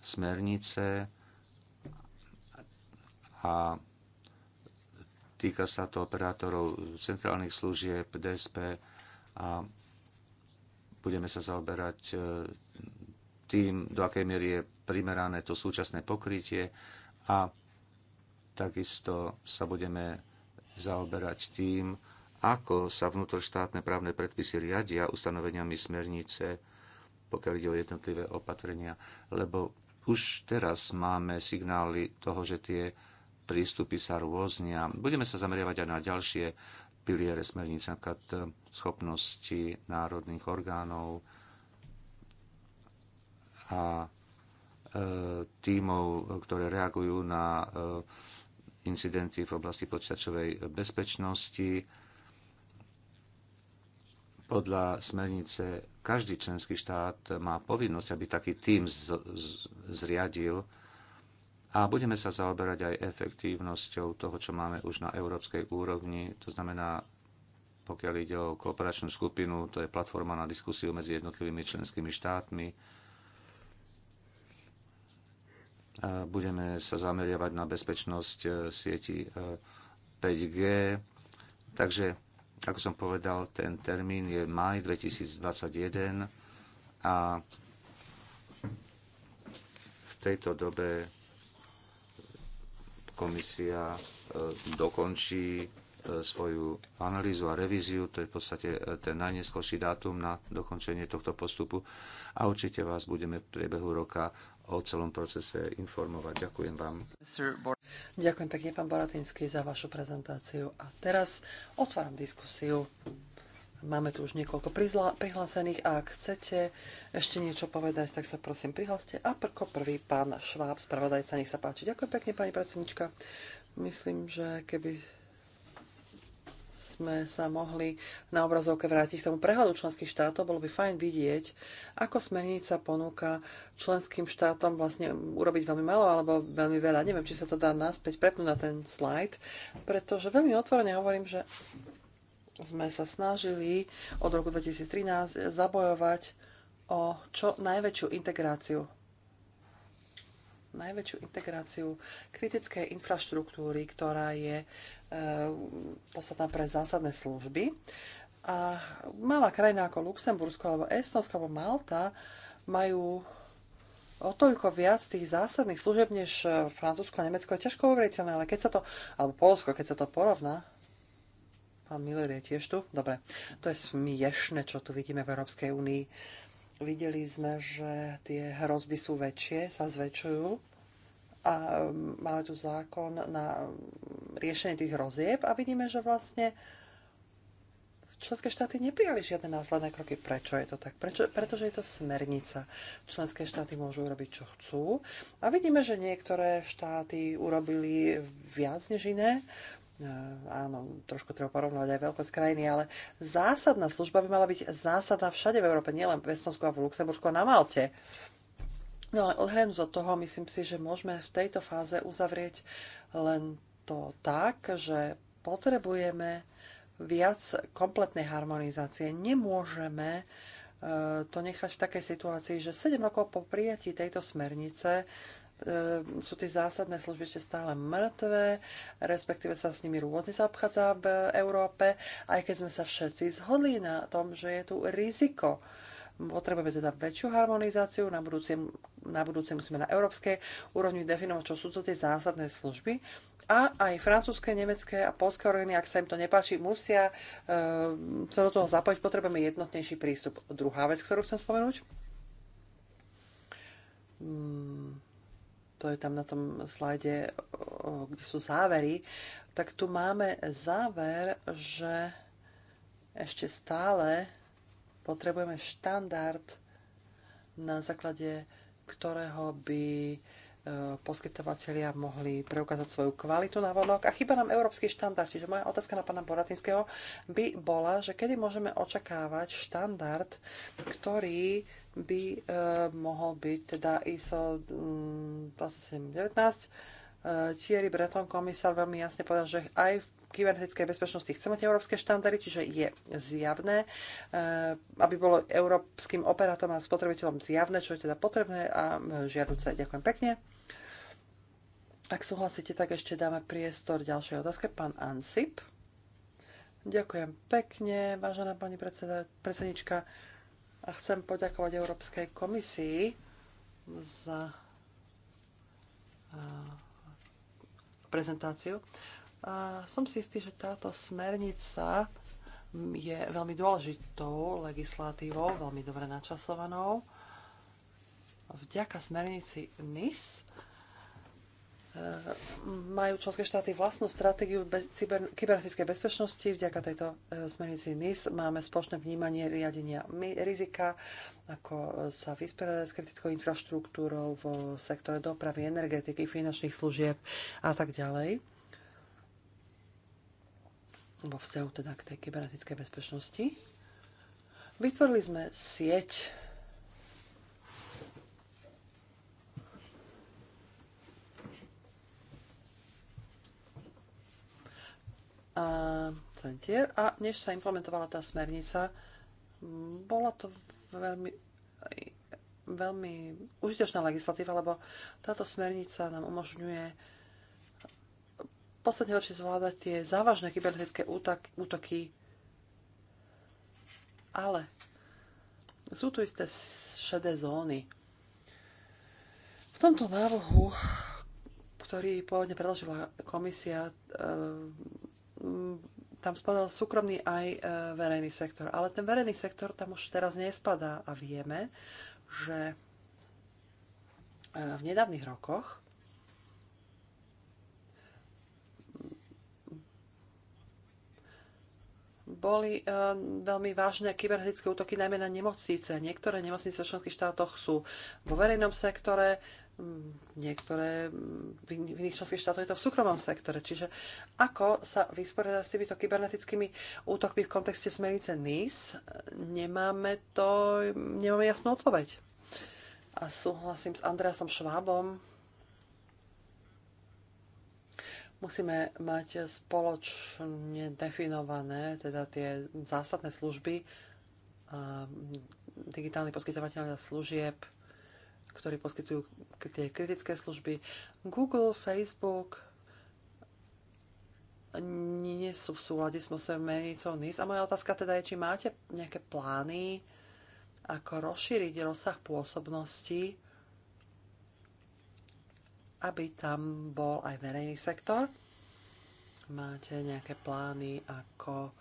smernice a týka sa to operátorov centrálnych služieb, DSP a budeme sa zaoberať e, tým, do akej miery je primerané to súčasné pokrytie a takisto sa budeme zaoberať tým, ako sa vnútroštátne právne predpisy riadia ustanoveniami smernice pokiaľ ide o jednotlivé opatrenia, lebo už teraz máme signály toho, že tie prístupy sa rôznia. Budeme sa zameriavať aj na ďalšie piliere smernice, napríklad eh, schopnosti národných orgánov a eh, tímov, ktoré reagujú na eh, incidenty v oblasti počítačovej bezpečnosti. Podľa smernice každý členský štát má povinnosť, aby taký z, zriadil a budeme sa zaoberať aj efektívnosťou toho, čo máme už na európskej úrovni. To znamená, pokiaľ ide o kooperačnú skupinu, to je platforma na diskusiu medzi jednotlivými členskými štátmi. Budeme sa zameriavať na bezpečnosť eh, sieti 5G. Eh, Takže ako som povedal, ten termín je maj 2021 a v tejto dobe komisia e, dokončí e, svoju analýzu a revíziu, to je v podstate e, ten najneskôrší dátum na dokončenie tohto postupu a určite vás budeme v priebehu roka o celom procese informovať. Ďakujem vám. Ďakujem pekne, pán Boratinsky, za vašu prezentáciu. A teraz otváram diskusiu. Máme tu už niekoľko prihlásených a ak chcete ešte niečo povedať, tak sa prosím prihláste. A prko prvý pán Šváb, spravodajca, nech sa páči. Ďakujem pekne, pani predsednička. Myslím, že keby sme sa mohli na obrazovke vrátiť k tomu prehľadu členských štátov, bolo by fajn vidieť, ako smernica ponúka členským štátom vlastne urobiť veľmi malo alebo veľmi veľa. Neviem, či sa to dá naspäť prepnúť na ten slide, pretože veľmi otvorene hovorím, že sme sa snažili od roku 2013 zabojovať o čo najväčšiu integráciu najväčšiu integráciu kritickej infraštruktúry, ktorá je e, podstatná pre zásadné služby. A malá krajina ako Luxembursko, alebo Estonsko, alebo Malta majú o toľko viac tých zásadných služieb než eh, Francúzsko a Nemecko je ťažko uveriteľné, ale keď sa to, alebo Polsko, keď sa to porovná, pán Miller je tiež tu, dobre, to je smiešne, čo tu vidíme v Európskej únii. Videli sme, že tie hrozby sú väčšie, sa zväčšujú a um, máme tu zákon na um, riešenie tých hrozieb a vidíme, že vlastne členské štáty neprijali žiadne následné kroky. Prečo je to tak? Prečo, pretože je to smernica. Členské štáty môžu urobiť, čo chcú. A vidíme, že niektoré štáty urobili viac než iné. Eh, áno, trošku treba porovnať aj veľkosť krajiny, ale zásadná služba by mala byť zásadná všade v Európe, nielen v Estonsku a v Luxembursku a na Malte. No ale odhľadnúť od toho, myslím si, že môžeme v tejto fáze uzavrieť len to tak, že potrebujeme viac kompletnej harmonizácie. Nemôžeme eh, to nechať v takej situácii, že 7 rokov po prijatí tejto smernice Ehm, sú tie zásadné služby ešte stále mŕtve, respektíve sa s nimi rôzne obchádza v Európe, aj keď sme sa všetci zhodli na tom, že je tu riziko. Potrebujeme teda väčšiu harmonizáciu, na budúce, na budúce musíme na európskej úrovni definovať, čo sú to tie zásadné služby. A aj francúzske, nemecké a polské orgány, ak sa im to nepáči, musia e, sa do toho zapojiť. Potrebujeme jednotnejší prístup. Druhá vec, ktorú chcem spomenúť. Hmm to je tam na tom slajde, kde sú závery, tak tu máme záver, že ešte stále potrebujeme štandard, na základe ktorého by E, poskytovateľia mohli preukázať svoju kvalitu vonok. a chyba nám európsky štandard. Čiže moja otázka na pána Boratinského by bola, že kedy môžeme očakávať štandard, ktorý by e, mohol byť teda ISO 2719. Mm, e, Thierry Breton, komisár, veľmi jasne povedal, že aj v kybernetickej bezpečnosti chceme tie európske štandardy, čiže je zjavné, eh, aby bolo európskym operátorom a spotrebiteľom zjavné, čo je teda potrebné a eh, žiaduce. Ďakujem pekne. Ak súhlasíte, tak ešte dáme priestor ďalšej otázke. Pán Ansip. Ďakujem pekne, vážená pani predseda, predsednička. A chcem poďakovať Európskej komisii za eh, prezentáciu. A som si istý, že táto smernica je veľmi dôležitou legislatívou, veľmi dobre načasovanou. Vďaka smernici NIS e, majú členské štáty vlastnú stratégiu bez, cyber, kybernetickej bezpečnosti. Vďaka tejto e, smernici NIS máme spoločné vnímanie riadenia rizika, ako sa vysporiadať s kritickou infraštruktúrou v sektore dopravy, energetiky, finančných služieb a tak ďalej vo vzťahu teda k tej kybernetickej bezpečnosti. Vytvorili sme sieť a centier a než sa implementovala tá smernica, bola to veľmi veľmi užitočná legislatíva, lebo táto smernica nám umožňuje podstatne lepšie zvládať tie závažné kybernetické útoky. Ale sú tu isté šedé zóny. V tomto návrhu, ktorý pôvodne predložila komisia, e, tam spadal súkromný aj e, verejný sektor. Ale ten verejný sektor tam už teraz nespadá a vieme, že e, v nedávnych rokoch boli eh, veľmi vážne kybernetické útoky najmä na nemocnice. Niektoré nemocnice v členských štátoch sú vo verejnom sektore, mm, niektoré mm, v iných členských štátoch je to v súkromnom sektore. Čiže ako sa vysporiadať s týmito kybernetickými útokmi v kontexte smernice NIS, nemáme, to, nemáme jasnú odpoveď. A súhlasím s Andreasom Švábom, Musíme mať spoločne definované teda tie zásadné služby, a digitálni poskytovateľia služieb, ktorí poskytujú tie kritické služby. Google, Facebook nie sú v súlade s menicou NIS. A moja otázka teda je, či máte nejaké plány, ako rozšíriť rozsah pôsobnosti aby tam bol aj verejný sektor? Máte nejaké plány, ako e,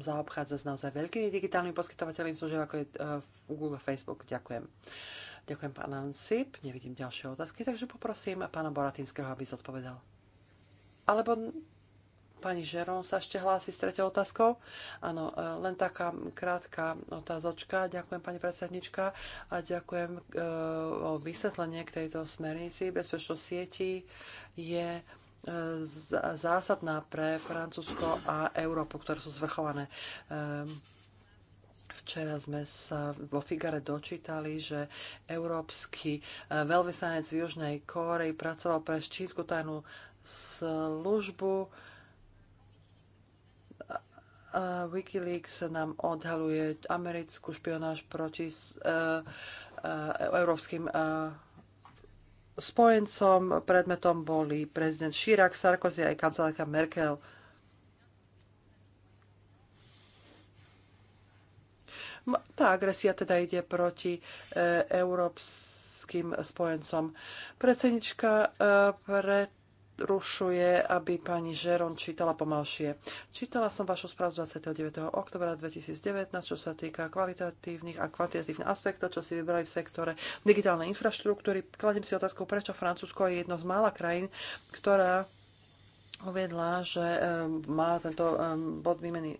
zaobchádza s naozaj veľkými digitálnymi poskytovateľmi služieb, ako je e, Google a Facebook. Ďakujem. Ďakujem, pán Ansip. Nevidím ďalšie otázky, takže poprosím pána Boratinského, aby zodpovedal. Alebo Pani Žeron sa ešte hlási s tretou otázkou. Áno, e, len taká krátka otázočka. Ďakujem, pani predsednička, a ďakujem e, o vysvetlenie k tejto smernici. Bezpečnosť sieti je e, zásadná pre Francúzsko a Európu, ktoré sú zvrchované. Včera sme sa vo Figare dočítali, že európsky veľvyslanec v Južnej Kórei pracoval pre čínsku tajnú službu Uh, Wikileaks nám odhaluje americkú špionáž proti uh, uh, európskym uh, spojencom. Predmetom boli prezident Chirac, Sarkozy aj kancelárka Merkel. Tá agresia teda ide proti európskym spojencom. Predsednička, pred rušuje, aby pani Žeron čítala pomalšie. Čítala som vašu správu 29. oktobra 2019, čo sa týka kvalitatívnych a kvantitatívnych aspektov, čo si vybrali v sektore digitálnej infraštruktúry. Kladím si otázku, prečo Francúzsko je jedno z mála krajín, ktorá uviedla, že eh, má tento eh, bod výmeny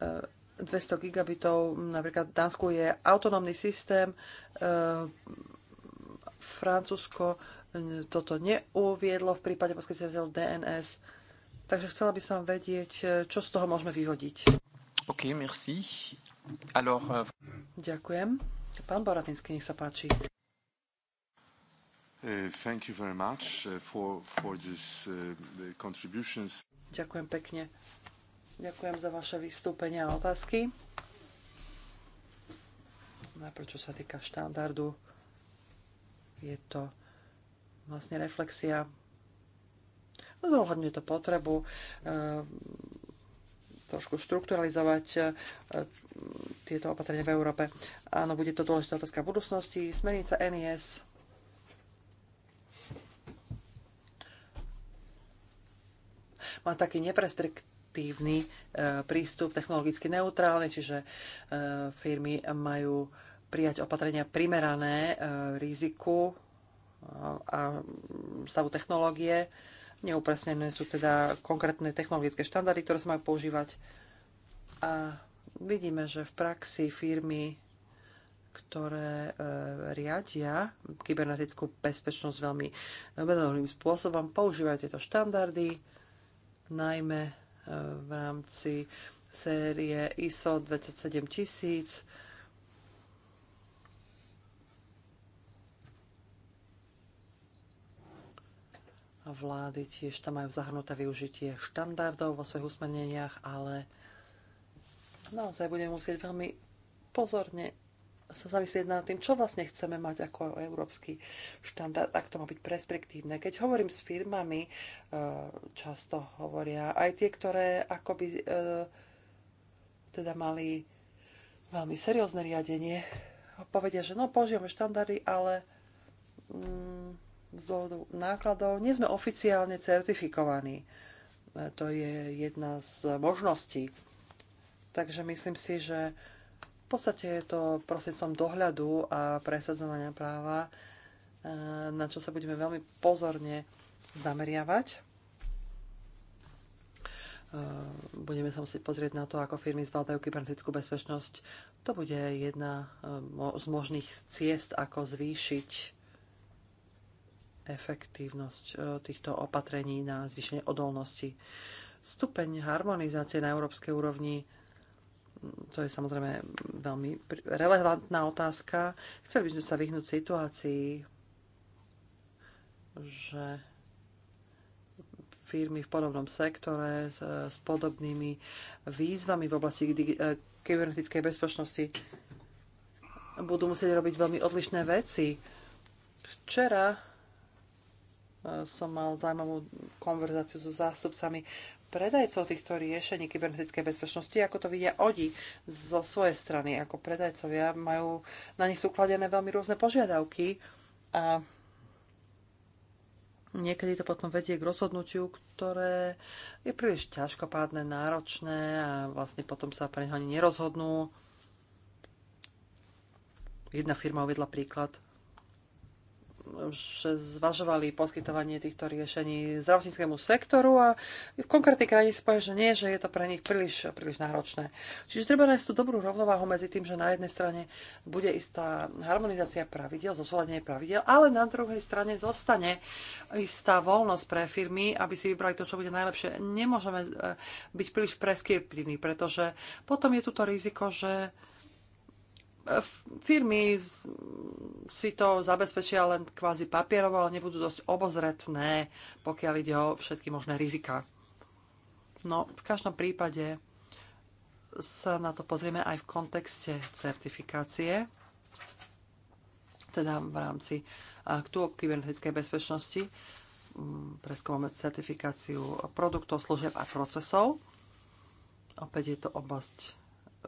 200 eh, gigabitov. Napríklad v Dánsku je autonómny systém, Francúzsko toto neuviedlo v prípade poskytovateľ DNS. Takže chcela by som vedieť, čo z toho môžeme vyhodiť. OK, merci. Alors, uh... Ďakujem. Pán Boratinsky, nech sa páči. Eh, thank you very much eh, for, for this, uh, contributions. Ďakujem pekne. Ďakujem za vaše vystúpenia a otázky. Najprv, čo sa týka štandardu, je to vlastne reflexia. Zohľadňuje to potrebu eh, trošku štrukturalizovať eh, tieto opatrenia v Európe. Áno, bude to dôležitá otázka v budúcnosti. Smernica NIS má taký neprestriktívny eh, prístup, technologicky neutrálny, čiže firmy majú prijať opatrenia primerané riziku a stavu technológie. Neupresnené sú teda konkrétne technologické štandardy, ktoré sa majú používať. A vidíme, že v praxi firmy, ktoré e, riadia kybernetickú bezpečnosť veľmi vedomým spôsobom, používajú tieto štandardy, najmä e, v rámci série ISO 27000 Vlády tiež tam majú zahrnuté využitie štandardov vo svojich usmerneniach, ale naozaj budeme musieť veľmi pozorne sa zamyslieť nad tým, čo vlastne chceme mať ako európsky štandard, ak to má byť perspektívne. Keď hovorím s firmami, e, často hovoria aj tie, ktoré akoby e, teda mali veľmi seriózne riadenie, povedia, že no, používame štandardy, ale mm, z dôvodu nákladov nie sme oficiálne certifikovaní. E, to je jedna z možností. Takže myslím si, že v podstate je to prostredstvom dohľadu a presadzovania práva, e, na čo sa budeme veľmi pozorne zameriavať. E, budeme sa musieť pozrieť na to, ako firmy zvládajú kybernetickú bezpečnosť. To bude jedna z možných ciest, ako zvýšiť efektívnosť e, týchto opatrení na zvýšenie odolnosti. Stupeň harmonizácie na európskej úrovni mm, to je samozrejme veľmi relevantná otázka. Chceli by sme sa vyhnúť situácii, že firmy v podobnom sektore s e, podobnými výzvami v oblasti e, kybernetickej bezpečnosti budú musieť robiť veľmi odlišné veci. Včera Eh, som mal zaujímavú konverzáciu so zástupcami predajcov týchto riešení kybernetickej bezpečnosti, ako to vidia oni zo svojej strany, ako predajcovia majú, na nich sú kladené veľmi rôzne požiadavky a niekedy to potom vedie k rozhodnutiu, ktoré je príliš ťažkopádne, náročné a vlastne potom sa pre neho ani nerozhodnú. Jedna firma uvedla príklad, že zvažovali poskytovanie týchto riešení zdravotníckému sektoru a v konkrétnej krajine si povedali, že nie, že je to pre nich príliš, príliš náročné. Čiže treba nájsť tú dobrú rovnováhu medzi tým, že na jednej strane bude istá harmonizácia pravidel, zosúladenie pravidel, ale na druhej strane zostane istá voľnosť pre firmy, aby si vybrali to, čo bude najlepšie. Nemôžeme e, byť príliš preskriptívni, pretože potom je tu to riziko, že firmy si to zabezpečia len kvázi papierovo, ale nebudú dosť obozretné, pokiaľ ide o všetky možné rizika. No, v každom prípade sa na to pozrieme aj v kontexte certifikácie, teda v rámci aktu kybernetickej bezpečnosti. Mm, preskúmame certifikáciu produktov, služieb a procesov. Opäť je to oblasť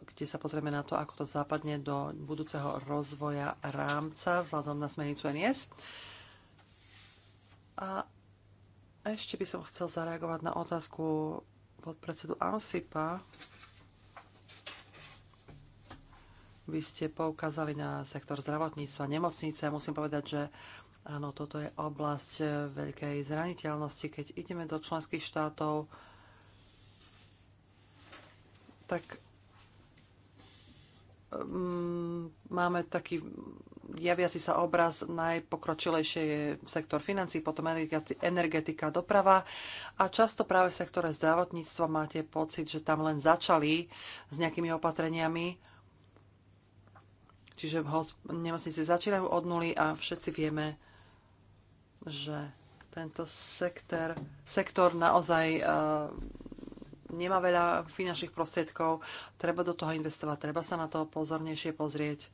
kde sa pozrieme na to, ako to zapadne do budúceho rozvoja rámca vzhľadom na smernicu NIS. A ešte by som chcel zareagovať na otázku podpredsedu ANSIPA. Vy ste poukázali na sektor zdravotníctva, nemocnice. Musím povedať, že áno, toto je oblasť veľkej zraniteľnosti. Keď ideme do členských štátov, tak Ehm, máme taký javiaci sa obraz, najpokročilejšie je sektor financí, potom energetika, doprava a často práve v sektore zdravotníctva máte pocit, že tam len začali s nejakými opatreniami, čiže nemocnice začínajú od nuly a všetci vieme, že tento sektor, sektor naozaj uh, nemá veľa finančných prostriedkov, treba do toho investovať, treba sa na to pozornejšie pozrieť.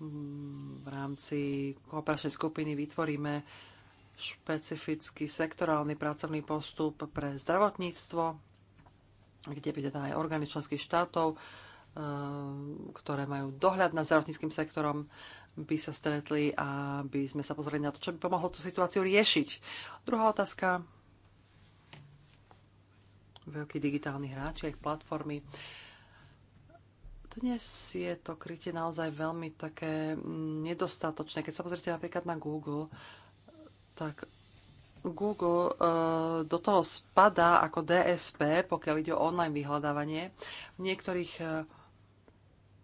V rámci kooperačnej skupiny vytvoríme špecifický sektorálny pracovný postup pre zdravotníctvo, kde by teda aj orgány členských štátov, eh, ktoré majú dohľad nad zdravotníckým sektorom, by sa stretli a by sme sa pozreli na to, čo by pomohlo tú situáciu riešiť. Druhá otázka veľkí digitálni hráči a ich platformy. Dnes je to krytie naozaj veľmi také mm, nedostatočné. Keď sa pozrite napríklad na Google, tak Google e, do toho spadá ako DSP, pokiaľ ide o online vyhľadávanie. V niektorých e,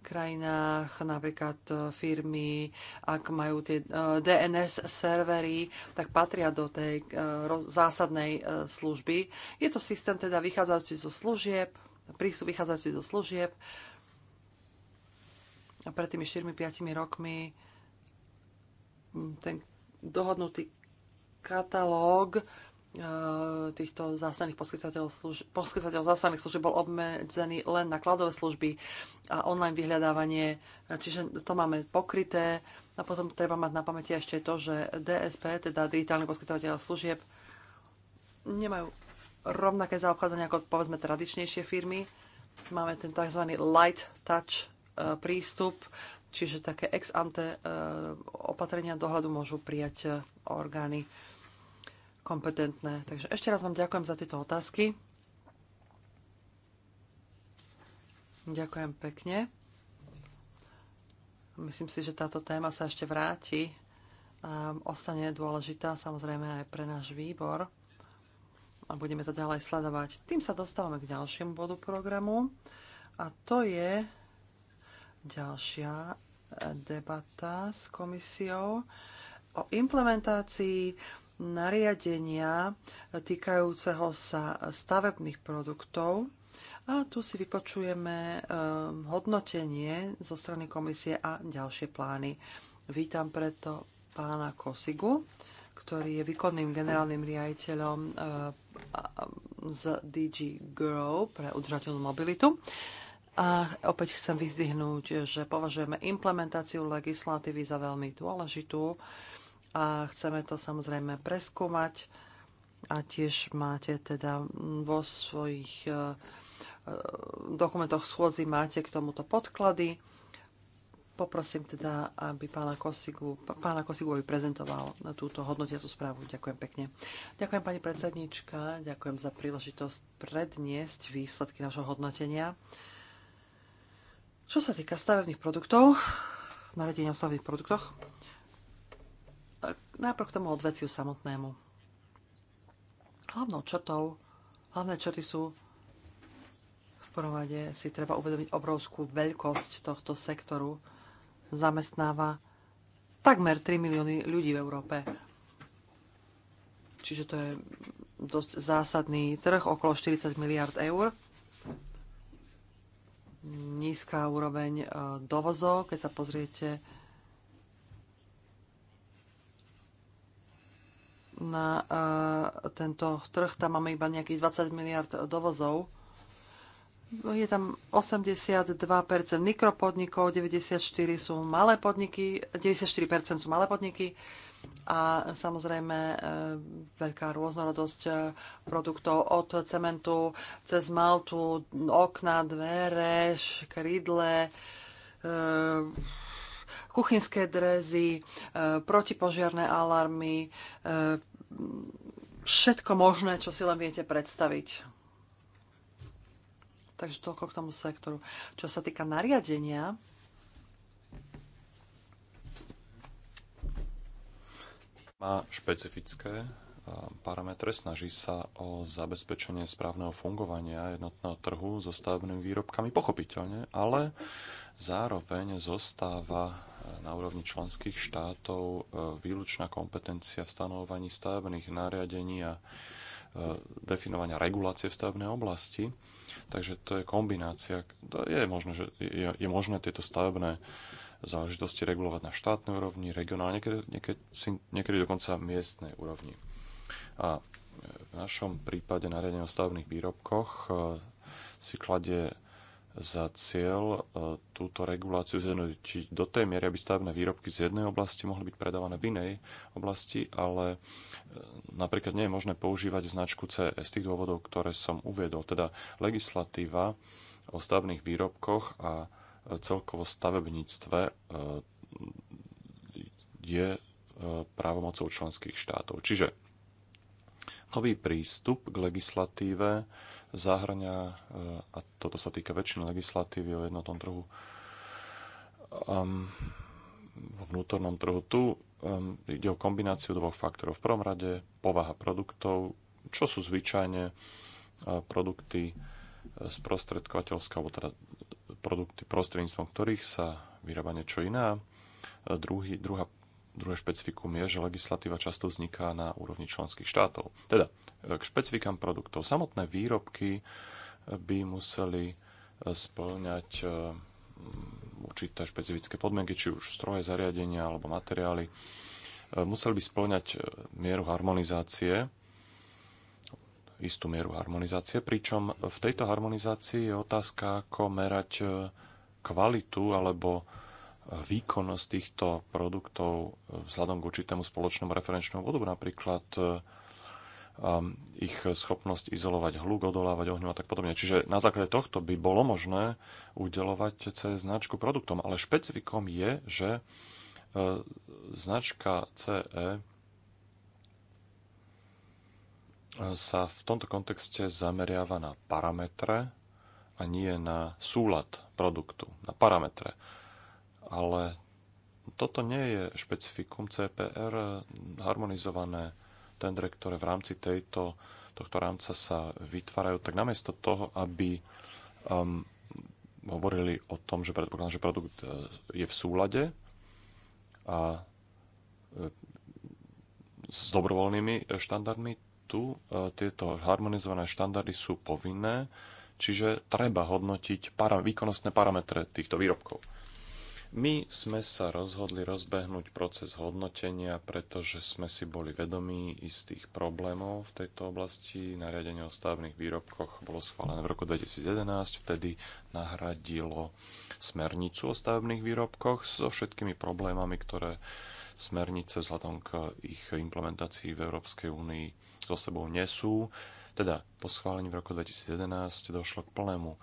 krajinách, napríklad e, firmy, ak majú tie e, DNS servery, tak patria do tej e, zásadnej služby. Je to systém teda vychádzajúci zo služieb, prístup vychádzajúci zo služieb. A pred tými 4-5 rokmi ten dohodnutý katalóg E, týchto zásadných poskytovateľov, služ- poskytovateľov zásadných služieb bol obmedzený len na kladové služby a online vyhľadávanie, e, čiže to máme pokryté. A potom treba mať na pamäti ešte to, že DSP, teda digitálny poskytovateľ služieb, nemajú rovnaké zaobchádzanie ako povedzme tradičnejšie firmy. Máme ten tzv. light touch e, prístup, čiže také ex ante opatrenia dohľadu môžu prijať orgány kompetentné. Takže ešte raz vám ďakujem za tieto otázky. Ďakujem pekne. Myslím si, že táto téma sa ešte vráti. Ostane dôležitá samozrejme aj pre náš výbor a budeme to ďalej sledovať. Tým sa dostávame k ďalšiemu bodu programu a to je ďalšia eh, debata s komisiou o implementácii nariadenia týkajúceho sa stavebných produktov. A tu si vypočujeme ehm, hodnotenie zo strany komisie a ďalšie plány. Vítam preto pána Kosigu, ktorý je výkonným generálnym riaditeľom ehm, z DG Grow pre udržateľnú mobilitu. A opäť chcem vyzdvihnúť, že považujeme implementáciu legislatívy za veľmi dôležitú a chceme to samozrejme preskúmať a tiež máte teda vo svojich e, e, dokumentoch schôdzi máte k tomuto podklady. Poprosím teda, aby pána Kosigu, pána Kosigu prezentoval túto hodnotiacu správu. Ďakujem pekne. Ďakujem pani predsednička, ďakujem za príležitosť predniesť výsledky našho hodnotenia. Čo sa týka stavebných produktov, nariadenia o stavebných produktoch, najprv k tomu odveciu samotnému. Hlavnou črtou, hlavné črty sú v prvom rade si treba uvedomiť obrovskú veľkosť tohto sektoru. Zamestnáva takmer 3 milióny ľudí v Európe. Čiže to je dosť zásadný trh, okolo 40 miliard eur. Nízka úroveň eh, dovozov, keď sa pozriete na eh, tento trh. Tam máme iba nejakých 20 miliard dovozov. Je tam 82% mikropodnikov, 94 sú malé podniky, 94% sú malé podniky a samozrejme eh, veľká rôznorodosť eh, produktov od cementu cez maltu, okna, dvere, škrydle, kuchynské drezy, protipožiarné alarmy, všetko možné, čo si len viete predstaviť. Takže toľko k tomu sektoru. Čo sa týka nariadenia, má špecifické e, parametre, snaží sa o zabezpečenie správneho fungovania jednotného trhu so stavebnými výrobkami, pochopiteľne, ale zároveň zostáva na úrovni členských štátov e, výlučná kompetencia v stanovovaní stavebných nariadení a e, definovania regulácie v stavebnej oblasti. Takže to je kombinácia. Je možné, že je, je možné tieto stavebné záležitosti regulovať na štátnej úrovni, regionálne, niekedy, niekedy, niekedy dokonca miestnej úrovni. A e, v našom prípade nariadenie o stavebných výrobkoch si kladie za cieľ e, túto reguláciu zjednodušiť do tej miery, aby stavebné výrobky z jednej oblasti mohli byť predávané v inej oblasti, ale e, napríklad nie je možné používať značku CE z tých dôvodov, ktoré som uviedol. Teda legislatíva o stavebných výrobkoch a e, celkovo stavebníctve je právomocou členských štátov. Čiže nový prístup k legislatíve zahrňa, e, a toto sa týka väčšiny legislatívy o jednotnom trhu, um, vo vnútornom trhu. Tu um, ide o kombináciu dvoch faktorov. V prvom rade povaha produktov, čo sú zvyčajne e, produkty e, sprostredkovateľské, alebo teda produkty prostredníctvom ktorých sa vyrába niečo iné. Druhý, druhá druhé špecifikum je, že legislatíva často vzniká na úrovni členských štátov. Teda e, k špecifikám produktov. Samotné výrobky e, by museli e, splňať určité špecifické podmienky, či už stroje, zariadenia alebo materiály. Museli by splňať mieru harmonizácie, istú mieru harmonizácie, pričom v tejto harmonizácii je otázka, ako merať kvalitu alebo výkonnosť týchto produktov e, vzhľadom k určitému spoločnému referenčnému bodu, napríklad e, um, ich schopnosť izolovať hluk, odolávať ohňu a tak podobne. Čiže na základe tohto by bolo možné udelovať C značku produktom, ale špecifikom je, že e, značka CE sa v tomto kontexte zameriava na parametre a nie na súlad produktu, na parametre ale toto nie je špecifikum CPR, harmonizované tendre, ktoré v rámci tejto, tohto rámca sa vytvárajú, tak namiesto toho, aby um, hovorili o tom, že predpokladám, že produkt uh, je v súlade a uh, s dobrovoľnými štandardmi, tu uh, tieto harmonizované štandardy sú povinné, čiže treba hodnotiť para- výkonnostné parametre týchto výrobkov. My sme sa rozhodli rozbehnúť proces hodnotenia, pretože sme si boli vedomí istých problémov v tejto oblasti. Nariadenie o stavebných výrobkoch bolo schválené v roku 2011, vtedy nahradilo smernicu o stavebných výrobkoch so všetkými problémami, ktoré smernice vzhľadom k ich implementácii v Európskej únii so sebou nesú. Teda po schválení v roku 2011 došlo k plnému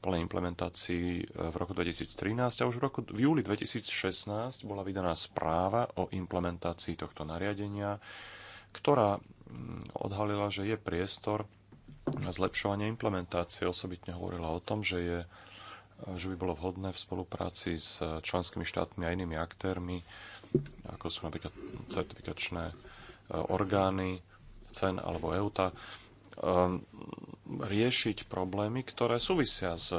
plnej implementácii e, v roku 2013 a už v, roku, v júli 2016 bola vydaná správa o implementácii tohto nariadenia, ktorá mm, odhalila, že je priestor na zlepšovanie implementácie. Osobitne hovorila o tom, že, je, e, že by bolo vhodné v spolupráci s členskými štátmi a inými aktérmi, ako sú napríklad certifikačné e, orgány, cen alebo EUTA, riešiť problémy, ktoré súvisia s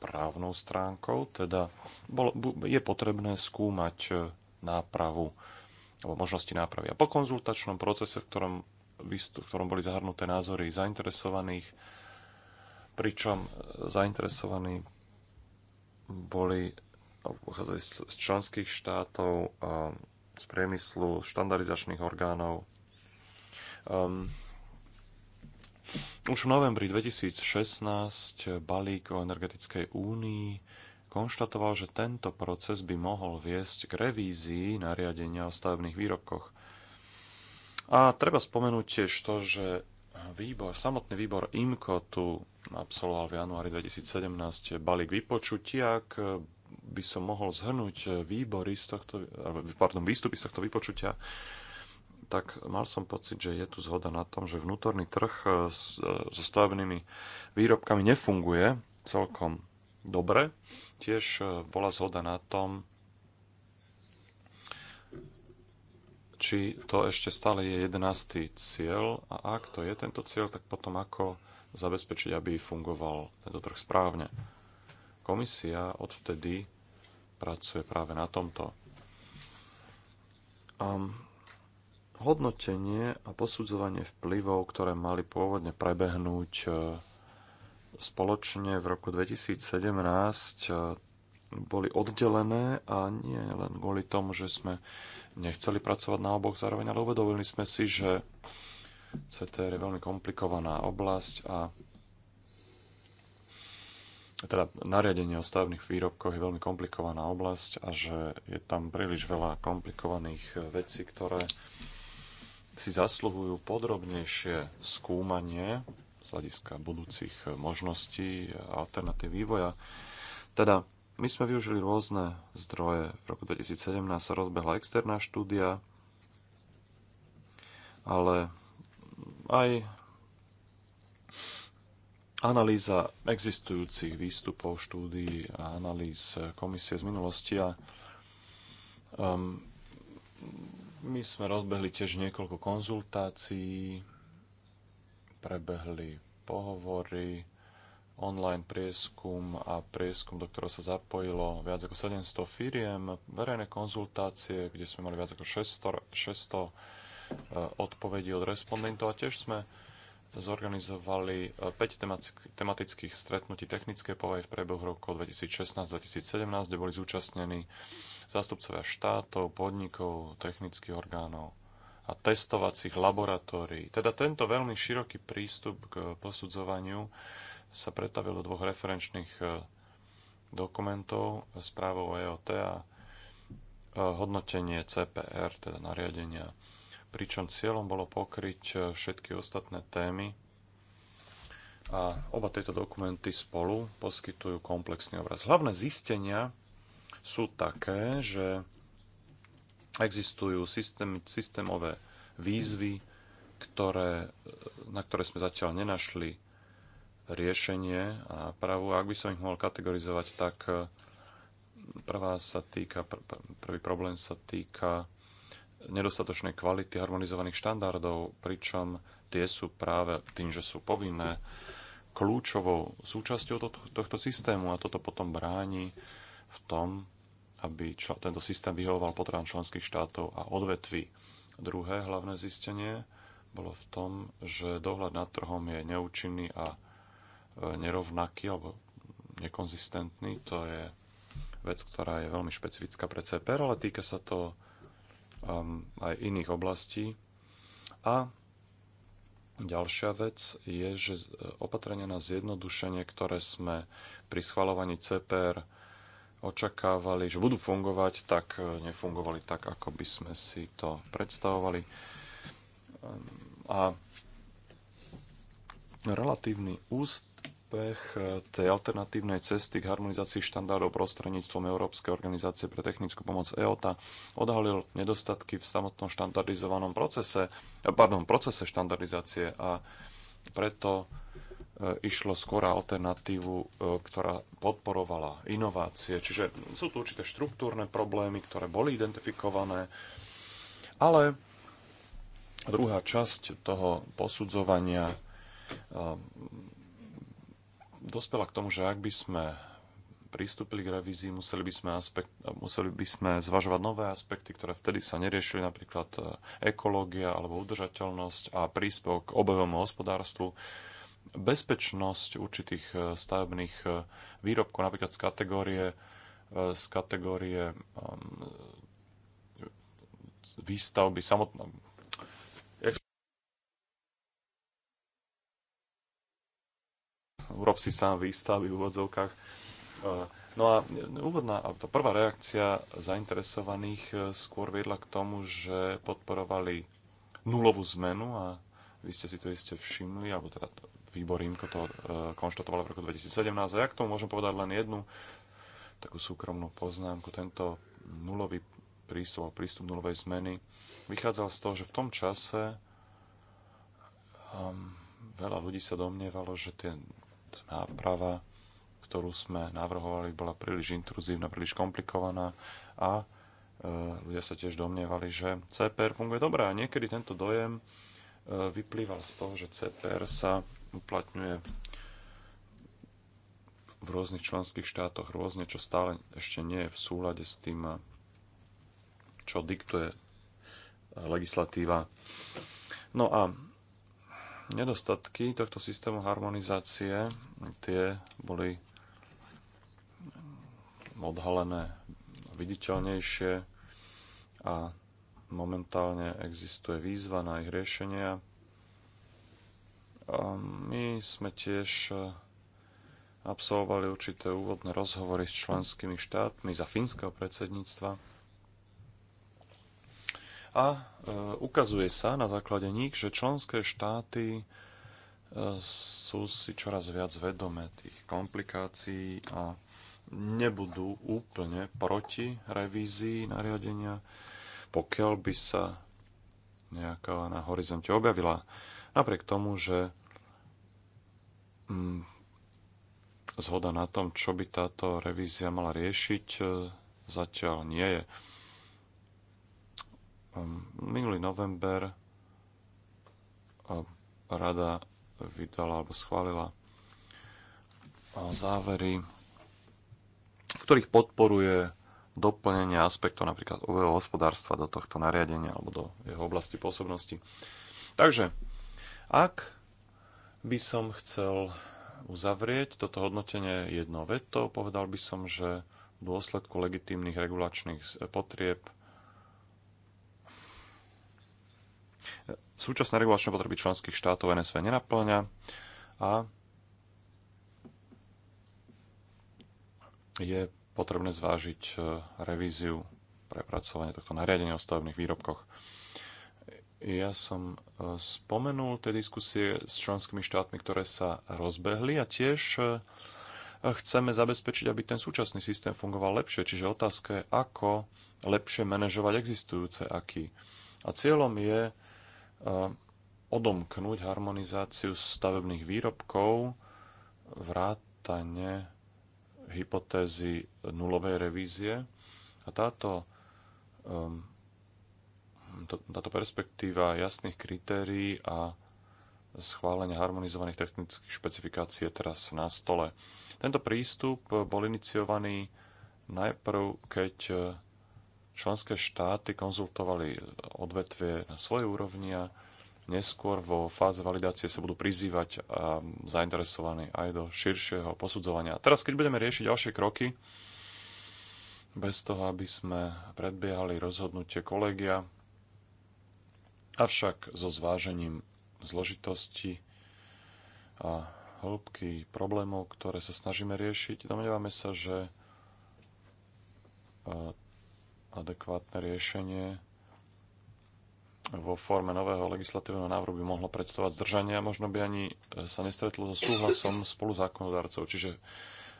právnou stránkou, teda je potrebné skúmať e, nápravu alebo možnosti nápravy. A po konzultačnom procese, v ktorom, v ktorom boli zahrnuté názory zainteresovaných, pričom e, zainteresovaní boli e, pochádzali z členských štátov, z priemyslu, štandardizačných orgánov. Ehm, už v novembri 2016 balík o energetickej únii konštatoval, že tento proces by mohol viesť k revízii nariadenia o stavebných výrobkoch. A treba spomenúť tiež to, že výbor, samotný výbor IMCO tu absolvoval v januári 2017 balík vypočutí, ak by som mohol zhrnúť výbory z tohto, pardon, výstupy z tohto vypočutia, tak mal som pocit, že je tu zhoda na tom, že vnútorný trh e, e, so stavebnými výrobkami nefunguje celkom dobre. Tiež e, bola zhoda na tom, či to ešte stále je 11. cieľ a ak to je tento cieľ, tak potom ako zabezpečiť, aby fungoval tento trh správne. Komisia odvtedy pracuje práve na tomto. Um, hodnotenie a posudzovanie vplyvov, ktoré mali pôvodne prebehnúť e, spoločne v roku 2017, e, boli oddelené a nie len kvôli tomu, že sme nechceli pracovať na oboch zároveň, ale uvedomili sme si, že CTR je veľmi komplikovaná oblasť a teda nariadenie o stavebných výrobkoch je veľmi komplikovaná oblasť a že je tam príliš veľa komplikovaných e, vecí, ktoré si zasluhujú podrobnejšie skúmanie z hľadiska budúcich možností a alternatív vývoja. Teda my sme využili rôzne zdroje. V roku 2017 sa rozbehla externá štúdia, ale aj analýza existujúcich výstupov štúdií a analýz komisie z minulosti a um, my sme rozbehli tiež niekoľko konzultácií, prebehli pohovory, online prieskum a prieskum, do ktorého sa zapojilo viac ako 700 firiem, verejné konzultácie, kde sme mali viac ako 600, 600 e, odpovedí od respondentov a tiež sme zorganizovali 5 e, tematických stretnutí technickej povahy v priebehu roku 2016-2017, kde boli zúčastnení zástupcovia štátov, podnikov, technických orgánov a testovacích laboratórií. Teda tento veľmi široký prístup k posudzovaniu sa pretavil do dvoch referenčných e, dokumentov, správou EOT a e, hodnotenie CPR, teda nariadenia, pričom cieľom bolo pokryť e, všetky ostatné témy a oba tieto dokumenty spolu poskytujú komplexný obraz. Hlavné zistenia sú také, že existujú systém, systémové výzvy, ktoré, na ktoré sme zatiaľ nenašli riešenie a pravú. Ak by som ich mohol kategorizovať, tak eh, prvá sa týka, prvý problém sa týka nedostatočnej kvality harmonizovaných štandardov, pričom tie sú práve tým, že sú povinné, kľúčovou súčasťou tohto, tohto systému a toto potom bráni v tom, aby čo, tento systém vyhovoval potrebám členských štátov a odvetví. Druhé hlavné zistenie bolo v tom, že dohľad nad trhom je neúčinný a e, nerovnaký alebo nekonzistentný. To je vec, ktorá je veľmi špecifická pre CPR, ale týka sa to um, aj iných oblastí. A Ďalšia vec je, že e, opatrenia na zjednodušenie, ktoré sme pri schvalovaní CPR očakávali, že budú fungovať, tak e, nefungovali tak, ako by sme si to predstavovali. A relatívny úspech e, tej alternatívnej cesty k harmonizácii štandardov prostredníctvom Európskej organizácie pre technickú pomoc EOTA odhalil nedostatky v samotnom štandardizovanom procese, e, pardon, procese štandardizácie a preto E, išlo skôr alternatívu, e, ktorá podporovala inovácie. Čiže sú tu určité štruktúrne problémy, ktoré boli identifikované, ale druhá časť toho posudzovania e, dospela k tomu, že ak by sme pristúpili k revízii, museli by sme, aspekt, museli by sme zvažovať nové aspekty, ktoré vtedy sa neriešili, napríklad ekológia alebo udržateľnosť a príspevok k obehovému hospodárstvu bezpečnosť určitých e, stavebných e, výrobkov, napríklad z kategórie, e, z kategórie um, výstavby samotná. No, Urob si sám výstavy v úvodzovkách. No a úvodná, tá prvá reakcia zainteresovaných skôr viedla k tomu, že podporovali nulovú zmenu a vy ste si to iste všimli, alebo teda výbor IMCO to e, konštatoval v roku 2017. A ja k tomu môžem povedať len jednu takú súkromnú poznámku. Tento nulový prístup, prístup nulovej zmeny vychádzal z toho, že v tom čase um, veľa ľudí sa domnievalo, že tie, tá náprava, ktorú sme navrhovali, bola príliš intruzívna, príliš komplikovaná a e, ľudia sa tiež domnievali, že CPR funguje dobrá. A niekedy tento dojem e, vyplýval z toho, že CPR sa uplatňuje v rôznych členských štátoch rôzne, čo stále ešte nie je v súlade s tým, eh, čo diktuje eh, legislatíva. No a nedostatky tohto systému harmonizácie, tie boli odhalené viditeľnejšie a momentálne existuje výzva na ich riešenia my sme tiež e, absolvovali určité úvodné rozhovory s členskými štátmi za fínskeho predsedníctva. A e, ukazuje sa na základe nich, že členské štáty e, sú si čoraz viac vedomé tých komplikácií a nebudú úplne proti revízii nariadenia, pokiaľ by sa nejaká na horizonte objavila. Napriek tomu, že Mm, zhoda na tom, čo by táto revízia mala riešiť, e, zatiaľ nie je. Ehm, minulý november e, rada vydala alebo schválila e, závery, v ktorých podporuje doplnenie aspektov napríklad obeho hospodárstva do tohto nariadenia alebo do jeho oblasti pôsobnosti. Takže, ak by som chcel uzavrieť toto hodnotenie jednou vetou. Povedal by som, že v dôsledku legitímnych regulačných potrieb súčasné regulačné potreby členských štátov NSV nenaplňa a je potrebné zvážiť eh, revíziu prepracovania tohto nariadenia o stavebných výrobkoch. Ja som e, spomenul tie diskusie s členskými štátmi, ktoré sa rozbehli a tiež e, chceme zabezpečiť, aby ten súčasný systém fungoval lepšie. Čiže otázka je, ako lepšie manažovať existujúce aký. A cieľom je e, odomknúť harmonizáciu stavebných výrobkov vrátane hypotézy nulovej revízie. A táto táto perspektíva jasných kritérií a schválenia harmonizovaných technických špecifikácií je teraz na stole. Tento prístup bol iniciovaný najprv, keď členské štáty konzultovali odvetvie na svojej úrovni a neskôr vo fáze validácie sa budú prizývať a zainteresovaní aj do širšieho posudzovania. A teraz, keď budeme riešiť ďalšie kroky, bez toho, aby sme predbiehali rozhodnutie kolegia, Avšak so zvážením zložitosti a hĺbky problémov, ktoré sa snažíme riešiť, domnievame sa, že e, adekvátne riešenie vo forme nového legislatívneho návrhu by mohlo predstavovať zdržanie a možno by ani e, sa nestretlo so súhlasom spolu zákonodárcov. Čiže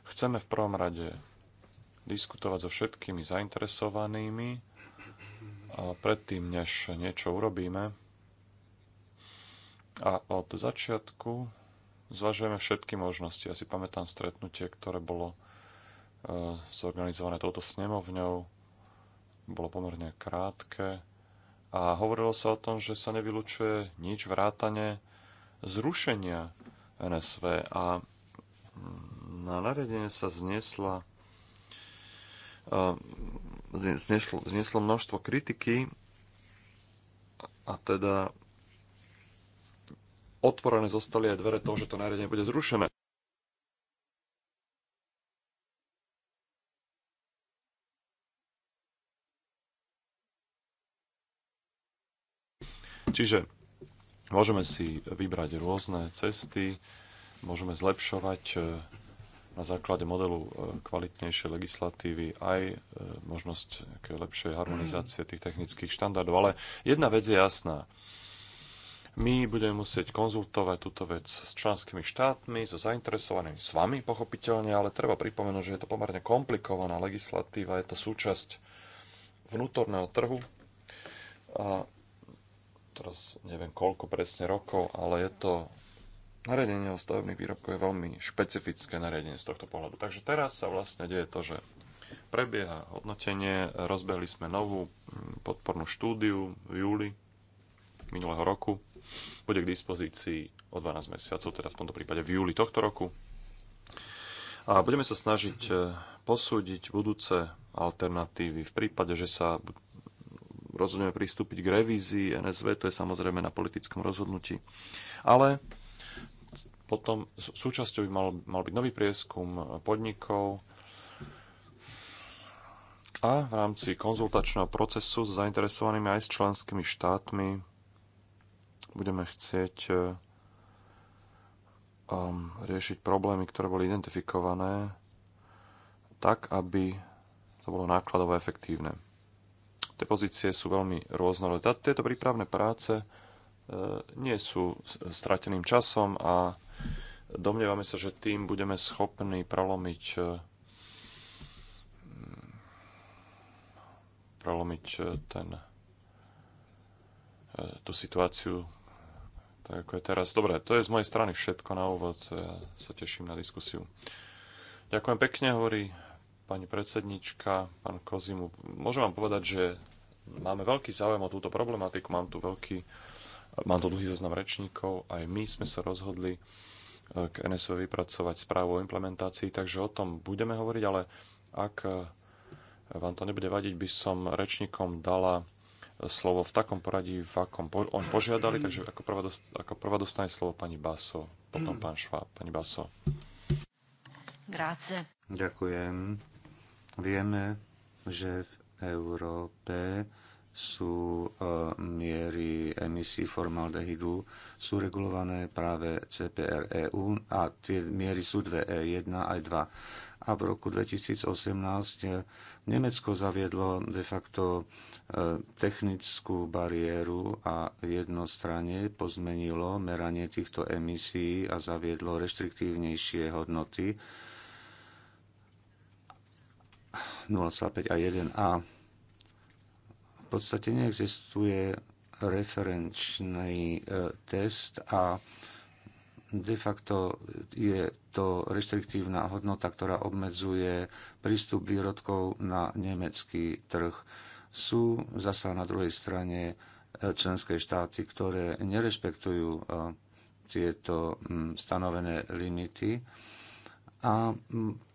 chceme v prvom rade diskutovať so všetkými zainteresovanými a predtým, než niečo urobíme a od začiatku zvažujeme všetky možnosti. Ja si pamätám stretnutie, ktoré bolo e, zorganizované touto snemovňou. Bolo pomerne krátke a hovorilo sa o tom, že sa nevylučuje nič vrátane zrušenia NSV a mm, na nariadenie sa zniesla e, zneslo, zneslo množstvo kritiky a teda otvorené zostali aj dvere toho, že to nariadenie bude zrušené. Čiže môžeme si vybrať rôzne cesty, môžeme zlepšovať e, na základe modelu e, kvalitnejšej legislatívy aj e, možnosť lepšej harmonizácie tých technických štandardov. Ale jedna vec je jasná. My budeme musieť konzultovať túto vec s členskými štátmi, so zainteresovanými s vami, pochopiteľne, ale treba pripomenúť, že je to pomerne komplikovaná legislatíva, je to súčasť vnútorného trhu a teraz neviem koľko presne rokov, ale je to nariadenie o stavebných výrobkoch je veľmi špecifické nariadenie z tohto pohľadu. Takže teraz sa vlastne deje to, že prebieha hodnotenie, rozbehli sme novú mm, podpornú štúdiu v júli minulého roku. Bude k dispozícii o 12 mesiacov, teda v tomto prípade v júli tohto roku. A budeme sa snažiť e, posúdiť budúce alternatívy v prípade, že sa rozhodneme pristúpiť k revízii NSV, to je samozrejme na politickom rozhodnutí. Ale potom súčasťou by mal, mal byť nový prieskum podnikov a v rámci konzultačného procesu s zainteresovanými aj s členskými štátmi budeme chcieť eh, um, riešiť problémy, ktoré boli identifikované tak, aby to bolo nákladovo efektívne. Tie pozície sú veľmi rôznorodé. Tieto prípravné práce E, nie sú strateným časom a domnievame sa, že tým budeme schopní prelomiť e, mm, prelomiť e, ten, tú situáciu tak ako je teraz. Dobre, to je z mojej strany všetko na úvod. Ja sa teším na diskusiu. Ďakujem pekne, hovorí pani predsednička, pán Kozimu. Môžem vám povedať, že máme veľký záujem o túto problematiku, mám tu veľký mám to dlhý zoznam rečníkov, aj my sme sa rozhodli eh, k NSV vypracovať správu o implementácii, takže o tom budeme hovoriť, ale ak eh, vám to nebude vadiť, by som rečníkom dala eh, slovo v takom poradí, v akom po- on požiadali, takže ako prvá, dost- ako prvá dostane slovo pani Baso, potom pán Šváb. Pani Baso. Grácie. Ďakujem. Vieme, že v Európe sú e, miery emisí formaldehydu, sú regulované práve CPR EU a tie miery sú dve e 1 aj 2. A v roku 2018 e, Nemecko zaviedlo de facto e, technickú bariéru a jednostranne pozmenilo meranie týchto emisí a zaviedlo reštriktívnejšie hodnoty 0,5 a 1A podstate neexistuje referenčný e, test a de facto je to reštriktívna hodnota, ktorá obmedzuje prístup výrodkov na nemecký trh. Sú zasa na druhej strane e, členské štáty, ktoré nerešpektujú e, tieto stanovené limity a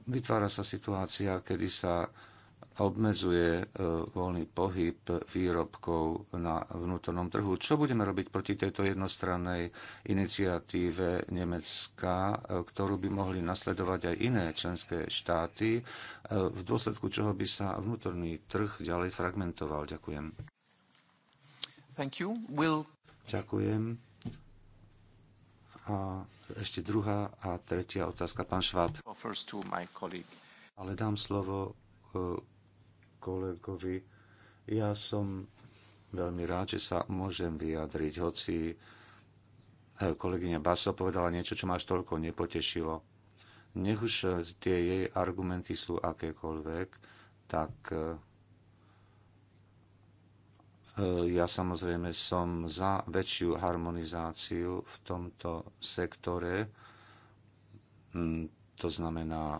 vytvára sa situácia, kedy sa obmedzuje e, voľný pohyb výrobkov na vnútornom trhu. Čo budeme robiť proti tejto jednostrannej iniciatíve Nemecka, e, ktorú by mohli nasledovať aj iné členské štáty, e, v dôsledku čoho by sa vnútorný trh ďalej fragmentoval? Ďakujem. Thank you. We'll... Ďakujem. A ešte druhá a tretia otázka, pán Šváb. Ale dám slovo kolegovi. Ja som veľmi rád, že sa môžem vyjadriť, hoci eh, kolegyňa Baso povedala niečo, čo ma až toľko nepotešilo. Nech už eh, tie jej argumenty sú akékoľvek, tak eh, ja samozrejme som za väčšiu harmonizáciu v tomto sektore. Mm, to znamená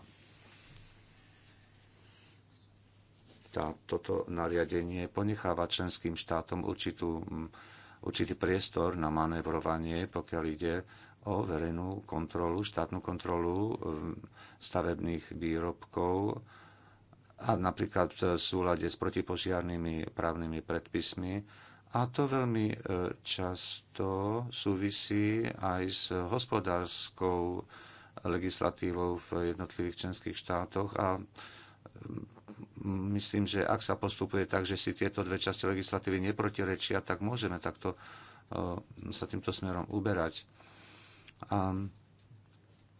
tá, toto nariadenie ponecháva členským štátom určitú, určitý priestor na manevrovanie, pokiaľ ide o verejnú kontrolu, štátnu kontrolu stavebných výrobkov a napríklad v súlade s protipožiarnými právnymi predpismi. A to veľmi e, často súvisí aj s hospodárskou legislatívou v jednotlivých členských štátoch a myslím, že ak sa postupuje tak, že si tieto dve časti legislatívy neprotirečia, tak môžeme takto e, sa týmto smerom uberať. A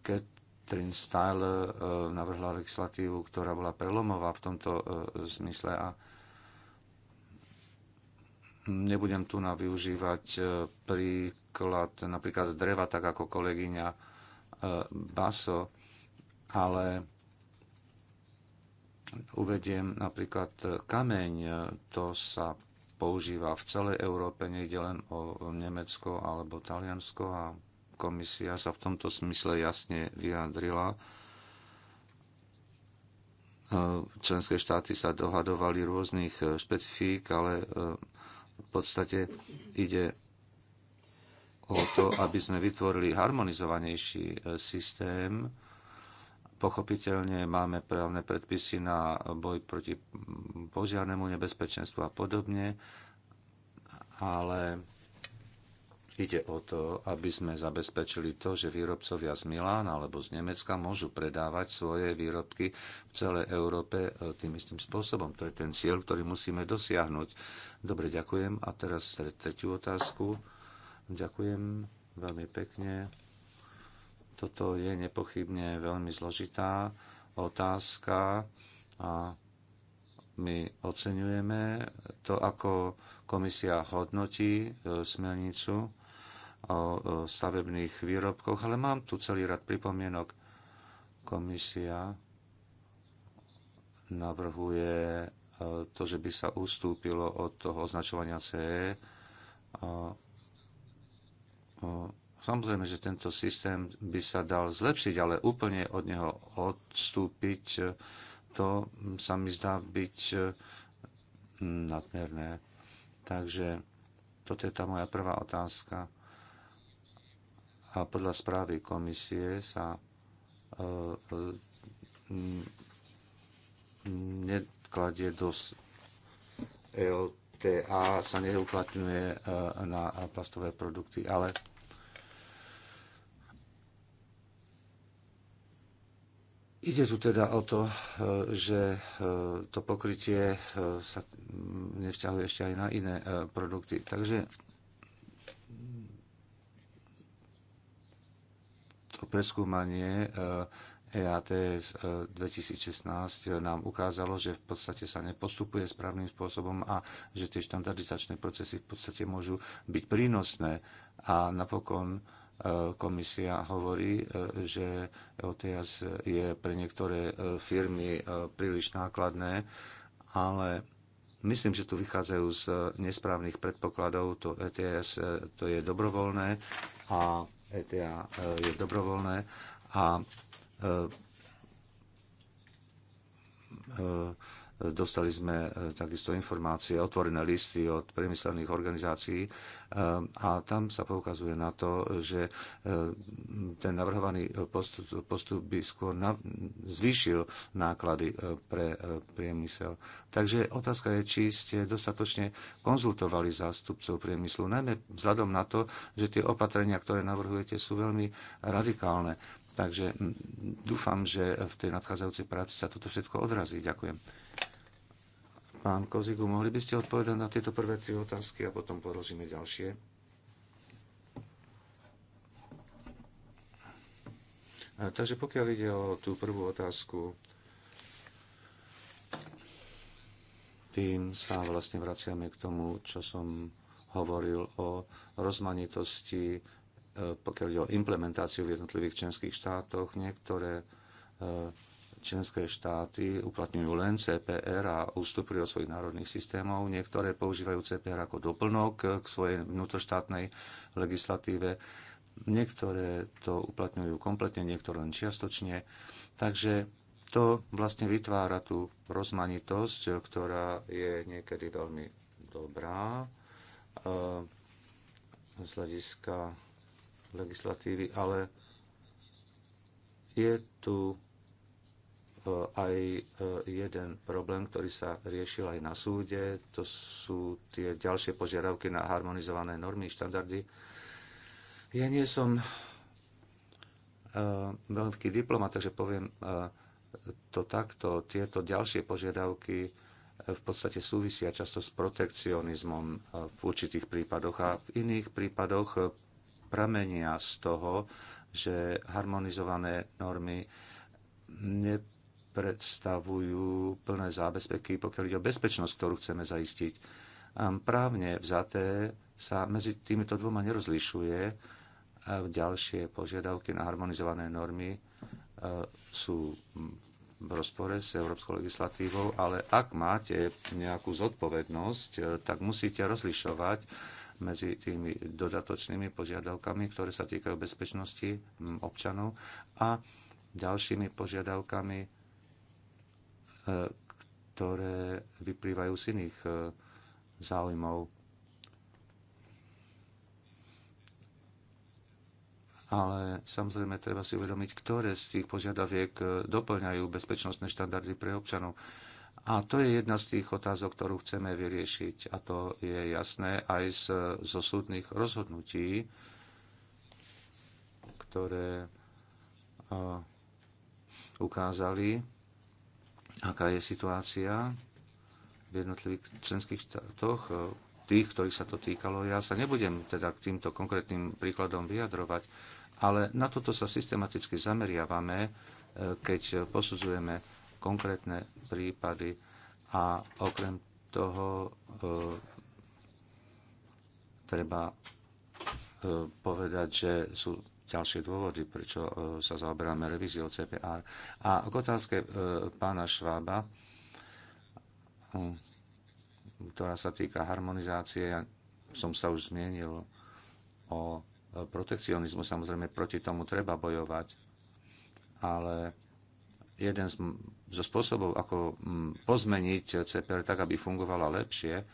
Catherine Style e, navrhla legislatívu, ktorá bola prelomová v tomto e, zmysle a nebudem tu na využívať príklad napríklad dreva, tak ako kolegyňa Baso, ale Uvediem napríklad kameň, to sa používa v celej Európe, nejde len o Nemecko alebo Taliansko a komisia sa v tomto smysle jasne vyjadrila. Členské štáty sa dohadovali rôznych špecifík, ale e, v podstate ide o to, aby sme vytvorili harmonizovanejší e, systém, Pochopiteľne máme právne predpisy na boj proti požiarnému nebezpečenstvu a podobne, ale ide o to, aby sme zabezpečili to, že výrobcovia z Milána alebo z Nemecka môžu predávať svoje výrobky v celej Európe e, tým istým spôsobom. To je ten cieľ, ktorý musíme dosiahnuť. Dobre, ďakujem. A teraz tretiu otázku. Ďakujem veľmi pekne. Toto je nepochybne veľmi zložitá otázka a my oceňujeme to, ako komisia hodnotí e, smelnicu o e, stavebných výrobkoch, ale mám tu celý rad pripomienok. Komisia navrhuje e, to, že by sa ustúpilo od toho označovania CE Samozrejme, že tento systém by sa dal zlepšiť, ale úplne od neho odstúpiť, to sa mi zdá byť e, nadmerné. Takže toto je tá moja prvá otázka. A podľa správy komisie sa e, e, nekladie dosť EOTA sa neuplatňuje na plastové produkty, ale Ide tu teda o to, e, že e, to pokrytie e, sa nevzťahuje ešte aj na iné produkty. Takže to preskúmanie EATS 2016 nám ukázalo, že v podstate sa nepostupuje správnym spôsobom a že tie štandardizačné procesy v podstate môžu byť prínosné a napokon E, komisia hovorí, e, že OTS je pre niektoré e, firmy príliš nákladné, ale myslím, že tu vychádzajú z nesprávnych predpokladov. To ETS to je dobrovoľné a ETA je dobrovoľné a e, e, Dostali sme e, takisto informácie, otvorené listy od priemyselných organizácií e, a tam sa poukazuje na to, že e, ten navrhovaný postup, postup by skôr nav- zvýšil náklady pre priemysel. Takže otázka je, či ste dostatočne konzultovali zástupcov priemyslu, najmä vzhľadom na to, že tie opatrenia, ktoré navrhujete, sú veľmi radikálne. Takže dúfam, že v tej nadchádzajúcej práci sa toto všetko odrazí. Ďakujem. Pán Kozigu, mohli by ste odpovedať na tieto prvé tri otázky a potom položíme ďalšie? Takže pokiaľ ide o tú prvú otázku, tým sa vlastne vraciame k tomu, čo som hovoril o rozmanitosti, e, pokiaľ ide o implementáciu v jednotlivých členských štátoch. Niektoré e, Členské štáty uplatňujú len CPR a ustupujú od svojich národných systémov. Niektoré používajú CPR ako doplnok k svojej vnútroštátnej legislatíve. Niektoré to uplatňujú kompletne, niektoré len čiastočne. Takže to vlastne vytvára tú rozmanitosť, ktorá je niekedy veľmi dobrá eh, z hľadiska legislatívy, ale je tu aj e, jeden problém, ktorý sa riešil aj na súde. To sú tie ďalšie požiadavky na harmonizované normy, štandardy. Ja nie som e, veľký diplomat, takže poviem e, to takto. Tieto ďalšie požiadavky v podstate súvisia často s protekcionizmom v určitých prípadoch a v iných prípadoch pramenia z toho, že harmonizované normy predstavujú plné zábezpeky, pokiaľ ide o bezpečnosť, ktorú chceme zaistiť. Právne vzaté sa medzi týmito dvoma nerozlišuje. Ďalšie požiadavky na harmonizované normy e, sú v rozpore s európskou legislatívou, ale ak máte nejakú zodpovednosť, e, tak musíte rozlišovať medzi tými dodatočnými požiadavkami, ktoré sa týkajú bezpečnosti občanov a ďalšími požiadavkami ktoré vyplývajú z iných e, záujmov. ale samozrejme treba si uvedomiť, ktoré z tých požiadaviek e, doplňajú bezpečnostné štandardy pre občanov. A to je jedna z tých otázok, ktorú chceme vyriešiť. A to je jasné aj z, zo súdnych rozhodnutí, ktoré uh, ukázali, aká je situácia v jednotlivých členských štátoch, eh, tých, ktorých sa to týkalo. Ja sa nebudem teda k týmto konkrétnym príkladom vyjadrovať, ale na toto sa systematicky zameriavame, eh, keď posudzujeme konkrétne prípady a okrem toho eh, treba povedať, že sú ďalšie dôvody, prečo e, sa zaoberáme revíziou CPR. A k otázke e, pána Švába, e, ktorá sa týka harmonizácie, ja som sa už zmienil o protekcionizmu. Samozrejme, proti tomu treba bojovať, ale jeden z, zo spôsobov, ako pozmeniť CPR tak, aby fungovala lepšie,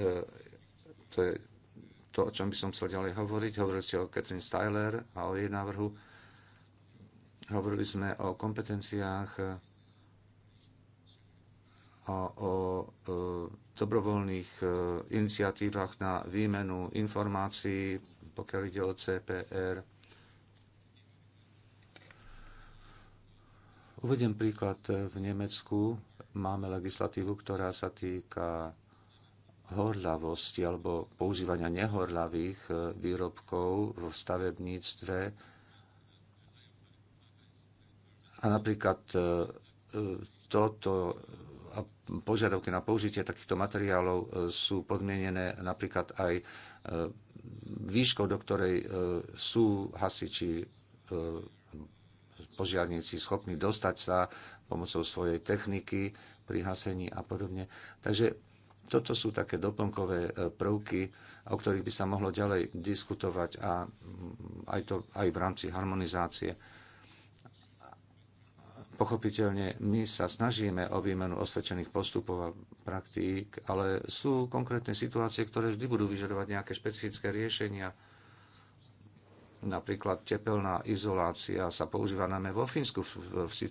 E, to je to, o čom by som chcel ďalej hovoriť. Hovorili ste o Catherine Styler a o jej návrhu. Hovorili sme o kompetenciách, e, a o e, dobrovoľných iniciatívach na výmenu informácií, pokiaľ ide o CPR. Uvediem príklad. V Nemecku máme legislatívu, ktorá sa týka horlavosti alebo používania nehorľavých e, výrobkov v stavebníctve. A napríklad e, e, toto a požiadavky na použitie takýchto materiálov sú podmienené napríklad aj výškou, do ktorej sú hasiči požiarníci schopní dostať sa pomocou svojej techniky pri hasení a podobne. Takže toto sú také doplnkové e, prvky, o ktorých by sa mohlo ďalej diskutovať a mm, aj, to, aj v rámci harmonizácie. Pochopiteľne my sa snažíme o výmenu osvedčených postupov a praktík, ale sú konkrétne situácie, ktoré vždy budú vyžadovať nejaké špecifické riešenia. Napríklad tepelná izolácia sa používa najmä vo Fínsku.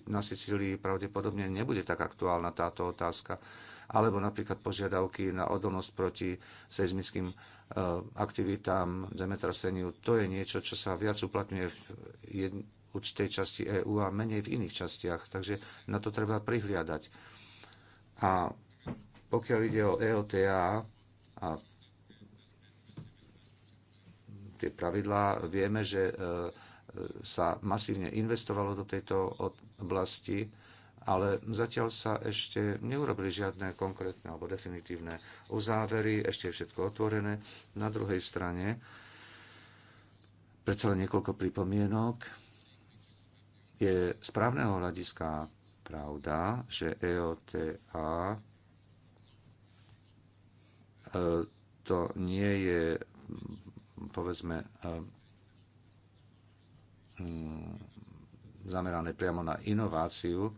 Na Sicílii pravdepodobne nebude tak aktuálna táto otázka alebo napríklad požiadavky na odolnosť proti seizmickým e, aktivitám, zemetraseniu. To je niečo, čo sa viac uplatňuje v určitej časti EÚ a menej v iných častiach. Takže na to treba prihliadať. A pokiaľ ide o EOTA a tie pravidlá, vieme, že e, e, sa masívne investovalo do tejto oblasti ale zatiaľ sa ešte neurobili žiadne konkrétne alebo definitívne uzávery, ešte je všetko otvorené. Na druhej strane predsa len niekoľko pripomienok. Je z právneho hľadiska pravda, že EOTA e, to nie je povedzme e, mm, zamerané priamo na inováciu,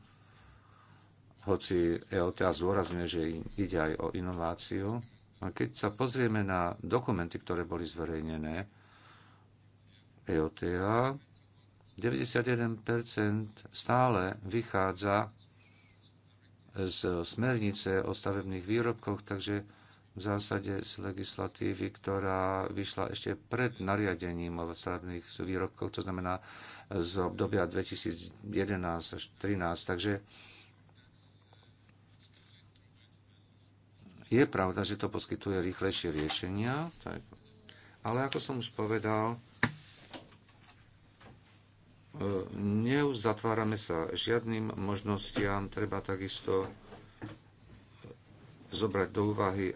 hoci EOTA zdôrazňuje, že ide aj o inováciu. A keď sa pozrieme na dokumenty, ktoré boli zverejnené, EOTA 91% stále vychádza z smernice o stavebných výrobkoch, takže v zásade z legislatívy, ktorá vyšla ešte pred nariadením o stavebných výrobkoch, to znamená z obdobia 2011 až 2013. Takže Je pravda, že to poskytuje rýchlejšie riešenia, ale ako som už povedal, e, neuzatvárame sa žiadnym možnostiam, treba takisto e, zobrať do úvahy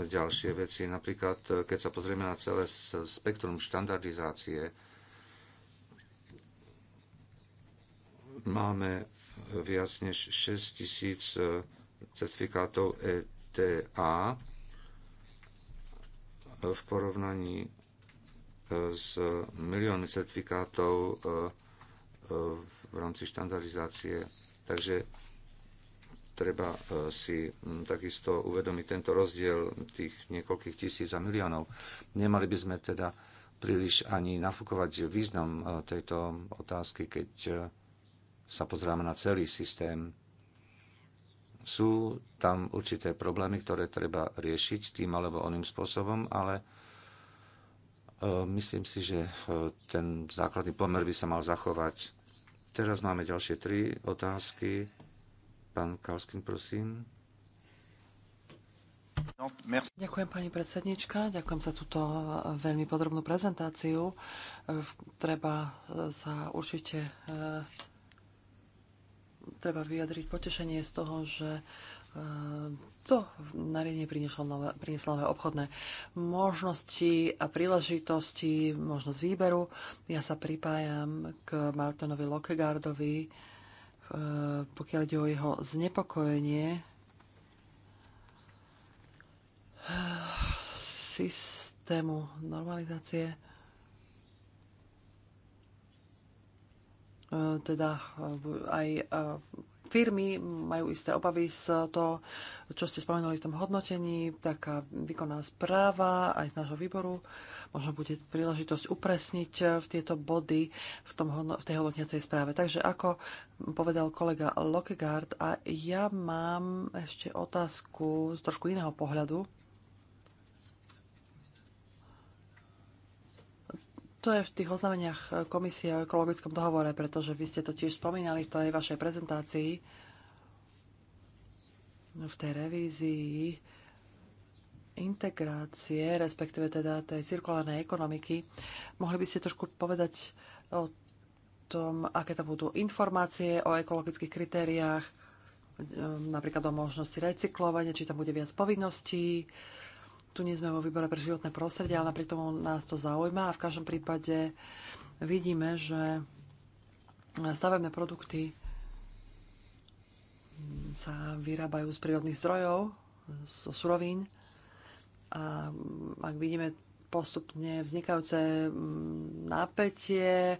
ďalšie veci. Napríklad, e, keď sa pozrieme na celé spektrum štandardizácie, máme viac než 6 tisíc certifikátov e TA v porovnaní e, s miliónmi certifikátov e, e, v rámci štandardizácie. Takže treba si takisto uvedomiť tento rozdiel tých niekoľkých tisíc a miliónov. Nemali by sme teda príliš ani nafúkovať význam tejto otázky, keď sa pozráme na celý systém sú tam určité problémy, ktoré treba riešiť tým alebo oným spôsobom, ale e, myslím si, že e, ten základný pomer by sa mal zachovať. Teraz máme ďalšie tri otázky. Pán Kalskin, prosím. No, ďakujem pani predsednička, ďakujem za túto e, veľmi podrobnú prezentáciu. Treba sa určite treba vyjadriť potešenie z toho, že to e, nariadenie prinieslo nové, prinieslo nové obchodné možnosti a príležitosti, možnosť výberu. Ja sa pripájam k Martinovi Lokegardovi, e, pokiaľ ide o jeho znepokojenie systému normalizácie E, teda e, aj e, firmy majú isté obavy z toho, čo ste spomenuli v tom hodnotení, taká výkonná správa aj z nášho výboru. Možno bude príležitosť upresniť v tieto body v, tom, v tej hodnotiacej správe. Takže ako povedal kolega Lockegaard, a ja mám ešte otázku z trošku iného pohľadu, to je v tých oznámeniach e, komisie o ekologickom dohovore, pretože vy ste to tiež spomínali v tej vašej prezentácii, no, v tej revízii integrácie, respektíve teda tej cirkulárnej ekonomiky. Mohli by ste trošku povedať o tom, aké tam budú informácie o ekologických kritériách, e, napríklad o možnosti recyklovania, či tam bude viac povinností, tu nie sme vo výbore pre životné prostredie, ale tomu nás to zaujíma a v každom prípade vidíme, že stavebné produkty sa vyrábajú z prírodných zdrojov, zo surovín a ak vidíme postupne vznikajúce mm, napätie e,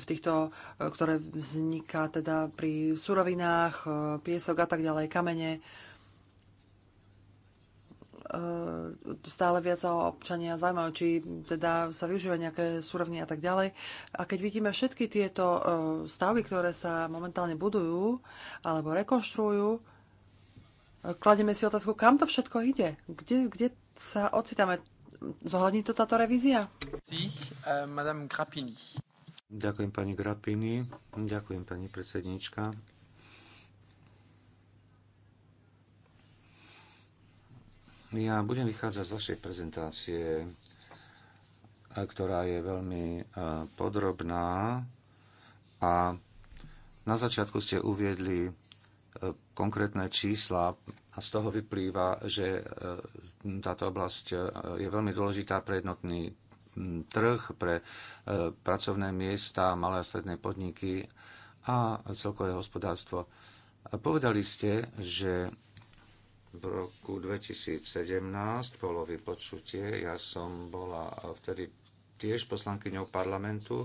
v týchto, e, ktoré vzniká teda pri surovinách, e, piesok a tak ďalej, kamene, E, stále viac sa občania zaujímajú, či teda sa využívajú nejaké súrovny a tak ďalej. A keď vidíme všetky tieto e, stavby, ktoré sa momentálne budujú alebo rekonštruujú, e, kladieme si otázku, kam to všetko ide? Kde, kde sa ocitáme? Zohľadní to táto revízia? uh, Ďakujem pani Grapini, ďakujem pani predsednička. Ja budem vychádzať z vašej prezentácie, ktorá je veľmi podrobná a na začiatku ste uviedli e, konkrétne čísla a z toho vyplýva, že e, táto oblasť e, je veľmi dôležitá pre jednotný trh, pre pracovné miesta, malé a stredné podniky a celkové hospodárstvo. Povedali ste, že v roku 2017 bolo vypočutie. Ja som bola vtedy tiež poslankyňou parlamentu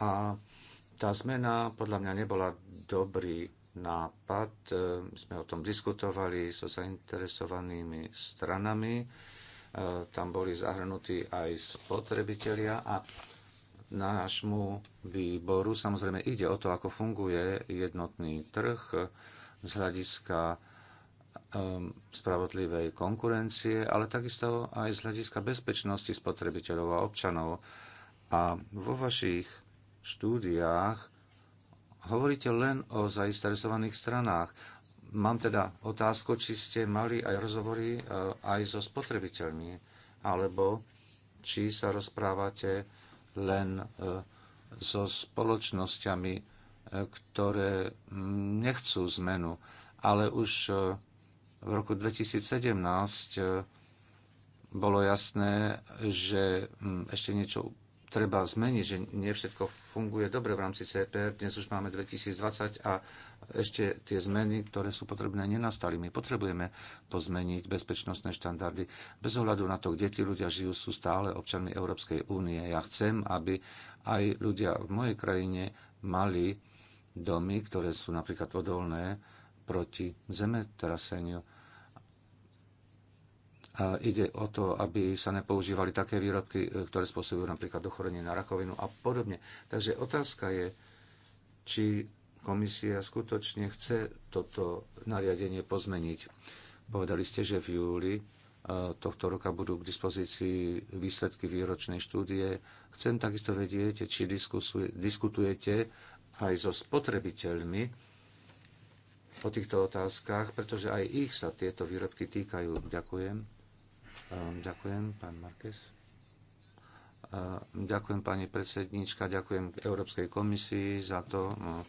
a tá zmena podľa mňa nebola dobrý nápad. Sme o tom diskutovali so zainteresovanými stranami. E, tam boli zahrnutí aj spotrebitelia a nášmu výboru samozrejme ide o to, ako funguje jednotný trh z hľadiska Um, spravodlivej konkurencie, ale takisto aj z hľadiska bezpečnosti spotrebiteľov a občanov. A vo vašich štúdiách hovoríte len o zainteresovaných stranách. Mám teda otázku, či ste mali aj rozhovory uh, aj so spotrebiteľmi, alebo či sa rozprávate len uh, so spoločnosťami, uh, ktoré mm, nechcú zmenu, ale už v roku 2017 e, bolo jasné, že hm, ešte niečo treba zmeniť, že nie všetko funguje dobre v rámci CPR. Dnes už máme 2020 a ešte tie zmeny, ktoré sú potrebné, nenastali. My potrebujeme pozmeniť bezpečnostné štandardy. Bez ohľadu na to, kde tí ľudia žijú, sú stále občanmi Európskej únie. Ja chcem, aby aj ľudia v mojej krajine mali domy, ktoré sú napríklad odolné proti zemetraseniu ide o to, aby sa nepoužívali také výrobky, e, ktoré spôsobujú napríklad ochorenie na rakovinu a podobne. Takže otázka je, či komisia skutočne chce toto nariadenie pozmeniť. Povedali ste, že v júli e, tohto roka budú k dispozícii výsledky výročnej štúdie. Chcem takisto vedieť, či diskutujete aj so spotrebiteľmi, o týchto otázkach, pretože aj ich sa tieto výrobky týkajú. Ďakujem. Ehm, ďakujem, pán Markes. Ehm, ďakujem, pani predsednička, ďakujem Európskej komisii za to, no,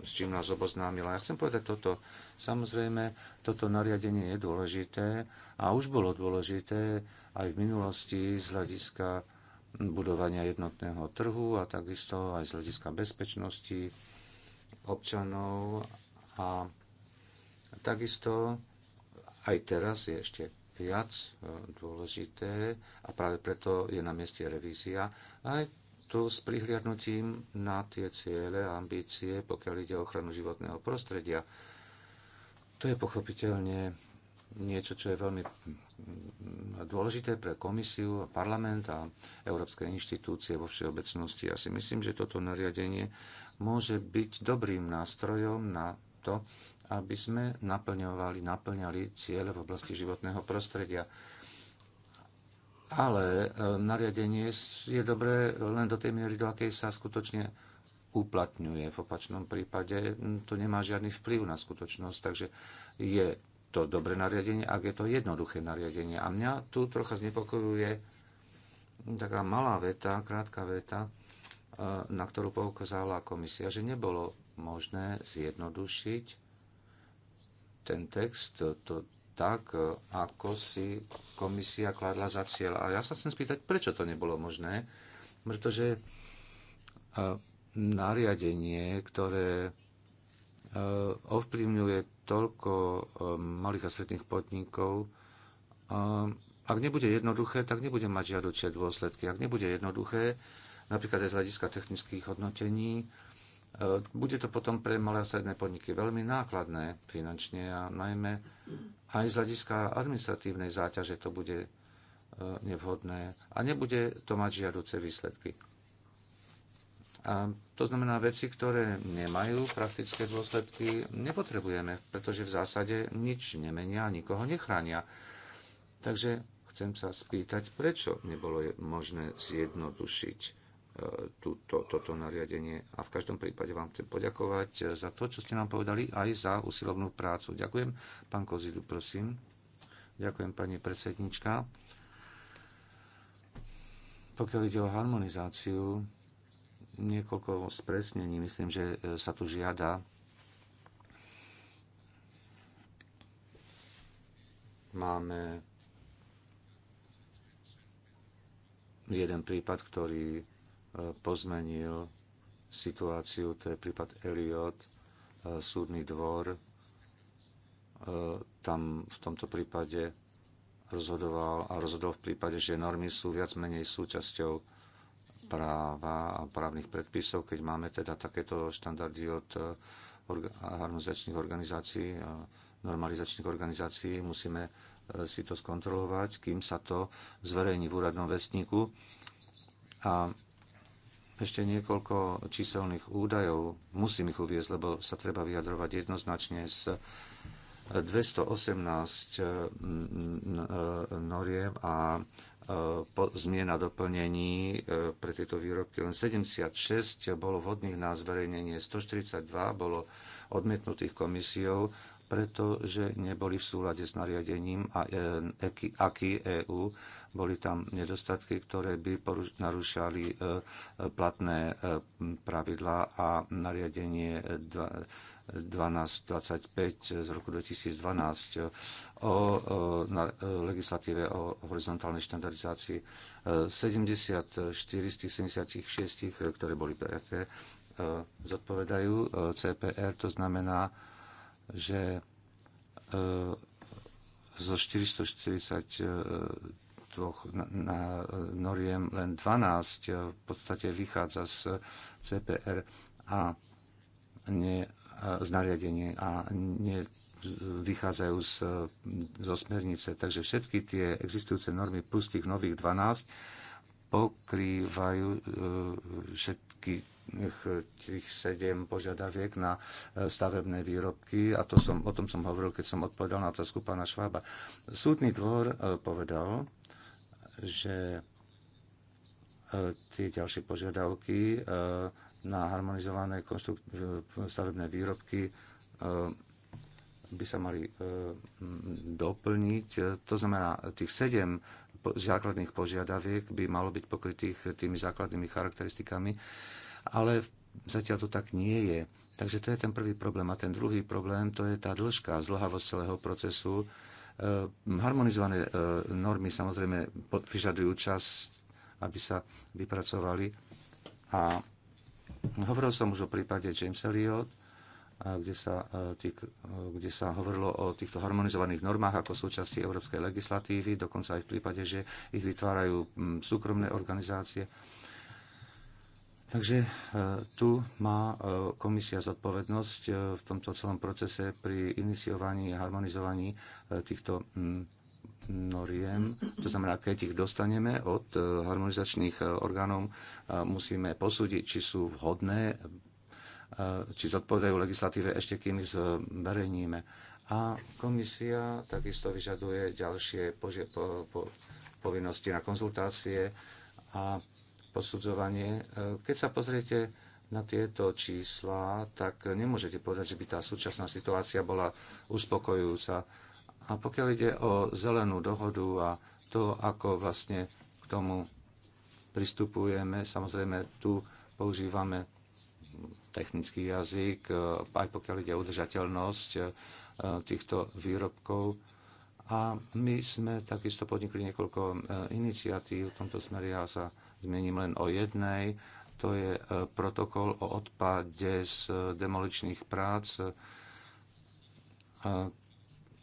s čím nás oboznámila. Ja chcem povedať toto. Samozrejme, toto nariadenie je dôležité a už bolo dôležité aj v minulosti z hľadiska budovania jednotného trhu a takisto aj z hľadiska bezpečnosti občanov a takisto aj teraz je ešte viac eh, dôležité a práve preto je na mieste revízia aj tu s prihliadnutím na tie ciele a ambície, pokiaľ ide o ochranu životného prostredia. To je pochopiteľne niečo, čo je veľmi mm, dôležité pre komisiu, parlament a európske inštitúcie vo všeobecnosti. Ja si myslím, že toto nariadenie môže byť dobrým nástrojom na to, aby sme naplňovali, naplňali ciele v oblasti životného prostredia. Ale e, nariadenie je dobré len do tej miery, do akej sa skutočne uplatňuje. V opačnom prípade to nemá žiadny vplyv na skutočnosť, takže je to dobré nariadenie, ak je to jednoduché nariadenie. A mňa tu trocha znepokojuje taká malá veta, krátka veta, e, na ktorú poukázala komisia, že nebolo možné zjednodušiť ten text e, to tak, e, ako si komisia kladla za cieľ. A ja sa chcem spýtať, prečo to nebolo možné, pretože e, nariadenie, ktoré ovplyvňuje toľko malých a stredných podnikov, ak nebude jednoduché, tak nebude mať žiadučie dôsledky. Ak nebude jednoduché, napríklad aj z hľadiska technických hodnotení, E, bude to potom pre malé a stredné podniky veľmi nákladné finančne a najmä aj z hľadiska administratívnej záťaže to bude e, nevhodné a nebude to mať žiaduce výsledky. A to znamená, veci, ktoré nemajú praktické dôsledky, nepotrebujeme, pretože v zásade nič nemenia, nikoho nechránia. Takže chcem sa spýtať, prečo nebolo možné zjednodušiť E, to, toto nariadenie. A v každom prípade vám chcem poďakovať e, za to, čo ste nám povedali, aj za usilovnú prácu. Ďakujem. Pán Kozidu, prosím. Ďakujem, pani predsednička. Pokiaľ ide o harmonizáciu, niekoľko spresnení, myslím, že e, sa tu žiada. Máme jeden prípad, ktorý pozmenil situáciu, to je prípad Eliot, e, súdny dvor, e, tam v tomto prípade rozhodoval a rozhodol v prípade, že normy sú viac menej súčasťou práva a právnych predpisov, keď máme teda takéto štandardy od e, harmonizačných organizácií, a normalizačných organizácií, musíme si to skontrolovať, kým sa to zverejní v úradnom vestníku. A ešte niekoľko číselných údajov. Musím ich uviezť, lebo sa treba vyjadrovať jednoznačne z 218 eh, eh, noriem a eh, zmien doplnení pre tieto výrobky. Len 76 bolo vhodných na zverejnenie, 142 bolo odmietnutých komisiou, pretože neboli v súlade s nariadením a e, aký EU. Boli tam nedostatky, ktoré by narušali e, platné e, pravidlá a nariadenie 1225 z roku 2012 o na, legislatíve o horizontálnej štandardizácii 74 z tých 76, ktoré boli e, zodpovedajú CPR, to znamená že e, zo 442 na, na noriem len 12 e, v podstate vychádza z CPR a ne, z nariadenie a ne, vychádzajú z, zo smernice. Takže všetky tie existujúce normy plus tých nových 12 pokrývajú e, všetky tých sedem požiadaviek na e, stavebné výrobky a to som, o tom som hovoril, keď som odpovedal na otázku pána Švába. Súdny dvor e, povedal, že e, tie ďalšie požiadavky na harmonizované stavebné výrobky by sa mali doplniť. To znamená, tých sedem základných požiadaviek by malo byť pokrytých tými základnými charakteristikami ale zatiaľ to tak nie je. Takže to je ten prvý problém. A ten druhý problém, to je tá dĺžka, zlhavosť celého procesu. E, harmonizované e, normy samozrejme vyžadujú čas, aby sa vypracovali. A hovoril som už o prípade James Elliot, kde sa, e, kde sa hovorilo o týchto harmonizovaných normách ako súčasti európskej legislatívy, dokonca aj v prípade, že ich vytvárajú súkromné organizácie. Takže e, tu má e, komisia zodpovednosť e, v tomto celom procese pri iniciovaní a harmonizovaní týchto noriem. To znamená, keď ich dostaneme od harmonizačných orgánov, musíme posúdiť, či sú vhodné, či zodpovedajú legislatíve ešte, kým ich zverejníme. A komisia takisto vyžaduje ďalšie povinnosti na konzultácie a posudzovanie. E, keď sa pozriete na tieto čísla, tak nemôžete povedať, že by tá súčasná situácia bola uspokojujúca. A pokiaľ ide o zelenú dohodu a to, ako vlastne k tomu pristupujeme, samozrejme tu používame technický jazyk, e, aj pokiaľ ide o udržateľnosť e, týchto výrobkov. A my sme takisto podnikli niekoľko iniciatív v tomto smere. Ja sa zmením len o jednej. To je e, protokol o odpade z e, demoličných prác.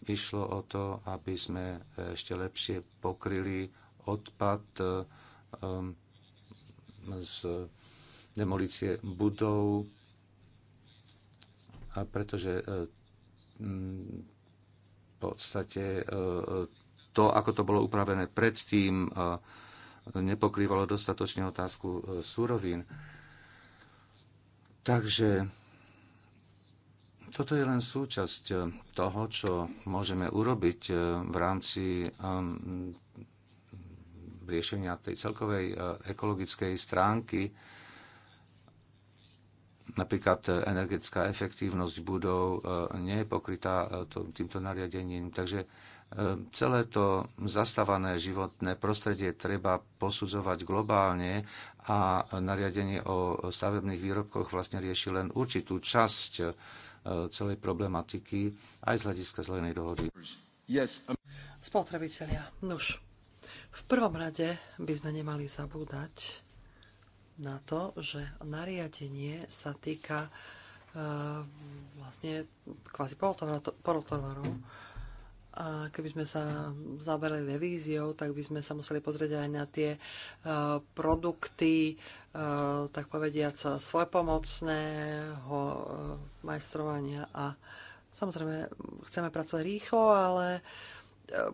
Išlo e, o to, aby sme ešte lepšie pokryli odpad z demolície budov, a pretože v podstate to, ako to bolo upravené predtým, nepokrývalo dostatočne otázku e, súrovín. Takže toto je len súčasť e, toho, čo môžeme urobiť e, v rámci um, riešenia tej celkovej ekologickej stránky. Napríklad energetická efektívnosť budov nie je pokrytá týmto nariadením. Takže Celé to zastávané životné prostredie treba posudzovať globálne a nariadenie o stavebných výrobkoch vlastne rieši len určitú časť e, celej problematiky aj z hľadiska zelenej dohody. Um- Spotrebitelia, nuž, v prvom rade by sme nemali zabúdať na to, že nariadenie sa týka e, vlastne kvázi polotovarov a keby sme sa zaberali revíziou, tak by sme sa museli pozrieť aj na tie e, produkty, e, tak povediať svojpomocného uh, majstrovania. A samozrejme, chceme pracovať rýchlo, ale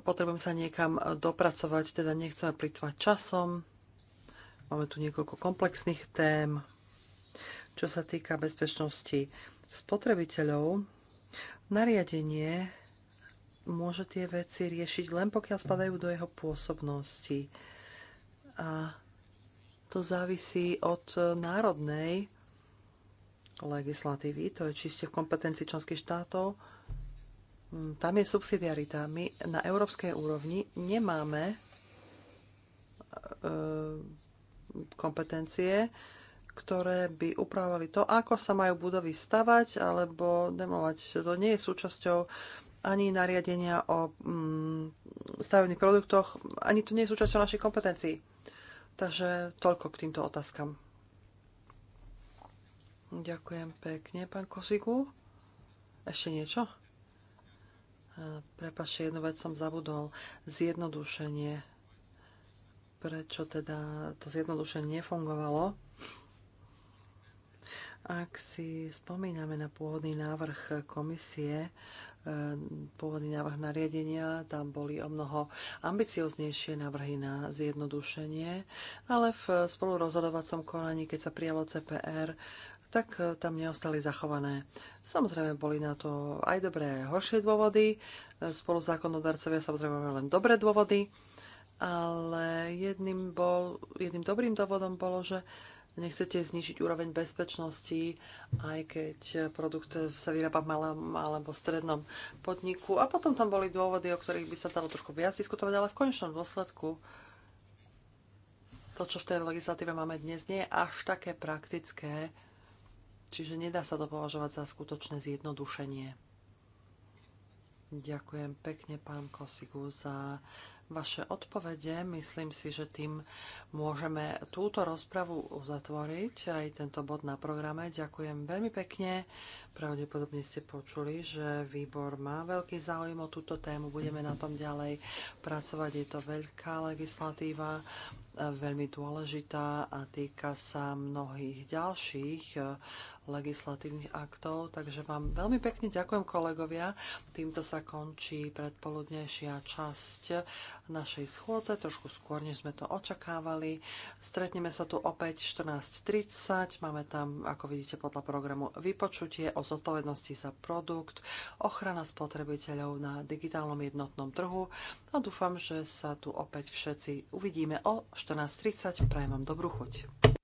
potrebujeme sa niekam dopracovať, teda nechceme plitvať časom. Máme tu niekoľko komplexných tém, čo sa týka bezpečnosti spotrebiteľov. Nariadenie môže tie veci riešiť len pokiaľ spadajú do jeho pôsobnosti. A to závisí od národnej legislatívy, to je čiste v kompetencii členských štátov. Mm, tam je subsidiarita. My na európskej úrovni nemáme e, kompetencie, ktoré by upravovali to, ako sa majú budovy stavať alebo demovať. To nie je súčasťou ani nariadenia o mm, stavebných produktoch, ani to nie sú časťou našich kompetencií. Takže toľko k týmto otázkam. Ďakujem pekne, pán Kosiku. Ešte niečo? Prepašte, jednu vec som zabudol. Zjednodušenie. Prečo teda to zjednodušenie nefungovalo? Ak si spomíname na pôvodný návrh komisie, pôvodný návrh nariadenia, tam boli o mnoho ambicioznejšie návrhy na zjednodušenie, ale v spolurozhodovacom konaní, keď sa prijalo CPR, tak eh, tam neostali zachované. Samozrejme, boli na to aj dobré, aj horšie dôvody. Eh, Spolu zákonodarcovia samozrejme mali len dobré dôvody, ale jedným, bol, jedným dobrým dôvodom bolo, že nechcete znižiť úroveň bezpečnosti, aj keď produkt sa vyrába v malom alebo strednom podniku. A potom tam boli dôvody, o ktorých by sa dalo trošku viac diskutovať, ale v konečnom dôsledku to, čo v tej legislatíve máme dnes, nie je až také praktické, čiže nedá sa to považovať za skutočné zjednodušenie. Ďakujem pekne, pán Kosigu, za vaše odpovede. Myslím si, že tým môžeme túto rozpravu uzatvoriť, aj tento bod na programe. Ďakujem veľmi pekne. Pravdepodobne ste počuli, že výbor má veľký záujem o túto tému. Budeme na tom ďalej pracovať. Je to veľká legislatíva, veľmi dôležitá a týka sa mnohých ďalších legislatívnych aktov. Takže vám veľmi pekne ďakujem kolegovia. Týmto sa končí predpoludnejšia časť našej schôdze, trošku skôr, než sme to očakávali. Stretneme sa tu opäť 14.30. Máme tam, ako vidíte podľa programu, vypočutie o zodpovednosti za produkt, ochrana spotrebiteľov na digitálnom jednotnom trhu a dúfam, že sa tu opäť všetci uvidíme o 14.30. Prajem vám dobrú chuť.